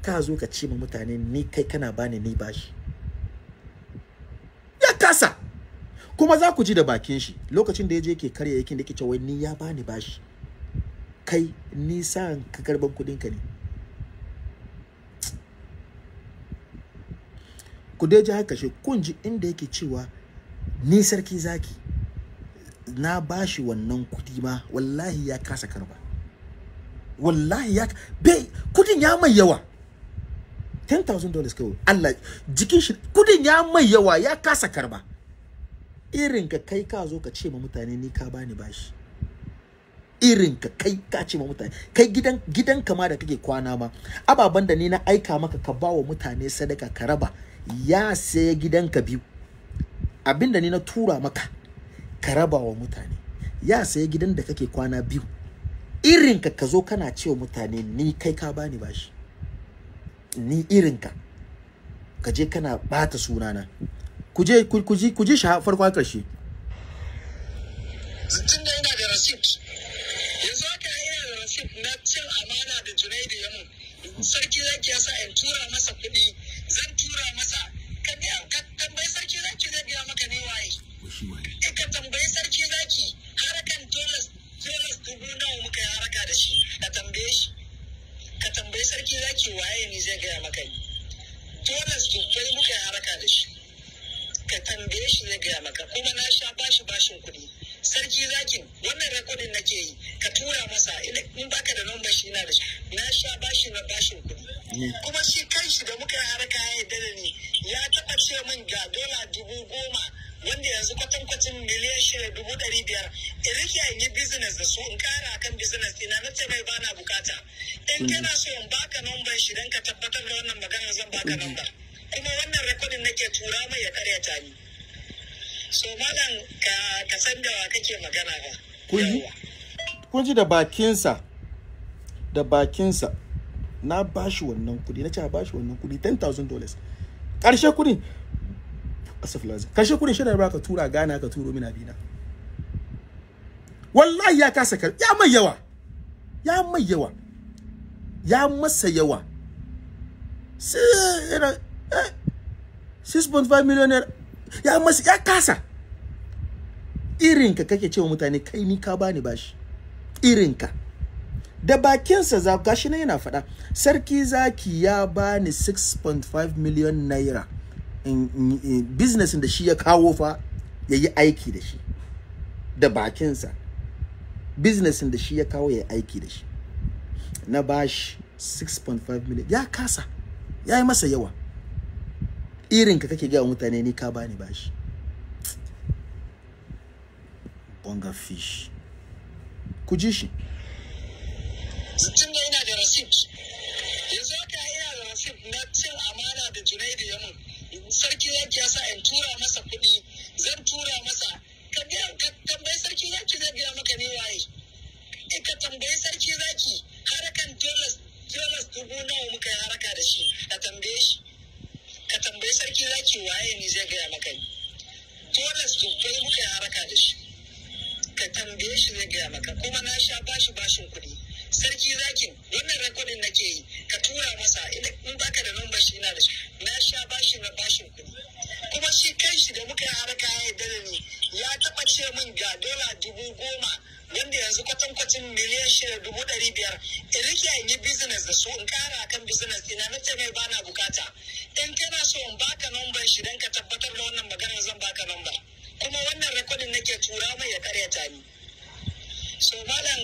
ka zo ka ce ma mutane ni kai kana bani ni bashi ya kasa kuma za ku ji da bakin shi lokacin da ya je ke karya yakin da ke cewa ni ya bani bashi kai ni sa ka karban kudin ka ne ku dai ji haka shi kun ji inda yake cewa ni sarki zaki na bashi wannan kudi ma wallahi ya kasa karba wallahi ya bai kudin ya mai yawa 10,000 dollars kawai Allah jikin shi kudin ya mai yawa ya kasa karba irin ka kai ka zo ka ce ma mutane ni ka bani bashi irin ka kai ka ce ma mutane kai gidan gidan ma da kake kwana ma ababen da ni na aika maka ka ba wa mutane sadaka ka raba ya saya ka biyu abin da ni na tura maka ka raba wa mutane ya saya gidan da kake kwana biyu irin ka ka zo kana ce wa mutane ni kai ka bani bashi ni irin ka ka je kana bata sunana ku je ku ji ku ji shi farko ƙarshe tunda ina da receipt yanzu haka ina da receipt na cin amana da Junaidi ya mun sarki zaki yasa in tura masa kuɗi zan tura masa ka tambayi sarki zaki zai biya maka ne waye eh, ka tambayi sarki zaki harakan dollars dollars dubu nawa muka yi haraka da shi ka tambaye shi ka tambayi sarki zaki waye ne zai gaya maka ne. dollars dubbai muka yi haraka da shi ka tambaye shi ya gaya maka kuma na sha bashi bashin kuɗi sarki zakin wannan rekodin nake yi ka tura masa in baka da nomba shi na da shi na sha bashi na bashin kuɗi mm. kuma shi kan shi da muka haraka ya yi da ni ya taɓa ce min ga dola dubu goma wanda yanzu kwatankwacin miliyan shida dubu ɗari biyar in rike in yi business da su in kara akan business ina na ce mai bana bukata in mm. kana so in baka nomba shi don ka tabbatar da wannan magana zan baka mm. nomba. kuma wannan rekodin nake tura mai ya karyata ni so malam ka ka san da kake magana ba kun ji da bakinsa da bakinsa na bashi wannan kudi na ce a bashi wannan kudi 10000 dollars karshe kudin asaflazi karshe kudin shi da ba ka tura gana ka turo mina bina wallahi ya kasa kar ya mai yawa ya mai yawa ya masa yawa sai 6.5 naira ya masu ya kasa irinka kake cewa mutane kai ni ka bani bashi irinka da bakinsa za gashi na yana faɗa sarki zaki ya bani 6.5 million naira business da shi ya kawo fa ya yi aiki da shi da bakinsa business da shi ya kawo ya yi aiki da shi na bashi 6.5 million ya kasa ya yi masa yawa irin ka kake gaya mutane ni ka bani bashi bonga fish ku ji shi tunda ina da receipt yanzu ka ina da receipt na cin amana da Junaidi ya mun sarki yanki ya sa in tura masa kuɗi zan tura masa ka biya ka tambayi sarki yanki zai biya maka ne waye in eh, ka tambayi sarki zaki harakan dollars dollars dubu nawa muka yi haraka da shi Ka tambaye shi ka tambayi sarki zaki waye ni zai gaya maka ni to wannan sosai muka yi haraka da shi ka tambaye shi zai gaya maka kuma na sha bashi bashin kuɗi sarki zakin wannan rekodin nake yi ka tura masa in baka da nan shi ina da shi na sha bashi na bashin kuɗi kuma shi kanshi da muka yi haraka ya yarda ni ya taɓa ce min ga dola dubu goma yadda yanzu kwatankwacin miliyan shida dubu ɗari biyar in rike in yi business da su in kara kan business ina na ce mai ba na bukata in kana so in baka number shi don ka tabbatar da wannan maganar zan baka number kuma wannan rekodin nake tura mai ya karyata ni so malam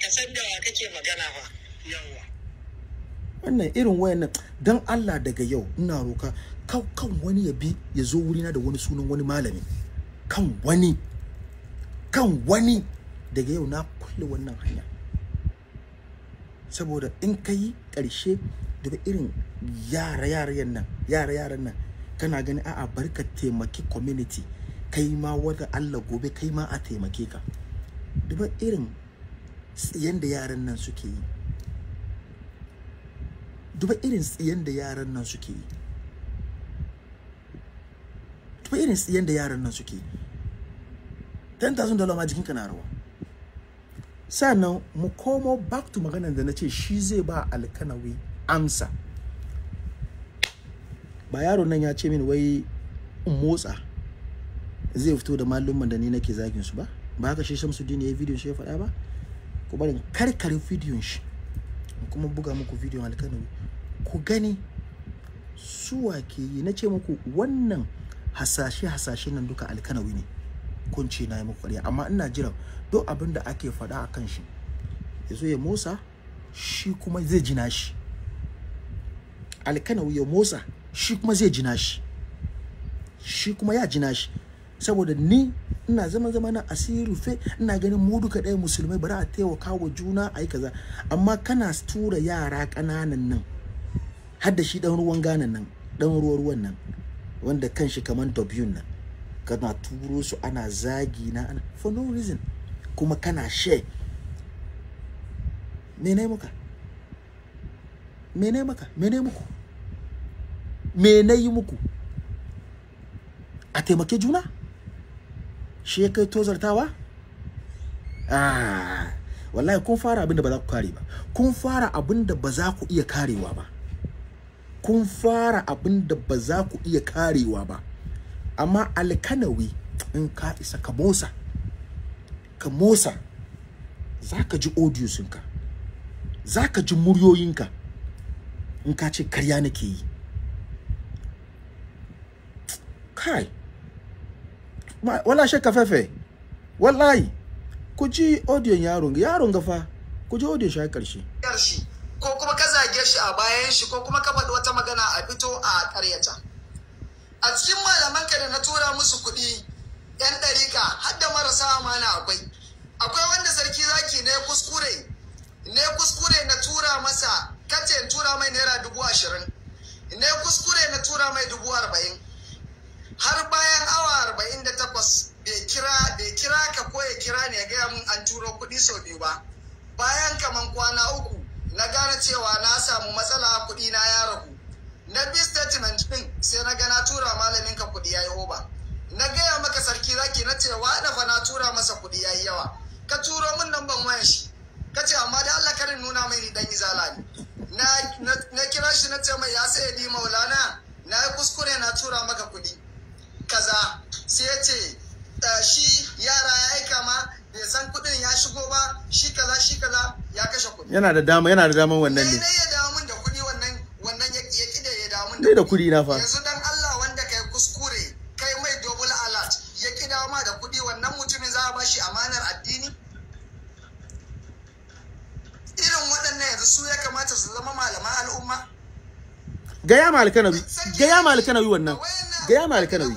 ka san da wa kake magana fa yawa wannan irin wayannan dan Allah daga yau ina roka kan wani ya bi ya zo wurina da wani sunan wani malami kan wani kan wani daga yau na kulle wannan hanya saboda in ka yi ƙarshe da irin yara-yaran nan yara-yaran nan kana gani a'a bari ka taimaki community kai ma wanda Allah gobe kai ma a taimake ka duba irin yanda yaran nan suke yi duba irin tsiyan da yaran nan suke yi duba irin tsiyan da yaran nan suke yi 10,000 dollar ma jikinka na rawa sannan mu komo back to maganar da na ce shi zai ba alkanawi amsa ba yaro nan ya ce min wai in motsa zai fito da malluman da ni nake zagin su ba ba haka shi Shamsuddin ya yi bidiyon shi ya faɗa ba ku bari karkare bidiyon shi kuma buga muku bidiyon alkanawi ku gani suwa ke yi na ce muku wannan hasashe hasashe nan duka alkanawi ne kunci na yi muku amma ina jiran duk abin da ake faɗa a kan shi ya zo ya motsa shi kuma zai jina shi alkanawi ya motsa shi kuma zai jina shi shi kuma ya jina shi saboda ni ina zama zama na asiri rufe ina ganin mu duka ɗaya musulmai bari a taimaka wa juna a yi kaza amma kana tura yara ƙananan nan har shi ɗan ruwan ganan nan ɗan ruwan ruwan nan wanda kan shi kamar dabiyun nan kana turo su ana zagi na for no reason kuma kana share mene muka mene muka? mene muku mene yi muku a taimake juna shi ya kai tozartawa ah wallahi kun fara abin da ba za ku kare ba kun fara abin da ba za ku iya karewa ba kun fara abin da ba za ku iya karewa ba amma alkanawi in ka isa ka bosa ka motsa za ka ji audiosinka za ka ji muryoyinka in ka ce karya nake yi kai wala shakka fefe wallahi ku ji odiyon yaron yaron fa ku ji odiyon shi a ƙarshe ko kuma ka zage shi a bayan shi ko kuma ka faɗi wata magana a fito a ƙaryata a cikin malaman ka da na tura musu kuɗi yan ɗarika har da marasa amana akwai akwai wanda sarki zaki ne kuskure ne kuskure na tura masa kace tura mai naira dubu ashirin ne kuskure na tura mai dubu arba'in har bayan awa arba'in da takwas bai kira ka ko ya kira ne ya gaya mun an turo kuɗi sau biyu ba bayan kaman kwana uku na gane cewa na samu matsala kuɗi na ya ragu na bi statement ɗin sai na ga na tura malamin ka kuɗi ya yi oba na gaya maka sarki zaki na ce wa na fa na tura masa kuɗi yayi yawa ka turo min nan ban shi ka ce amma da Allah karin nuna mai ni dan izala ne na kira shi na ce mai ya sai di maulana na yi kuskure na tura maka kuɗi kaza sai ya ce shi yara ya aika ma bai san kuɗin ya shigo ba shi kaza shi kaza ya kashe kuɗi yana da dama yana da dama wannan ne ne ya damun da kuɗi wannan wannan ya kide ya damun da kuɗi na fa yanzu dan su ya kamata su zama malaman al'umma gaya ma alkanawi gaya ma alkanawi wannan gaya ma alkanawi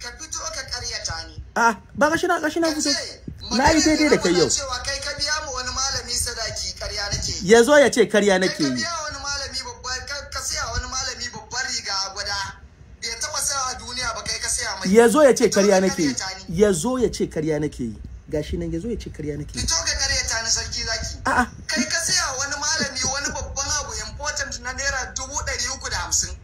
ka fito ka karyata ni a ah, ba shi na na fito na yi daidai da kai yau biya mu sadaki karya nake yi ya zo ya ce karya nake yi ya zo ya ce karya nake yi ya zo ya ce karya nake yi gashi nan ya zo ya ce karya nake yi a'a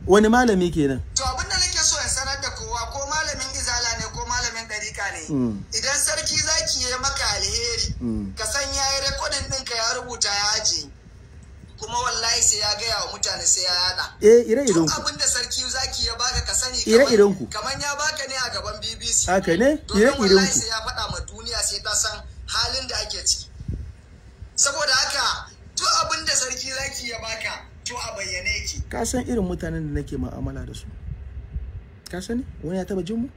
wani malami kenan to abin da nake so in sanar da kowa ko malamin izala ne ko malamin ɗarika ne mm. idan sarki zaki ya maka alheri mm. ka san ya yi rekodin ɗinka ya rubuta ya aji kuma wallahi sai ya gaya wa mutane sai ya yada eh ire iren ku abin da sarki zaki ya baka ka sani ire iren ku kaman ya baka ne a gaban BBC haka ne ire iren ku sai ya faɗa ma duniya sai ta san halin da ake ciki saboda haka duk abin da sarki zaki ya baka to a bayyane yake ka san irin mutanen da nake ma'amala da su ka sani wani ya taba jin mu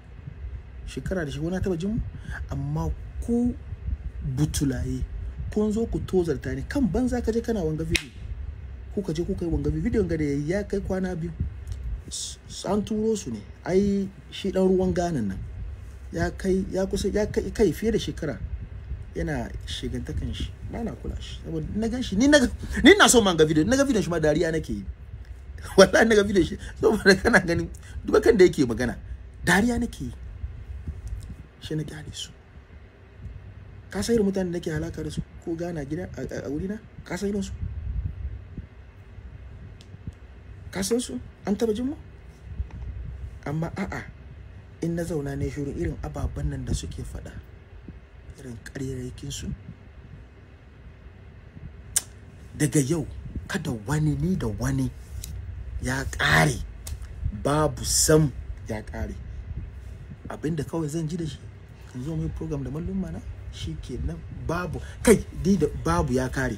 shekara da shi wani ya taba jin mu amma ku butulaye kun zo ku tozarta ni. kan banza ka je kana wanga video ka je ku kai wanga video video ga da ya kai kwana biyu an turo su ne ai shi dan ruwan ganin nan ya kai ya kusa ya kai fiye da shekara yana shigantakan shi ba na kula shi saboda na gan shi ni na so man ga video na ga video shi ma dariya nake yi (laughs) wallahi na ga video shi saboda kana ganin duk kan da yake magana dariya nake yi shi na kyale su ka sai mutanen da nake halaka da su ko gana gida a wuri na ka sai su ka san su an taba jin mu amma a'a in na zauna ne shiru irin ababen nan da suke faɗa irin ƙaryarkinsu daga yau kada wani ni da wani ya ƙare babu sam ya ƙare abinda kawai zan ji da shi kan zo mai program da mallum mana shi ke nan babu kai di da babu ya ƙare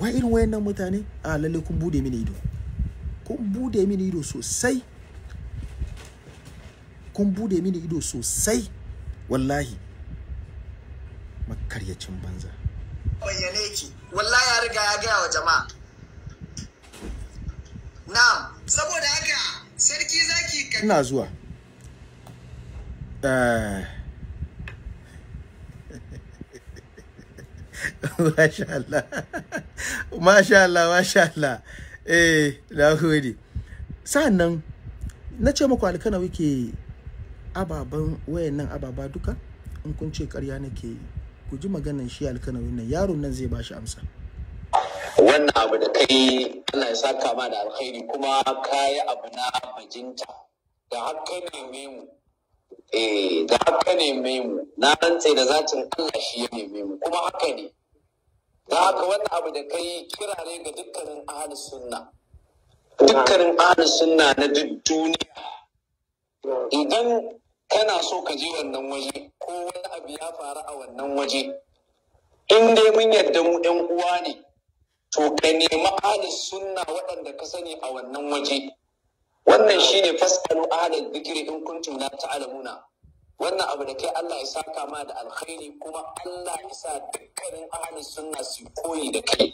wai irin wayannan mutane a lalle kun bude mini ido kun bude mini ido sosai kun bude mini ido sosai wallahi karyacin banza bayyane ki, wallahi ya riga ya gaya wa jama'a na saboda haka sarki zaki ka ina zuwa eh. (laughs) Masha Allah, (laughs) Masha Allah, Masha Allah, eh, na gode. Sa'an na ce muku alkana wike ababen wayannan ababa duka in kun ce karya nake yi ku ji maganan shi alkanawi wannan, yaron nan zai bashi amsa wannan abu da kai Allah ya saka ma da alkhairi kuma yi abu na bajinta da haka ne mu eh da haka ne mu na rantse da zatin Allah shi ya neme mu kuma haka ne da haka wannan abu da kai kirare ga dukkanin ahli sunna dukkanin ahli sunna na duk duniya idan kana so ka je wannan waje ko wani abu ya faru a wannan waje in dai mun yarda mu ɗan uwa ne to ka nemi ahalin sunna waɗanda ka sani a wannan waje wannan shine fasalu ahalin bikiri in kuntum la ta'lamuna wannan abu da kai Allah ya saka ma da alkhairi kuma Allah ya sa dukkanin ahalin sunna su koyi da kai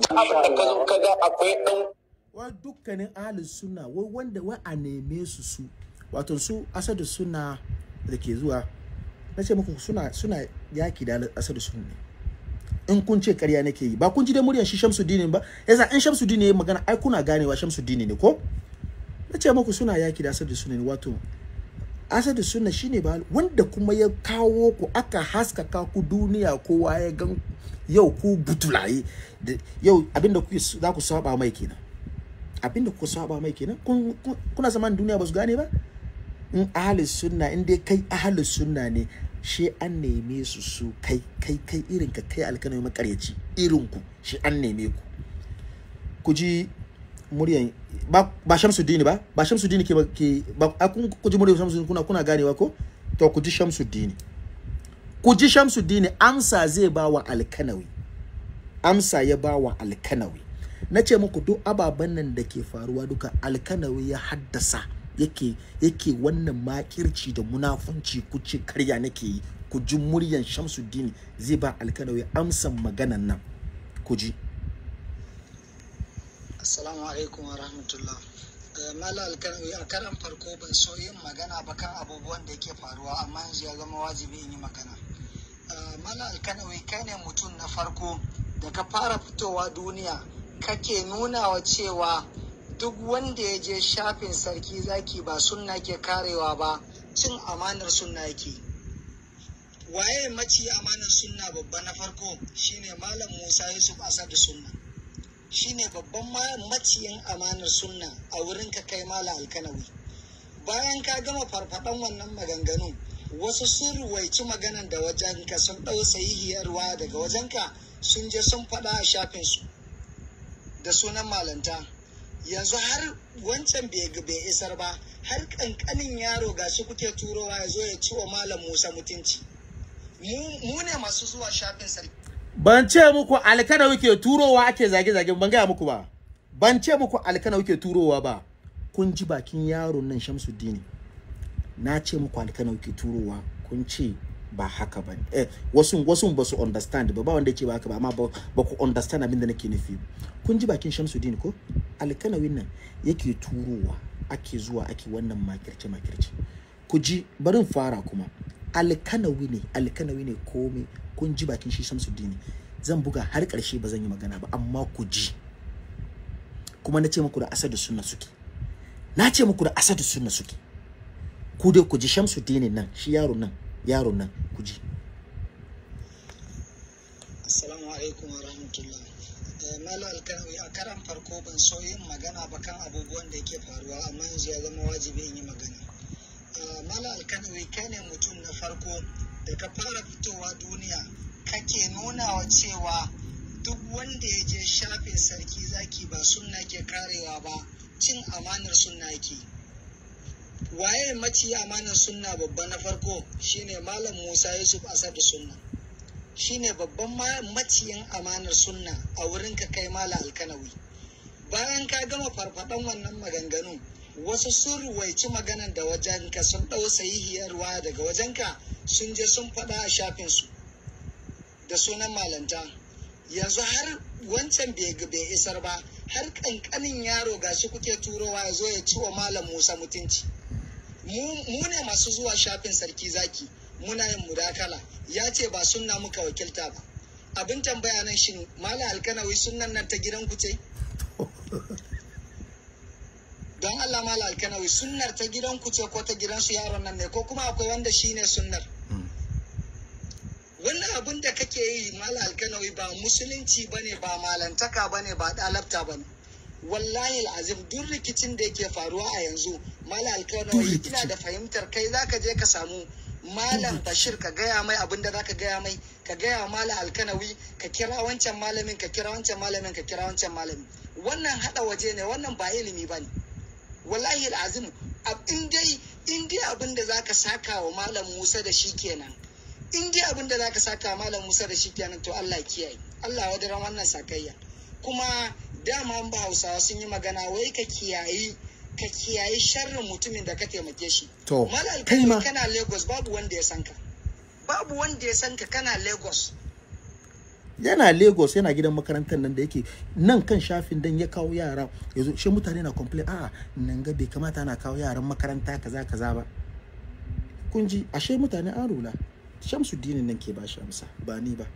da abin da ka zo ka ga akwai ɗan wai dukkanin ahalin sunna wai wanda wai a neme su su wato su asadu suna da ke zuwa na ce muku suna suna yaki da asadu sun ne in kun ce karya nake yi ba kun ji da muryar shi shamsuddin ba Yanzu in shamsuddin ya magana ai kuna ganewa shamsuddin ne ko na ce muku suna yaki da asadu sun ne wato asadu sunna shine ba wanda kuma ya kawo ku aka haskaka ku duniya kowa ya gan yau ku butulaye yau abinda ku za ku saba mai kenan abinda ku saba mai kenan kuna zaman duniya ba su gane ba in ahalus sunna in dai kai ahalus sunna ne shi an neme su su kai kai kai irin ka kai alkanawi makareci irin ku shi an neme ku ku ji muryan ba shamsu Shamsuddin ba ba Shamsuddin ke ke ba kun ku ji muryan Shamsuddin kuna kuna ganewa ko to ku ji Shamsuddin ku ji Shamsuddin amsa zai ba wa alkanawi amsa ya ba wa alkanawi na ce muku duk ababen nan da ke faruwa duka alkanawi ya haddasa yake yake wannan makirci da munafunci ce karya nake yi ku ji muryan Shamsuddin zai ba alkanawi amsan maganan nan ku ji Assalamu alaikum wa rahmatullah eh, Mala alkanawi a karan farko ban so yin magana ba kan abubuwan da yake faruwa amma yanzu ya zama wajibi in yi magana eh, Mala alkanawi kai ne mutum na farko da ka fara fitowa duniya kake nuna wa cewa duk wanda ya je shafin sarki zaki ba sunna ke karewa ba cin amanar sunna ke waye maci amanar sunna babba na farko shine malam musa yusuf asadu sunna shine babban maciyin amanar sunna a wurin ka kai malam alkanawi bayan ka gama farfaɗan wannan maganganun wasu sun ruwaici maganan da wajenka sun ɗau sahihiyarwa daga wajenka sun je sun faɗa a su da sunan malanta yanzu har wancan bai isar ba har kankanin yaro ga shi kuke turowa ya zo ya ci wa malam musa mutunci mu ne masu zuwa shafin sarki ban ce muku alkana kuke turowa ake zage-zage ban gaya muku ba ban ce muku alkana kuke turowa ba kun ji bakin yaron nan shamsuddin na ce muku alkana kuke turowa kun ce ba haka ba eh, wasu wasu ba su understand ba ba wanda ya ba haka ba amma ba ku understand abin da nake nufi kun ji bakin Shamsuddin ko alkanawin nan yake turowa ake zuwa ake wannan makirce makirce ku ji barin fara kuma alkanawi ne alkanawi ne komai kun ji bakin shi Shamsuddin zan buga har karshe ba zan yi magana ba amma ku ji kuma na ce muku da asadu sunna suke na ce muku da asadu sunna suke ku dai ku ji Shamsuddin nan shi yaro nan yaron nan ku ji assalamu alaikum wa rahmatullah eh, mala alkanawi a karan farko ban so yin magana ba kan abubuwan da yake faruwa amma yanzu ya zama wajibi in yi magana eh, mala alkanawi kai ne mutum na farko da ka fara fitowa duniya kake nunawa cewa duk wanda ya je shafin sarki zaki ba sunna ke karewa ba cin amanar sunna ke waye maciya amanar sunna babba na farko shine malam musa yusuf asadu sunna shine babban maciyan amanar sunna a wurin ka kai mala alkanawi bayan ka gama farfadan wannan maganganu wasu sun ruwaici maganan da wajenka sun ɗau sahihiyarwa daga wajenka sun je sun faɗa a shafin su da sunan malanta yanzu har wancan bai isar ba har ƙanƙanin yaro gashi kuke turowa ya zo ya ci wa malam musa mutunci mu ne masu zuwa shafin sarki zaki muna yin mudakala ya ce ba sunna muka wakilta ba abin tambaya nan shin mala alkanawi sunnan nan ta gidan ku ce don Allah mala alkanawi sunnar ta gidan ku ce ko ta gidan su yaron nan ne ko kuma akwai wanda shine sunnar wannan abin da kake yi mala alkanawi ba musulunci bane ba malantaka bane ba dalabta bane wallahi azim duk rikicin da yake faruwa a yanzu malam alkawari ina da fahimtar kai zaka je ka samu malam bashir ka gaya mai abin da zaka gaya mai ka gaya malam alkanawi ka kira wancan malamin ka kira wancan malamin ka kira wancan malamin wannan hada waje ne wannan ba ilimi ba ne wallahi azim in dai in dai abin da zaka saka wa malam musa da shi kenan in dai abin da zaka saka wa malam musa da shi kenan to allah kiyaye allah wadaran wannan sakayya kuma dama ba hausawa sun yi magana wai ka kiyayi ka kiyayi sharrin mutumin da ka taimake shi to kaima kana lagos babu wanda ya san ka babu wanda ya san ka kana lagos yana lagos yana gidan makarantar nan da yake nan kan shafin dan ya kawo yara yanzu shi mutane na complain a'a nan ga bai kamata ana kawo yaran makaranta kaza kaza ba kun ji ashe mutane an rula shamsuddin nan ke ba shi amsa ba ni ba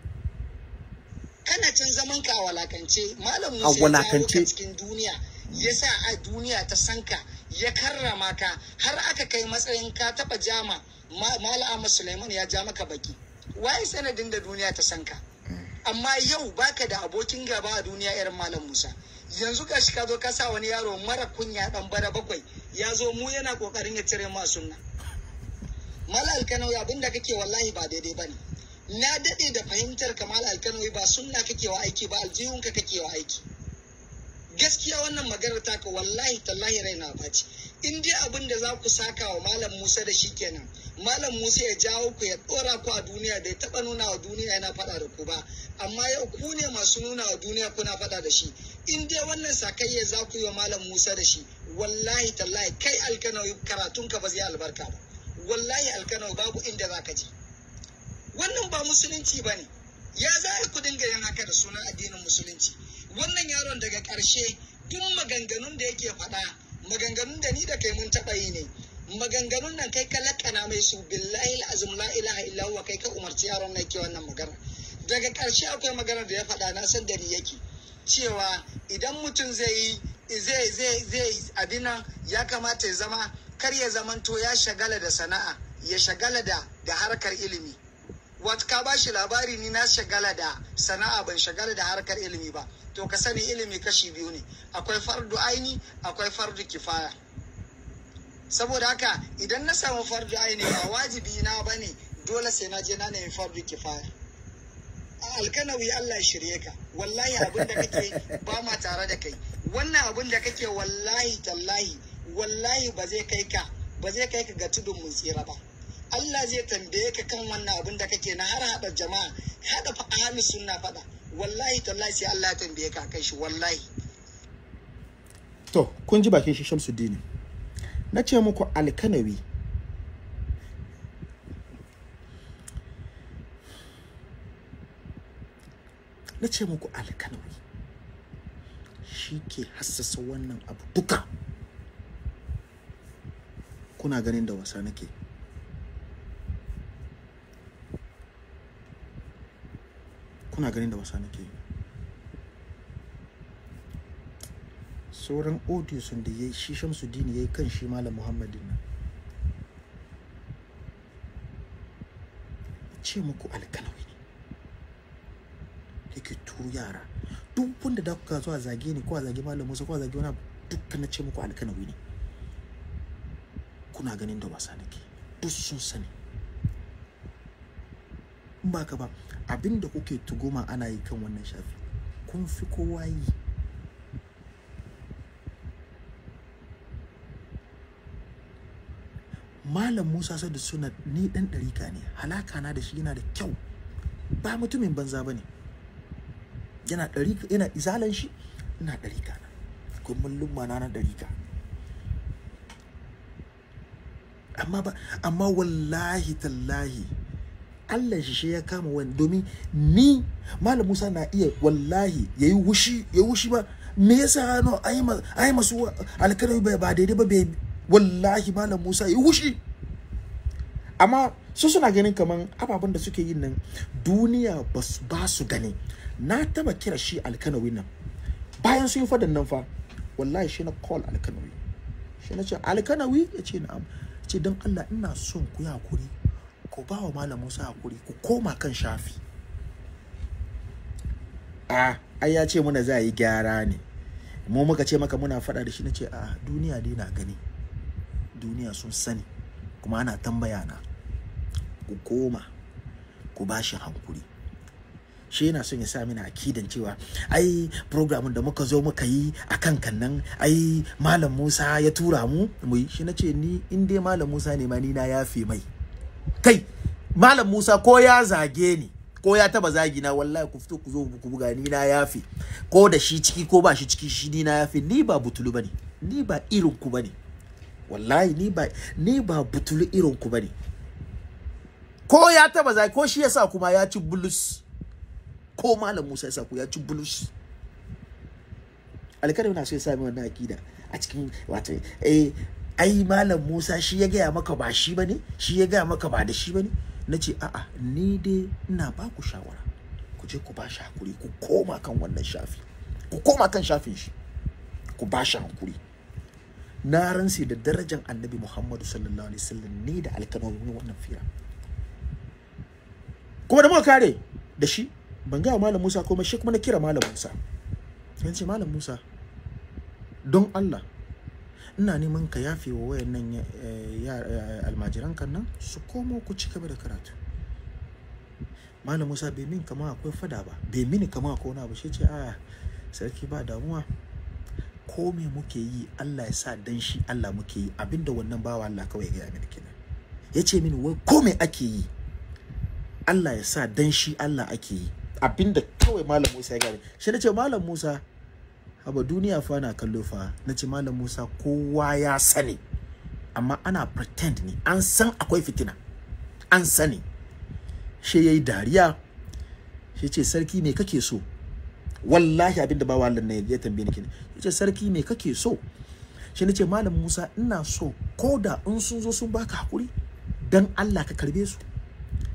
kana can zaman ka walakance malam Musa ya walakance cikin duniya ya sa a duniya ta sanka ya karrama ka har aka kai matsayin ka taba jama mala'amma Suleiman ya ja maka baki waye sanadin da duniya ta sanka amma yau baka da abokin gaba a duniya irin malam Musa yanzu ga shi ka zo ka sa wani yaro mara kunya dan bara bakwai ya zo mu yana kokarin ya cire ma sunna mala alkanau abin da kake wallahi ba daidai bane na daɗe da fahimtar kamar alkano ba sunna kake wa aiki ba aljihunka kake wa aiki gaskiya wannan maganar taka wallahi tallahi rai na baci in dai abin da za ku saka wa malam musa da shi kenan malam musa ya jawo ku ya ɗora ku a duniya da ya taɓa nuna wa duniya yana faɗa da ku ba amma yau ku ne masu nuna wa duniya kuna faɗa da shi in dai wannan sakayya za ku yi wa malam musa da shi wallahi tallahi kai alkanawi karatunka ba zai albarka ba wallahi alkanawi babu inda za ka je wannan ba musulunci ba ne ya za ku dinga yin haka da suna addinin musulunci wannan yaron daga ƙarshe duk maganganun da yake faɗa maganganun da ni da kai mun taɓa yi ne maganganun nan kai ka lakana mai su billahi azum la ilaha illa kai ka umarci yaron na ke wannan magana daga ƙarshe akwai maganar da ya faɗa na san da ni yake cewa idan mutum zai yi zai zai zai abin ya kamata ya zama kar ya zamanto ya shagala da sana'a ya shagala da harkar ilimi Wata ka ba shi labari ni na shagala da sana'a ban shagala da harkar ilimi ba to ka sani ilimi kashi biyu ne akwai fardu aini akwai fardu kifaya saboda haka idan na samu fardu aini ba wajibi na ba ne, dole sai na je na nemi fardu kifaya alkanawi Allah shirye ka wallahi abin da kake ba ma tare da kai wannan abin da kake wallahi tallahi wallahi ba zai kai ka ba zai kai ka ga tudun mun tsira ba Allah zai tambaye ka kan wannan abin da kake na har haɗa jama'a haɗa fa ahlus sunna faɗa wallahi Allah sai Allah ya tambaye ka kan shi wallahi to kun ji bakin shi Shamsuddin na ce muku alkanawi na ce muku alkanawi shi ke hassasa wannan abu duka kuna ganin da wasa nake kuna ganin da wasa nake yi sauran audio sun da yayi shi Shamsu Dini yayi kan shi Malam Muhammadin nan ce muku alkalawi ne yake turu yara duk wanda da kuka zuwa zage ni ko a zage Malam Musa ko a zage wani dukkan na ce muku alkalawi ne kuna ganin da wasa nake duk sun sani ba ka ba abin da kuke tuguma ana yi kan wannan shafi kun fi kowa yi malam musa sada suna ni dan ɗarika ne halaka na da shi yana da kyau ba mutumin banza ba ne yana ɗarika yana izalan shi ina ɗarika na kuma lumma na na ɗarika amma ba amma wallahi tallahi Allah shi ya kama wani domin ni malam Musa na iya wallahi yayi wushi yi wushi ba me yasa hano ai yi masu alkarai bai ba daidai ba bai wallahi malam Musa yayi wushi amma su suna ganin kamar ababen da suke yin nan duniya ba su gani na taba kira shi alkanawi nan bayan sun yi fadan nan fa wallahi shi na call alkanawi shi na ce alkanawi ya ce na'am ce don Allah ina son ku ya hakuri ko ba wa malam Musa hakuri ku koma kan shafi a ai ya ce muna za yi gyara ne mu muka ce maka muna faɗa da shi na ce a duniya dai na gani duniya sun sani kuma ana tambaya na ku koma ku ba shi hankuri shi yana son ya sa mini akidan cewa ai program da muka zo muka yi a kan kannan ai malam musa ya tura mu mu shi na ce ni in dai malam musa ne ma ni na yafe mai kai malam Musa ko ya zage ni ko ya taba zagi na wallahi ku fito ku zo ku buga ni na yafi ko da shi ciki ko ba shi ciki shi ni na yafi ni ba butulu bane ni ba irin ku bane wallahi ni ba ni ba butulu irin ku bane ko ya taba zagi ko shi yasa kuma ya ci bulus ko malam Musa yasa ku ya ci bulus alkari na so ya mai wannan akida a cikin wato eh ai malam Musa shi ya gaya maka ba shi bane shi ya gaya maka ba da shi bane nace a'a ni dai ina ba ku shawara ku je ku ba shi hakuri ku koma kan wannan shafi ku koma kan shafin shi ku ba shi hakuri na ransi da darajar annabi Muhammadu sallallahu alaihi wasallam ne da alkalmomin wannan fira kuma da muka kare da shi ban gaya malam Musa komai shi kuma na kira malam Musa yanzu malam Musa don Allah ina neman ka yafe wa wayannan eh, eh, almajiran kan nan su komo ku ci gaba da karatu malam musa bai min kama akwai fada ba bai mini kama akwai wani abu shi ce a sarki ba damuwa ko me muke yi Allah ya sa dan shi Allah muke yi abinda wannan bawa Allah kawai ya gaya mini kenan ya ce mini wai ko me ake yi Allah ya sa dan shi Allah ake yi abinda kawai malam Musa ya gaya shi na ce malam Musa abu duniya fa na kallo fa na ce malam musa kowa ya sani amma ana pretend ne an san akwai fitina an sani shi yayi dariya shi ce sarki me kake so wallahi abinda ba wallan ne ya tambaye ni kine shi ce sarki me kake so shi ce malam Musa ina so koda in sun zo sun baka hakuri dan Allah ka karbe su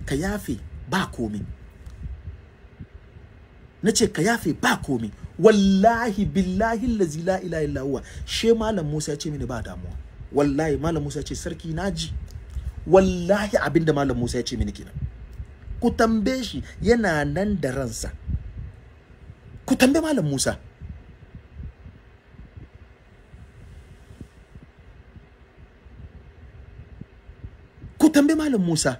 ka yafe ba komai na ce ka yafe ba komi wallahi billahi lazi la ilaha illa huwa she malam Musa ya ce mini ba damuwa wallahi malam Musa ya ce sarki naji wallahi abinda malam Musa ya ce mini kenan ku tambaye shi yana nan da ransa ku tambaye malam Musa ku tambaye malam Musa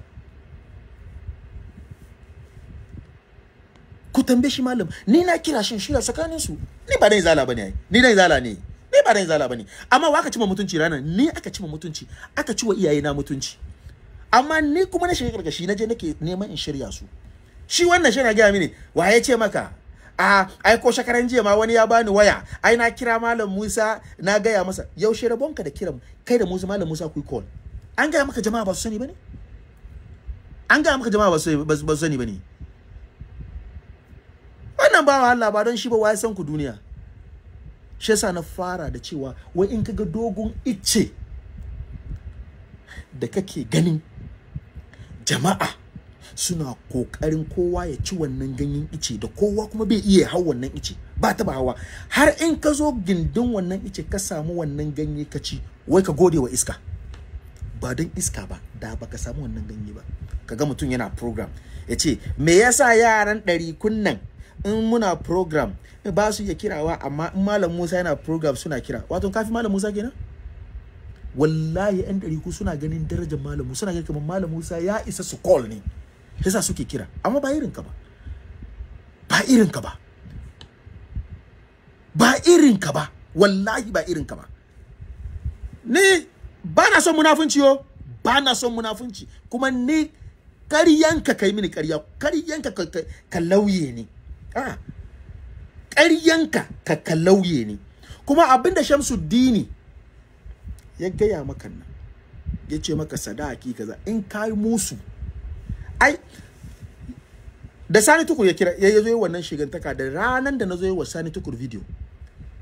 ku tambaye shi malam ni na kira shi shira tsakanin su ni ba dan izala bane ai ni dan izala ne ni ba dan izala bane amma wa aka cima mutunci ranan ni aka cima mutunci aka ciwa iyaye na mutunci amma ni kuma na shiga karkashi na je nake neman in shirya su shi wannan shi na gaya mini wa ya ce maka a ai ko shakaran jiya ma wani ya bani waya ai na kira malam Musa na gaya masa yaushe rabonka da kiran kai da Musa malam Musa ku call an gaya maka jama'a ba su sani bane an gaya maka jama'a ba su sani bane wannan bawa Allah ba don shi ba wai san ku duniya shi yasa na fara da cewa wai in kaga dogon ice da kake ganin jama'a suna kokarin kowa ya ci wannan ganyen ice da kowa kuma bai iya hau wannan ice ba ta ba hawa har in ka zo gindin wannan ice ka samu wannan ganye ka ci wai ka gode wa iska ba don iska ba da ba ka samu wannan ganye ba kaga mutum yana program ya ce me yasa yaran ɗari kunnan in muna program eh, ba su iya kirawa amma in malam Musa yana program suna kira wato kafi malam Musa kenan wallahi yan ɗari ku suna ganin darajar malam Musa suna ganin kamar malam Musa ya isa su call ne yasa suke kira amma ba irin ka ba ba irin ka ba ba irin ka ba wallahi ba irin ka ba ni ba na son munafunci yo ba na son munafunci kuma ni karyanka kai mini karya karyanka ka lauye ne Ah, ƙaryanka ka kallauye ne kuma abinda Shamsu dini ya gaya maka nan ya ce maka sadaki kaza in kai musu ai da Sani Tukur ya kira ya zo yi wannan shigantaka da ranan da na zo yi wa Sani Tukur video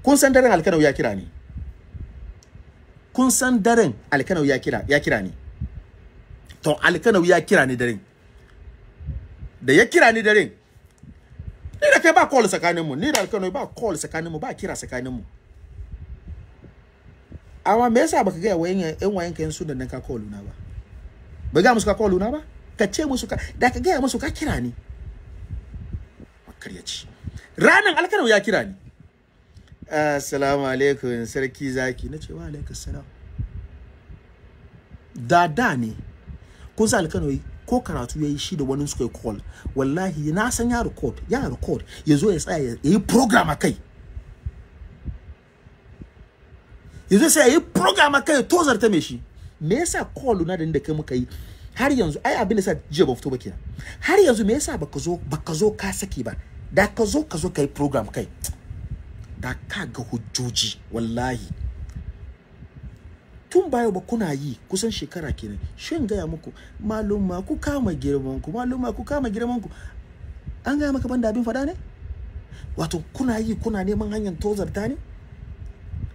kun san daren Alkanau ya kira ni kun san daren Alkanau ya kira ya kira ni to Alkanau ya kira ni daren da ya kira ni daren ni da kai ba call tsakanin mu ni da alkano ba call tsakanin mu ba kira tsakanin mu awa me yasa baka ga wayan yan wayan ka su da nan ka call na ba ba ga musu ka call na ba ka ce musu ka da ka ga musu ka kira ni ci. ranan alkano ya kira ni assalamu alaikum sarki zaki na ce wa alaikum salam da da ne kun sa alkano yi ko karatu ya yi shi da wani suka call wallahi na san ya record ya record ya zo ya tsaya ya yi program a kai ya zo sai ya yi program a kai ya tozarta mai shi me yasa call na da kai muka yi har yanzu ai abin da sa jiya ba fito ba kenan har yanzu me yasa baka zo baka zo ka saki ba da ka zo ka zo kai program kai da ka ga hujjoji wallahi tun bayo ba kuna yi kusan shekara kenan shin gaya muku maluma ku kama girman ku maluma ku kama girman ku an gaya maka banda abin fada ne wato kuna yi kuna neman hanyar tozarta ne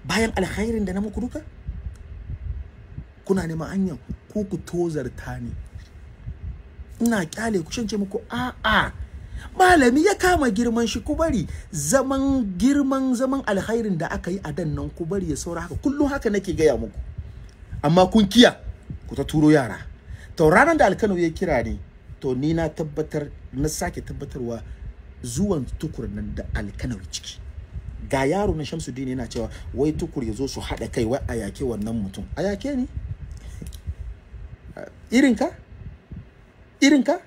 bayan alkhairin da na muku duka kuna neman hanyar ku ku tozarta ne ina kyale ku shance muku a'a malami ya kama girman shi ku bari zaman girman zaman alkhairin da aka yi a dan nan ku bari ya saura haka kullum haka nake gaya muku amma kun kiya ku ta turo yara to ranar da alkano ya kira ni to ni na tabbatar na sake tabbatarwa zuwan tukur nan da alkano ciki ga yaro na Shamsuddin yana cewa wai tukur ya zo su haɗa kai wai a yake wannan mutum a yake ne irinka irinka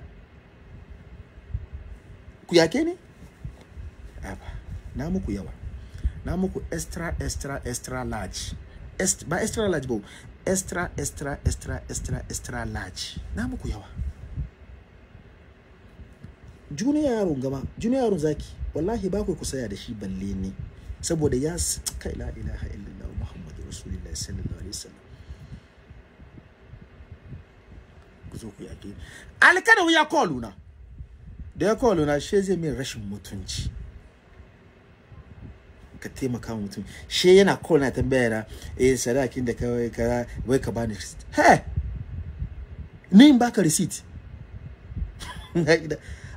ku yake ne aba na muku yawa na muku extra extra extra large Est, ba extra large ba extra extra extra extra extra large na muku yawa juniya yaron gama juniya yaron zaki wallahi ba ku kusaya da shi balle ne saboda ya kai la ilaha illallah muhammadu rasulullahi sallallahu alaihi wasallam ku zo ku yake alkada ya koluna da ya koluna she zai min rashin mutunci ka taimaka wa mutum she yana kona na tambaya na eh sadakin da kawai ka wai ka bani he ni in baka receipt (laughs)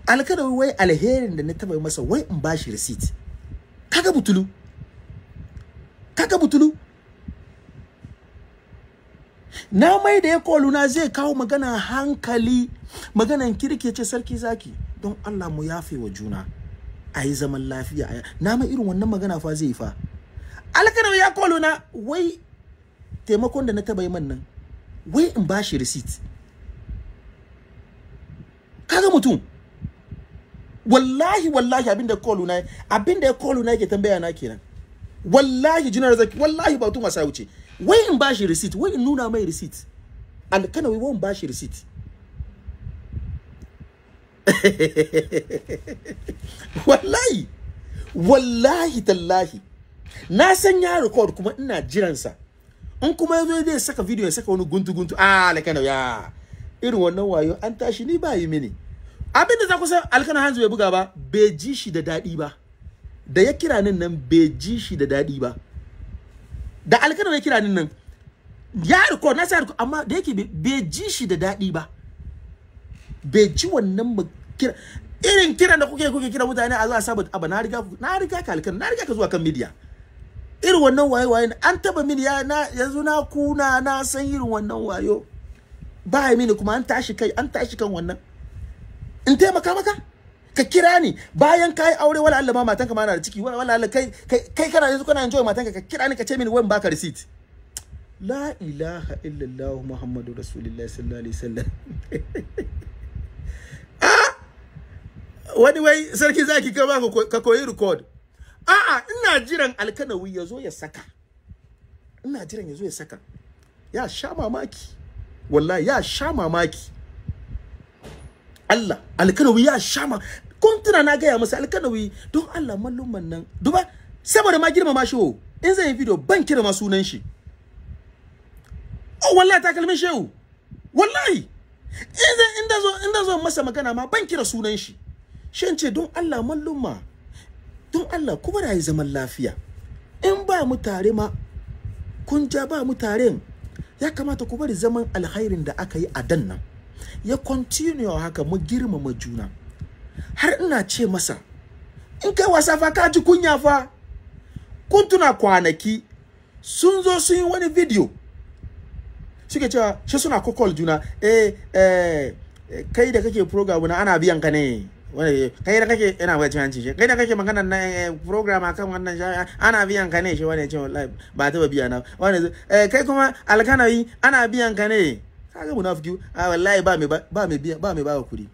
alkada wai alherin da na taba masa wai in bashi receipt kaga butulu kaga butulu na mai da ya koluna zai kawo magana hankali maganan kirki ce sarki zaki don Allah mu yafe wa juna a yi zaman lafiya a na ma irin wannan magana fa zai fa alkanawi ya kolo na wai taimakon da na taba yi man nan wai in ba shi receipt kaga mutum wallahi wallahi da kolo na abinda ya kolo na yake tambaya na kenan wallahi jinar zaki wallahi ba tu masa wuce wai in ba shi receipt wai in nuna mai receipt alkanawi wai in ba shi receipt (laughs) wallahi wallahi tallahi na san ya record kuma ina jiransa in kuma yazo zai saka video ya saka wani guntu guntu ah Kana ya irin wannan wayo an tashi ni ba yi mini abin da za ku san alkana hanzu bai buga ba bai ji shi da dadi ba da ya kira nin nan bai ji shi da dadi ba da alkana ya kira nin nan ya record na sa record amma da yake bai ji shi da dadi ba bai ji wannan kira irin kiran da kuke kuke kira mutane a zuwa a abu na riga na riga ka alkan na riga ka zuwa kan media irin wannan waye waye an taba mini ya na yanzu na kuna na san irin wannan wayo ba ya mini kuma an tashi kai an tashi kan wannan in taimaka maka ka kira ni bayan ka yi aure wala Allah ma matanka ma mana da ciki wala Allah kai kai kana yanzu kana enjoy matanka ka kira ni ka ce mini wani baka receipt la ilaha illallah muhammadu rasulullahi sallallahu alaihi wasallam (laughs) (laughs) wani wai sarki zaki ka ba ka koyi record a'a ina jiran alkanawi ya zo ya saka ina jiran ya zo ya saka ya sha mamaki wallahi ya sha mamaki Allah alkanawi ya sha ma kun na gaya masa alkanawi don Allah malluman nan duba saboda ma girma shi ho in zan yi video ban kira ma sunan shi oh wallahi takalmin shehu wallahi idan inda zo inda zo masa magana ma ban kira sunan shi shin ce don Allah mallumma don Allah kuma rayi zaman lafiya in ba mu tare ma kun ja ba mu taren ya kamata ku bari zaman alkhairin da aka yi a dan nan ya continue haka mu girmama juna har ina ce masa in kai wasa fa ka ji kunya fa kun tuna kwanaki sun zo sun yi wani video suke cewa shi suna kokol juna eh eh kai da kake program na ana biyan ka ne kai da kake ina bai cewa cewa kai da kake magana na eh, program akan wannan shi ana biyan ka ne shi wani cewa wallahi ba ta biya na wani eh kai kuma alkanawi ana biyan ka ne kaga munafiki a ah, wallahi ba me ba me biya ba me ba kuɗi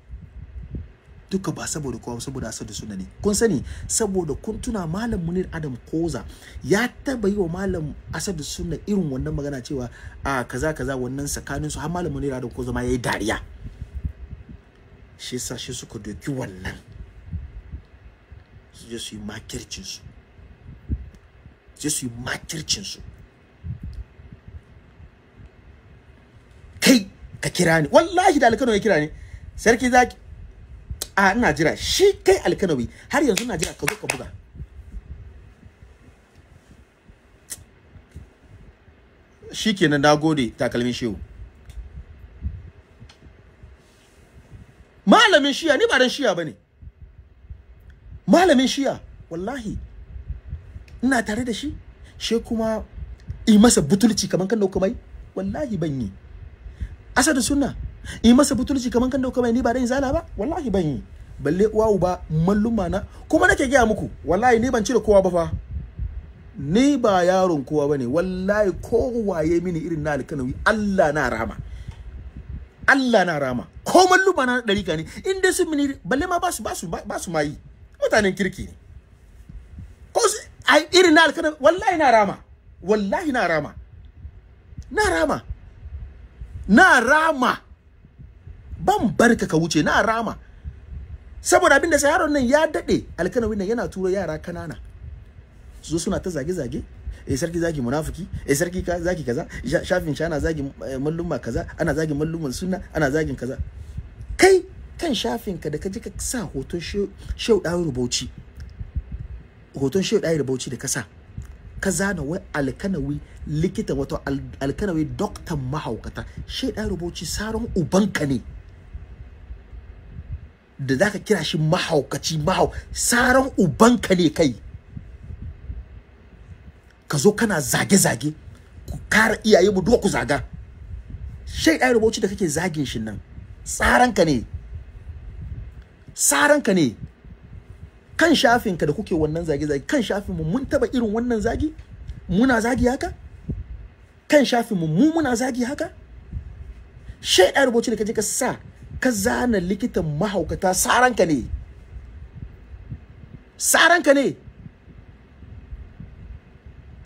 duka ba saboda kowa saboda asar da suna ne kun sani saboda kun tuna malam munir adam koza ya taba yi wa malam asar da suna irin wannan magana cewa a kaza kaza wannan tsakanin su har malam munir adam koza ma yayi dariya shi yasa shi suka doki wannan su je su yi makircin su je su yi makircin su kai ka kira ni wallahi da alkano ya kira ni sarki zaki a ina jira shi kai alkanawi har yanzu ina jira ka zo ka buga shi kenan na gode takalmin shehu malamin shiya ni ba dan shiya bane malamin shiya wallahi ina tare da shi she kuma yi masa butulci kamar kan dauka mai wallahi ban yi asadu sunna yi masa butulci kamar kan dauka mai ni ba dan izala ba wallahi ban yi balle uwa uba malluma na kuma nake gaya muku wallahi ni ban cire kowa ba fa ni ba yaron kowa bane wallahi kowa ya mini irin na alkanawi Allah na rama Allah na rama ko malluma na dari ka ne in dai su mini balle ma basu basu basu mai mutanen kirki ne ko su ai irin na alkanawi wallahi na rama wallahi na rama na rama na rama ban barka ka wuce na rama saboda abin da sai yaron nan ya dade alkanawin nan yana turo yara kanana su suna ta zage zage eh sarki zagi munafiki eh sarki ka zagi kaza shafin shana ana zagi eh, malluma kaza ana zagi malluman sunna ana zagin kaza kai kan shafin ka da ka ji ka sa hoton shehu dawo rubauci hoton shehu dawo rubauci da ka sa ka zana wai alkanawi likita wato alkanawi doktan mahaukata shehu dawo rubauci saron ubanka ne da za ka kira shi mahaukaci mahau saran ubanka ne kai ka zo kana zage-zage ku kara iyaye mu duka ku zaga shai ɗaya rubuci da kake zagin shi nan tsaranka ne tsaranka ne kan shafinka da kuke wannan zage-zage kan shafinmu mun taba irin wannan zagi muna zagi haka kan shafinmu mu muna zagi haka shai ɗaya rubuci da kaje ka sa ka zana likitan mahaukata saranka ne saranka ne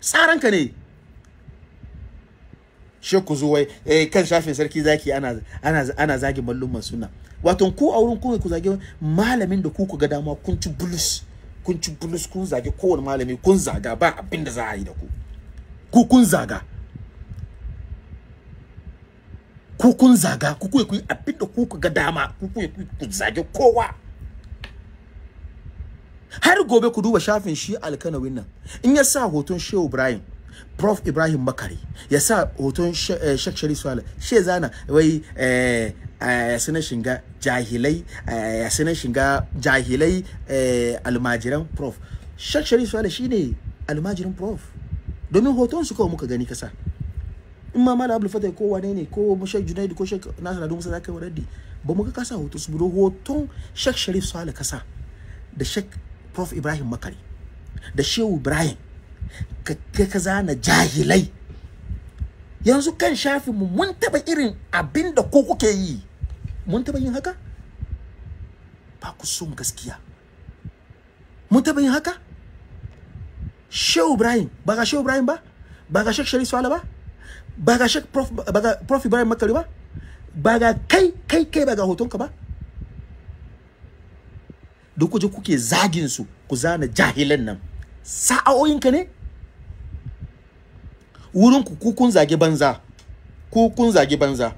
saranka ne she ku zo wai eh kan shafin sarki zaki ana ana ana zagi mallumman sunna wato ku a wurin ku ku zage malamin da ku ku ga dama kun ci bulus kun ci bulus kun zage kowane malami kun zaga ba abin da za a yi da ku ku kun zaga Kukun kun zaga ku ku ku abin da ku ga dama ku ku ku zage kowa har gobe ku duba shafin shi alkanawin nan in ya sa hoton shehu ibrahim prof ibrahim makari ya sa hoton shek eh, shari suwala she zana wai eh, eh, sanar shiga jahilai sanar shiga jahilai almajiran prof shek shari suwala shine almajiran prof domin hoton su kawai muka gani kasa in ma malam abu fata ko wane ne ko shek junaid ko shek nasir da musa zaka raddi ba mu ga kasa hoto su buro hoton shek sharif sale kasa da shek prof ibrahim makari da shehu ibrahim ka ka zana jahilai yanzu kan shafin mu mun taba irin abin da ko kuke yi mun taba yin haka ba ku son gaskiya mun taba yin haka shehu ibrahim ba ga shehu ibrahim ba ba ga shek sharif sale ba ba ga shek prof ba ga prof Ibrahim Makari ba ba ga kai kai kai ba ga hotonka ba duk kuje kuke zagin su ku zana jahilan nan ka ne wurin ku kun zage banza ku kun zage banza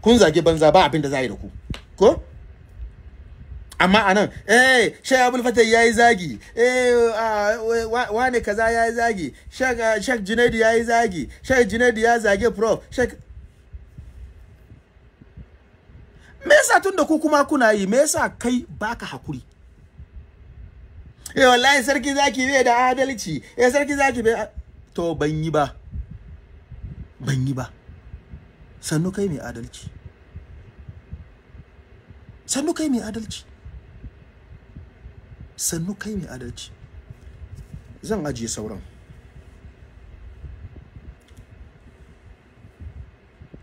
kun zage banza ba abin da za yi da ku ko amma anan eh shay abul ya yi zagi eh wane kaza yi zagi shek shek ya yi zagi shek junaidi ya zage prof shek me yasa da ku kuma kuna yi me yasa kai baka hakuri eh wallahi sarki zaki bai da adalci eh sarki zaki bai to ban yi ba ban yi ba sannu kai mai adalci sannu kai mai adalci sannu kai mai adalci zan ajiye sauran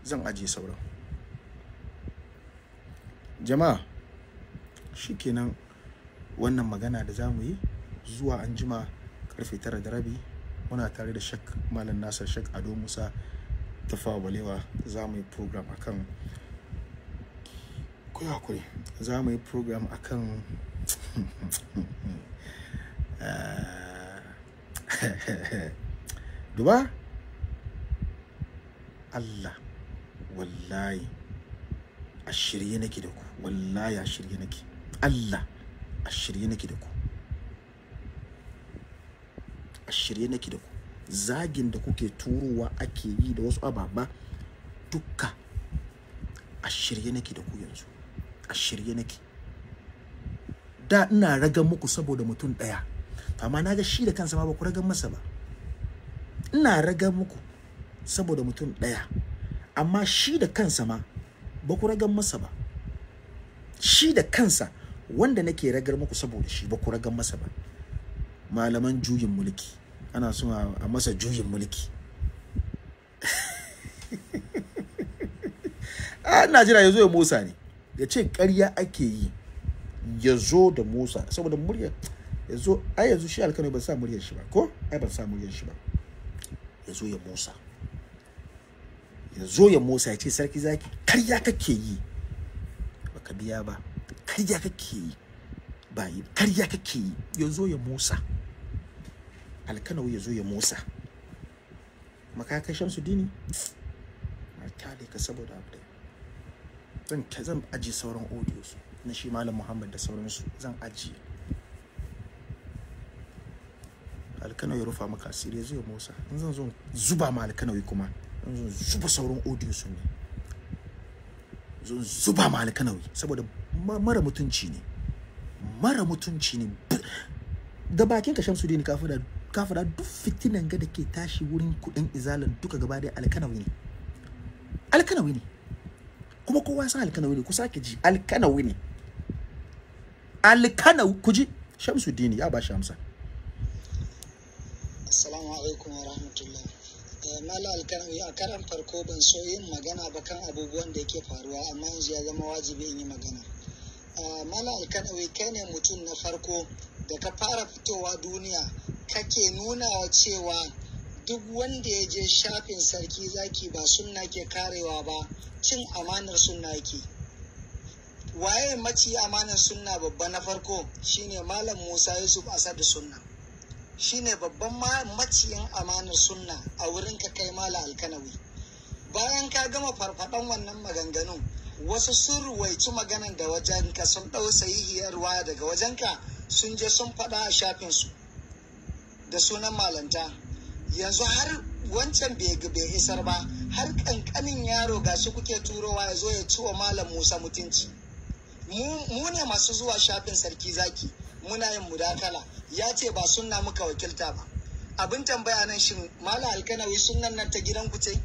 zan ajiye sauran jama'a shikenan wannan magana da za mu yi zuwa an jima karfe tara da rabi muna tare da shak malam nasar shak ado musa tafawa balewa za mu yi program akan kuya kuri za mu yi program akan Eh. (laughs) duba Allah wallahi a shirye nake da ku wallahi a shirye nake Allah a shirye nake da ku a shirye nake da ku zagin da kuke turowa ake yi da wasu ababa duka. a shirye nake da ku yanzu a shirye nake da ina ragan muku saboda mutum ɗaya amma na ga shi da kansa ma ba ku ragan masa ba ina ragan muku saboda mutum ɗaya amma shi da kansa ma ba ku ragan masa ba shi da kansa wanda nake ragar muku saboda shi ba ku ragan masa ba malaman juyin mulki ana so a masa juyin mulki (laughs) ah, a najeriya ya zo ya musa ne ya ce ƙarya ake yi ya zo da Musa saboda murya ya zo ai yanzu shi alkano ban sa muryar shi ba ko ai ban sa muryar shi ba ya zo ya Musa ya zo ya Musa ya ce sarki zaki karya kake yi baka biya ba karya kake yi ba yi karya kake yi ya zo ya Musa alkano ya zo ya Musa makakashin su dini martale ka saboda abu zan zan aji sauran audio su na shi malam muhammad da sauransu zan ajiye alkano ya rufa maka asiri zai yi musa in zan zo zuba ma alkano yi kuma in zan zuba sauran audio su ne zan zuba ma alkano yi saboda mara mutunci ne mara mutunci ne da bakin kashen su dini kafira kafira duk fitinan ga da ke tashi wurin kudin izalan duka gaba da alkanawi ne alkanawi ne kuma kowa san alkanawi ne ku sake ji alkanawi ne alkana kuji shamsu dini ya ba shi amsa assalamu alaikum wa rahmatullah eh, mala alkana a karan farko ban so yin magana ba kan abubuwan da yake faruwa amma yanzu ya zama wajibi in yi magana eh, mala alkana kai ne mutum na farko da ka fara fitowa duniya kake nuna wa cewa duk wanda ya je shafin sarki zaki ba sunna ke karewa ba cin amanar sunna yake waye maci amanar sunna babba na farko shine malam musa yusuf asadu sunna shine babban maciyan amanar sunna a wurin ka kai malam alkanawi bayan ka gama farfaɗan wannan maganganun wasu sun ruwaici maganan da wajenka sun dau sahihiyar ruwaya daga wajenka sun je sun faɗa a shafin su, da sunan malanta yanzu har wancan bai isar ba har kankanin yaro ga shi kuke turowa ya zo ya ci wa malam musa mutunci mu ne masu zuwa shafin sarki zaki muna yin mudakala ya ce ba sunna muka wakilta ba abin tambaya nan shin mala alkanawi sunan nan ta gidan ce (laughs)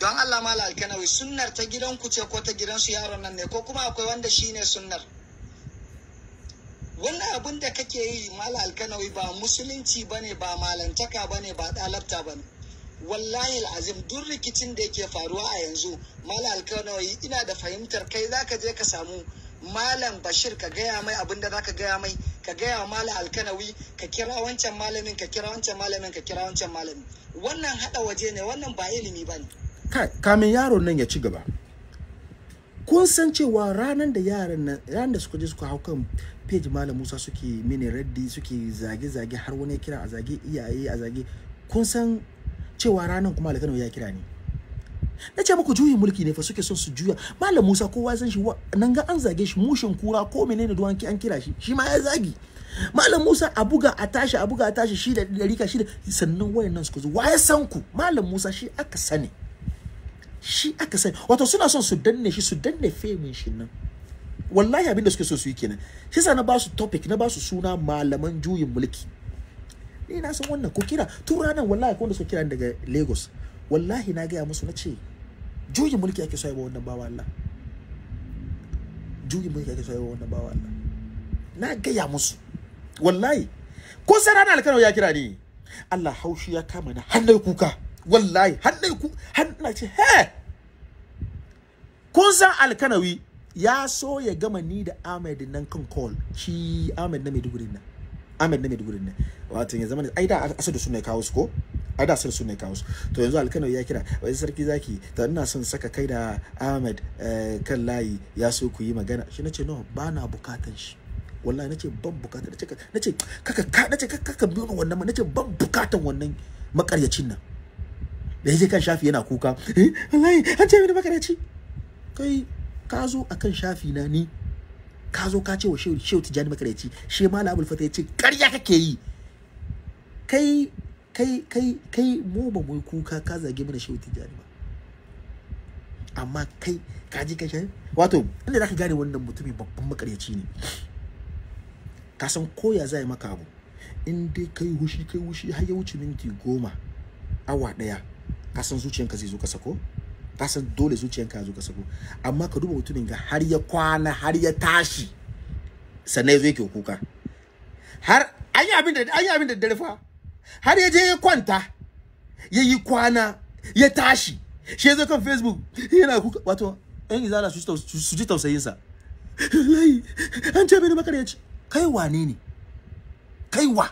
don allah mala alkanawi sunnar ta gidan ce ko ta gidan su yaron nan ne ko kuma akwai wanda shi ne sunnar wannan abin da kake yi mala alkanawi ba musulunci ba ne ba malantaka ba ne ba ɗalabta ba ne wallahi azim duk rikicin da yake faruwa a yanzu malam alkanawai ina da fahimtar kai zaka je ka samu malam bashir ka gaya mai abin da zaka gaya mai ka gaya wa malam alkanawi ka kira wancan malamin ka kira wancan malamin ka kira wancan malamin wannan hada waje ne wannan ba ilimi ba ne kamin yaron nan ya ci gaba kun san cewa ranar da yaran nan ranar da suka je suka hau kan page malam musa suke mini raddi suke zage-zage har wani kira a zage iyaye a zage kun san cewa ranar kuma alkano ya kira ni na ce muku juyin mulki ne fa suke son su juya malam musa kowa san shi nan ga an zage shi mushin kura ko menene duwan an kira shi shi ma ya zagi malam musa a buga a tashi a buga a tashi shi da dalika shi da sannan wayannan suka zo waye san ku malam musa shi aka sani shi aka sani wato suna son su danne shi su danne femin shi nan wallahi abinda suke so su yi kenan shi sa na ba su topic na ba su suna malaman juyin mulki ni eh, na san wannan ku kira tun ranar wallahi ko wanda su kira daga Lagos wallahi na gaya musu na ce juyin mulki ake so yi wannan bawa Allah juyin mulki ake so wannan bawa Allah na gaya musu wallahi ko sai ranar alkano ya kira ni Allah haushi ya kama na hannai kuka wallahi hannai ku hannai ce he kun san alkanawi ya so ya gama ni da Ahmed nan kan call ki Ahmed na Maiduguri nan Ahmed na Maiduguri ne wato ya zama ne ai da da sunna kawo su ko ai da da sunna kawo su to yanzu Alkano ya kira wai sarki zaki to ina son saka kai da Ahmed eh, kan layi ya so ku yi magana shi nace no ba na bukatan shi wallahi nace ban bukatan nace nace kaka ka nace kaka ka biyo wannan nace ban bukatan wannan makaryacin nan da yaje kan shafi yana kuka eh, wallahi an ce mini makaryaci kai ka zo akan shafi na ni ka zo ka ce wa shehu tijjani makaraici shi malam abul fata ya ce karya kake yi kai kai kai kai mu ba mu kuka ka zage mana shehu tijjani ba amma kai ka ji kai wato inda zaka gane wannan mutumin babban makaryaci ne ka san koya zai maka abu in dai kai hushi kai hushi har ya wuce minti goma awa daya ka san zuciyanka zai zo ka sako Kasan san dole zuciyanka zo ka sako amma ka duba mutumin ga har ya kwana har ya tashi sannan ya zo yake kuka har an yi abin da an yi abin da dare fa har ya je ya kwanta ya yi kwana ya tashi shi ya zo kan facebook yana kuka wato yan izala su ji tausayinsa lai an ce mini makaryaci kai wane ne kai wa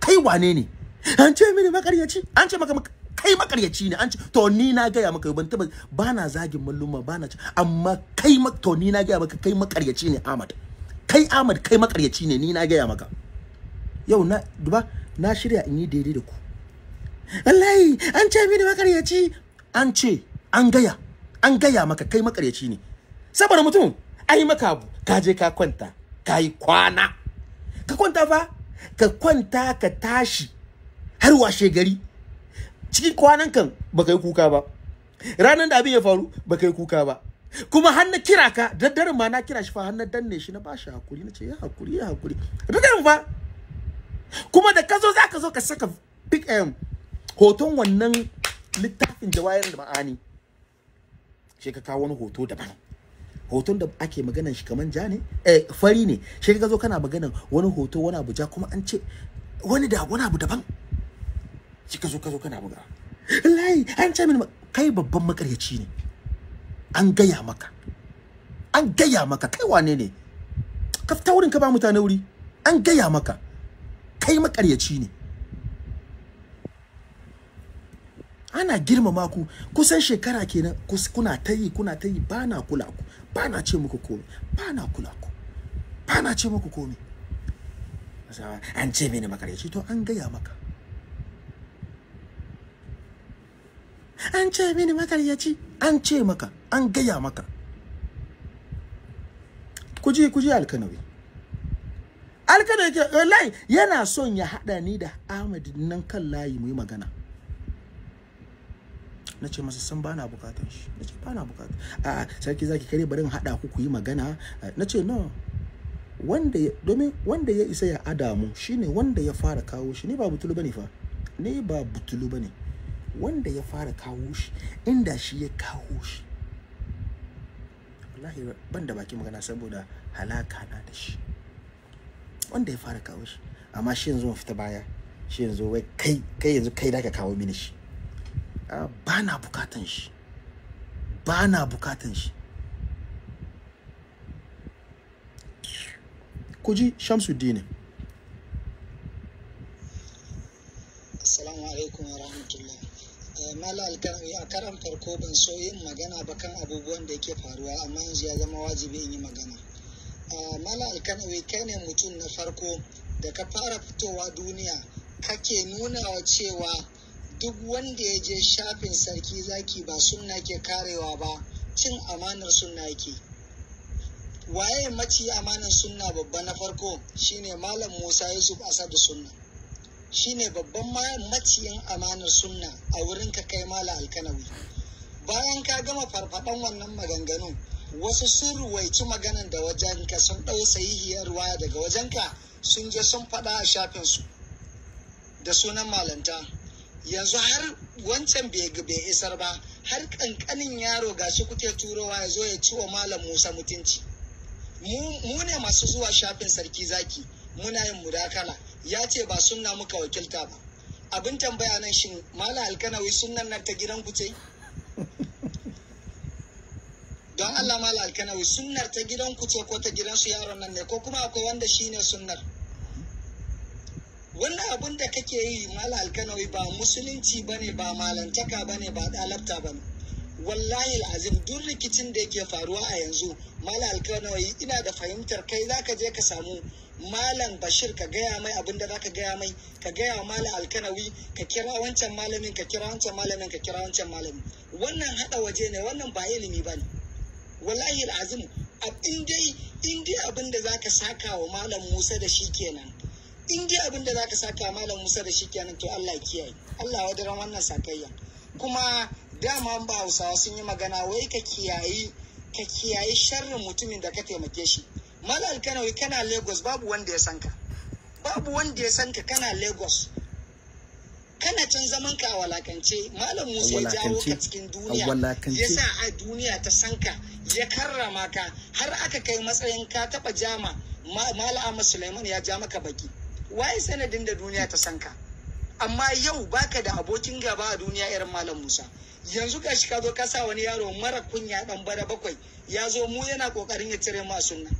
kai wane ne an ce mini makaryaci an ce maka kai makaryaci ne an ce to ni na gaya maka ban taba ba zagin malluma ba na amma kai to ni na gaya maka kai makaryaci ne Ahmad kai Ahmad kai makaryaci ne ni na gaya maka yau na duba na shirya in yi daidai da ku wallahi an ce mini makaryaci an ce an gaya an gaya maka kai makaryaci ne saboda mutum ai maka abu ka je ka kwanta ka yi kwana ka kwanta fa ka kwanta ka tashi har washe gari cikin kwanan kan baka yi kuka ba ranar da abin ya faru baka yi kuka ba kuma har na kira ka daddaren ma na kira shi fa har na danne shi na ba shi hakuri na ce ya hakuri ya hakuri daddaren fa kuma da ka zo za ka zo ka saka big em hoton wannan littafin jawayar da ma'ani shi ka kawo wani hoto daban hoton da ake maganan shi kaman ja ne eh fari ne shi ka zo kana maganan wani hoto wani abu ja kuma an ce wani da wani abu daban kika zo ka zo kana buga lai an ce min kai babban makaryaci ne an gaya maka an gaya maka kai wane ne ka fita wurin ka ba mutane wuri an gaya maka kai makaryaci ne ana girmama ku kusan shekara kenan kuna ta yi kuna ta yi ba na kula ku ba na ce muku komai ba na kula ku ba na ce muku komai an ce mene makaryaci to an gaya maka an ce mini makaryaci an ce maka an gaya maka kuji kuji alkanawi alkanawi ke wallahi yana son ya hada ni da Ahmad nan kan layi mu yi magana na ce masa san na bukatun shi na ce na bukatun a sarki zaki kare barin hada ku ku yi magana na ce no wanda ya domin wanda ya isa ya adamu shine wanda ya fara kawo shi ne ba butulu bane fa ne ba butulu bane wanda ya fara kawo shi inda shi ya kawo shi wallahi ban da baki magana saboda halaka na da shi wanda ya fara kawo shi amma shi yanzu fita baya shi yanzu wai kai kai yanzu kai da ka kawo mini shi ba na bukatan shi ba na bukatan shi kuji shamsuddin assalamu alaikum wa rahmatullahi. Eh, malal eh, a karan farko ban so yin magana ba kan abubuwan da yake faruwa amma yanzu ya zama wajibi in yi magana ah, malal kanawi kai ne mutum na farko da ka fara fitowa duniya kake wa cewa duk wanda ya je shafin sarki zaki ba sunna ke karewa ba cin amanar sunna yake waye maci amanar sunna babba na farko shine malam musa yusuf asadu sunna shine babban maciyin amanar sunna a wurin ka kai mala alkanawi bayan ka gama farfaɗan wannan maganganu, wasu sun ruwaici maganan da wajenka sun ɗau sahihiyar ruwaya daga wajenka sun je sun faɗa a shafin su. da sunan malanta yanzu har wancan bai isar ba har ƙanƙanin yaro gashi kuke turowa ya zo ya ci wa malam musa mutunci mu ne masu zuwa shafin sarki zaki muna yin mudakala ya ce ba sunna muka wakilta ba abin tambaya nan shin mala alkanawi sunnan nan ta gidan ku ce don Allah mala alkanawi sunnar ta gidan ku ce ko ta gidan su yaron nan ne ko kuma akwai wanda shi ne sunnar wannan abin da kake yi mala alkanawi ba musulunci ba ne ba malantaka ne ba dalabta bane wallahi azim duk rikicin da yake faruwa a yanzu mala alkanawai ina da fahimtar kai zaka je ka samu malam bashir ka gaya mai abin da zaka gaya mai ka gaya wa malam alkanawi ka kira wancan malamin ka kira wancan malamin ka kira wancan malamin wannan hada waje ne wannan ba ilimi ba ne wallahi azim in dai in dai abin da zaka saka wa malam musa da shi kenan in dai abin da zaka saka malam musa da shi kenan to allah kiyaye allah ya wadaran wannan sakayya kuma dama ba hausawa sun yi magana wai ka kiyayi ka sharrin mutumin da ka taimake shi malal kanawi kana lagos babu wanda ya san ka babu wanda ya san ka kana lagos kana can zaman ka a walakance malam musa ya jawo ka cikin duniya ya sa a duniya ta san ka ya karrama ka har aka kai matsayin ka taba jama malam suleiman ya ja maka baki waye sanadin da duniya ta san ka amma yau baka da abokin gaba a duniya irin malam musa yanzu ga shi ka zo kasa wani yaro mara kunya dan bara bakwai ya zo mu yana kokarin ya cire ma sunna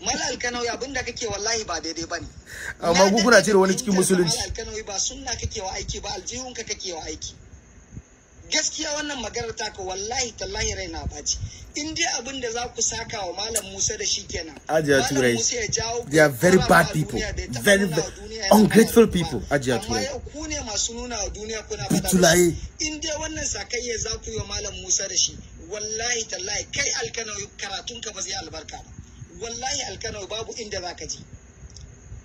mala alkanawi abin da kake wallahi ba daidai bane amma kuna cire wani cikin musulunci mala alkanawi ba sunna kake wa aiki ba aljihun ka kake wa aiki gaskiya wannan ta taka wallahi tallahi rai na baci in dai abin da za ku saka wa malam Musa da shi kenan Ajiya Turai they are very bad people very ungrateful people Ajiya Turai ku ne masu nuna wa duniya kuna fada in dai wannan sakayya za ku yi wa malam Musa da shi wallahi tallahi kai alkano karatun ka ba zai albarka ba wallahi alkano babu inda za ka je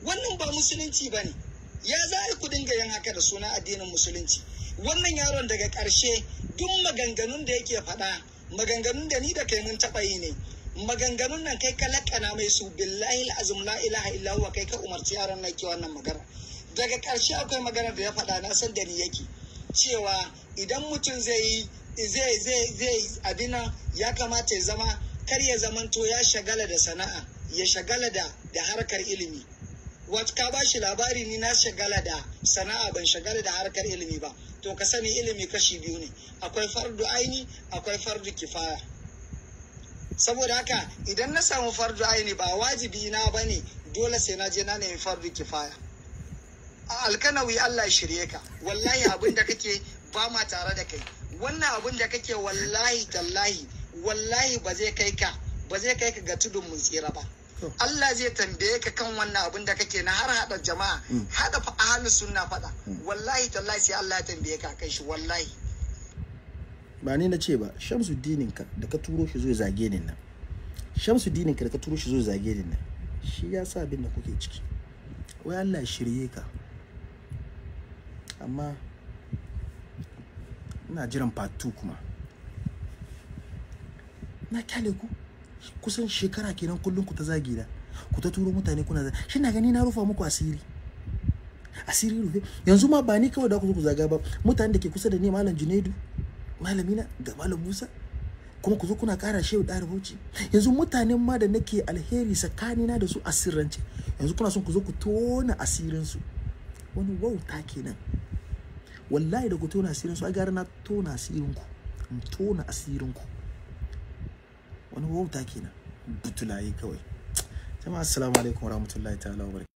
wannan ba musulunci ba ne ya za ku dinga yin haka da suna addinin musulunci wannan yaron daga ƙarshe duk maganganun da yake faɗa maganganun da ni da kai mun taɓa yi ne maganganun nan kai ka lakana mai su billahi azum la ilaha illa huwa kai ka umarci yaron nan ke wannan magana daga ƙarshe akwai magana da ya faɗa na san da ni yake cewa idan mutum zai yi zai zai zai adina ya kamata ya zama kar ya zamanto ya shagala da sana'a ya shagala da harkar ilimi wata ka ba shi labari ni na shagala da sana'a ban shagala da harkar ilimi ba to ka sani ilimi kashi biyu ne akwai fardu aini akwai fardu kifaya saboda haka idan na samu fardu aini ba wajibi na ba ne dole sai na je na nemi fardu kifaya a alkanawi Allah shirye ka wallahi abin da kake ba ma tare da kai wannan abin da kake wallahi tallahi wallahi ba zai kai ka ba zai kai ka ga tudun mun tsira ba Allah zai tambaye ka kan wannan abin da kake na har hada jama'a mm. hada ahlus sunna fada mm. wallahi tallahi sai Allah ya tambaye ka kai shi wallahi ba ni na ce ba shamsuddinin ka da ka turo shi zo zage ni nan shamsuddinin ka da ka turo shi zo zage ni nan shi ya sa abin da kuke ciki wai Allah ya shirye ka amma ina jiran part 2 kuma na kyale ku kusan shekara kenan kullum ku ta zagi da ku ta turo mutane kuna zagi? shi na gani na rufa muku asiri asiri rufe yanzu ma ba ni kawai da ku ku zaga ba mutane da ke kusa da ni malam Junaidu malami na ga malam Musa kuma ku zo kuna kara shehu da rubuci yanzu mutanen ma da nake alheri tsakanina da su asirance, yanzu kuna son ku zo ku tona asirinsu? su wani wauta kenan wallahi da ku tona asirin su a gara na tona asirin ku tona asirin ku wani wauta kenan butulaye kawai jama'a assalamu alaikum warahmatullahi ta'ala wa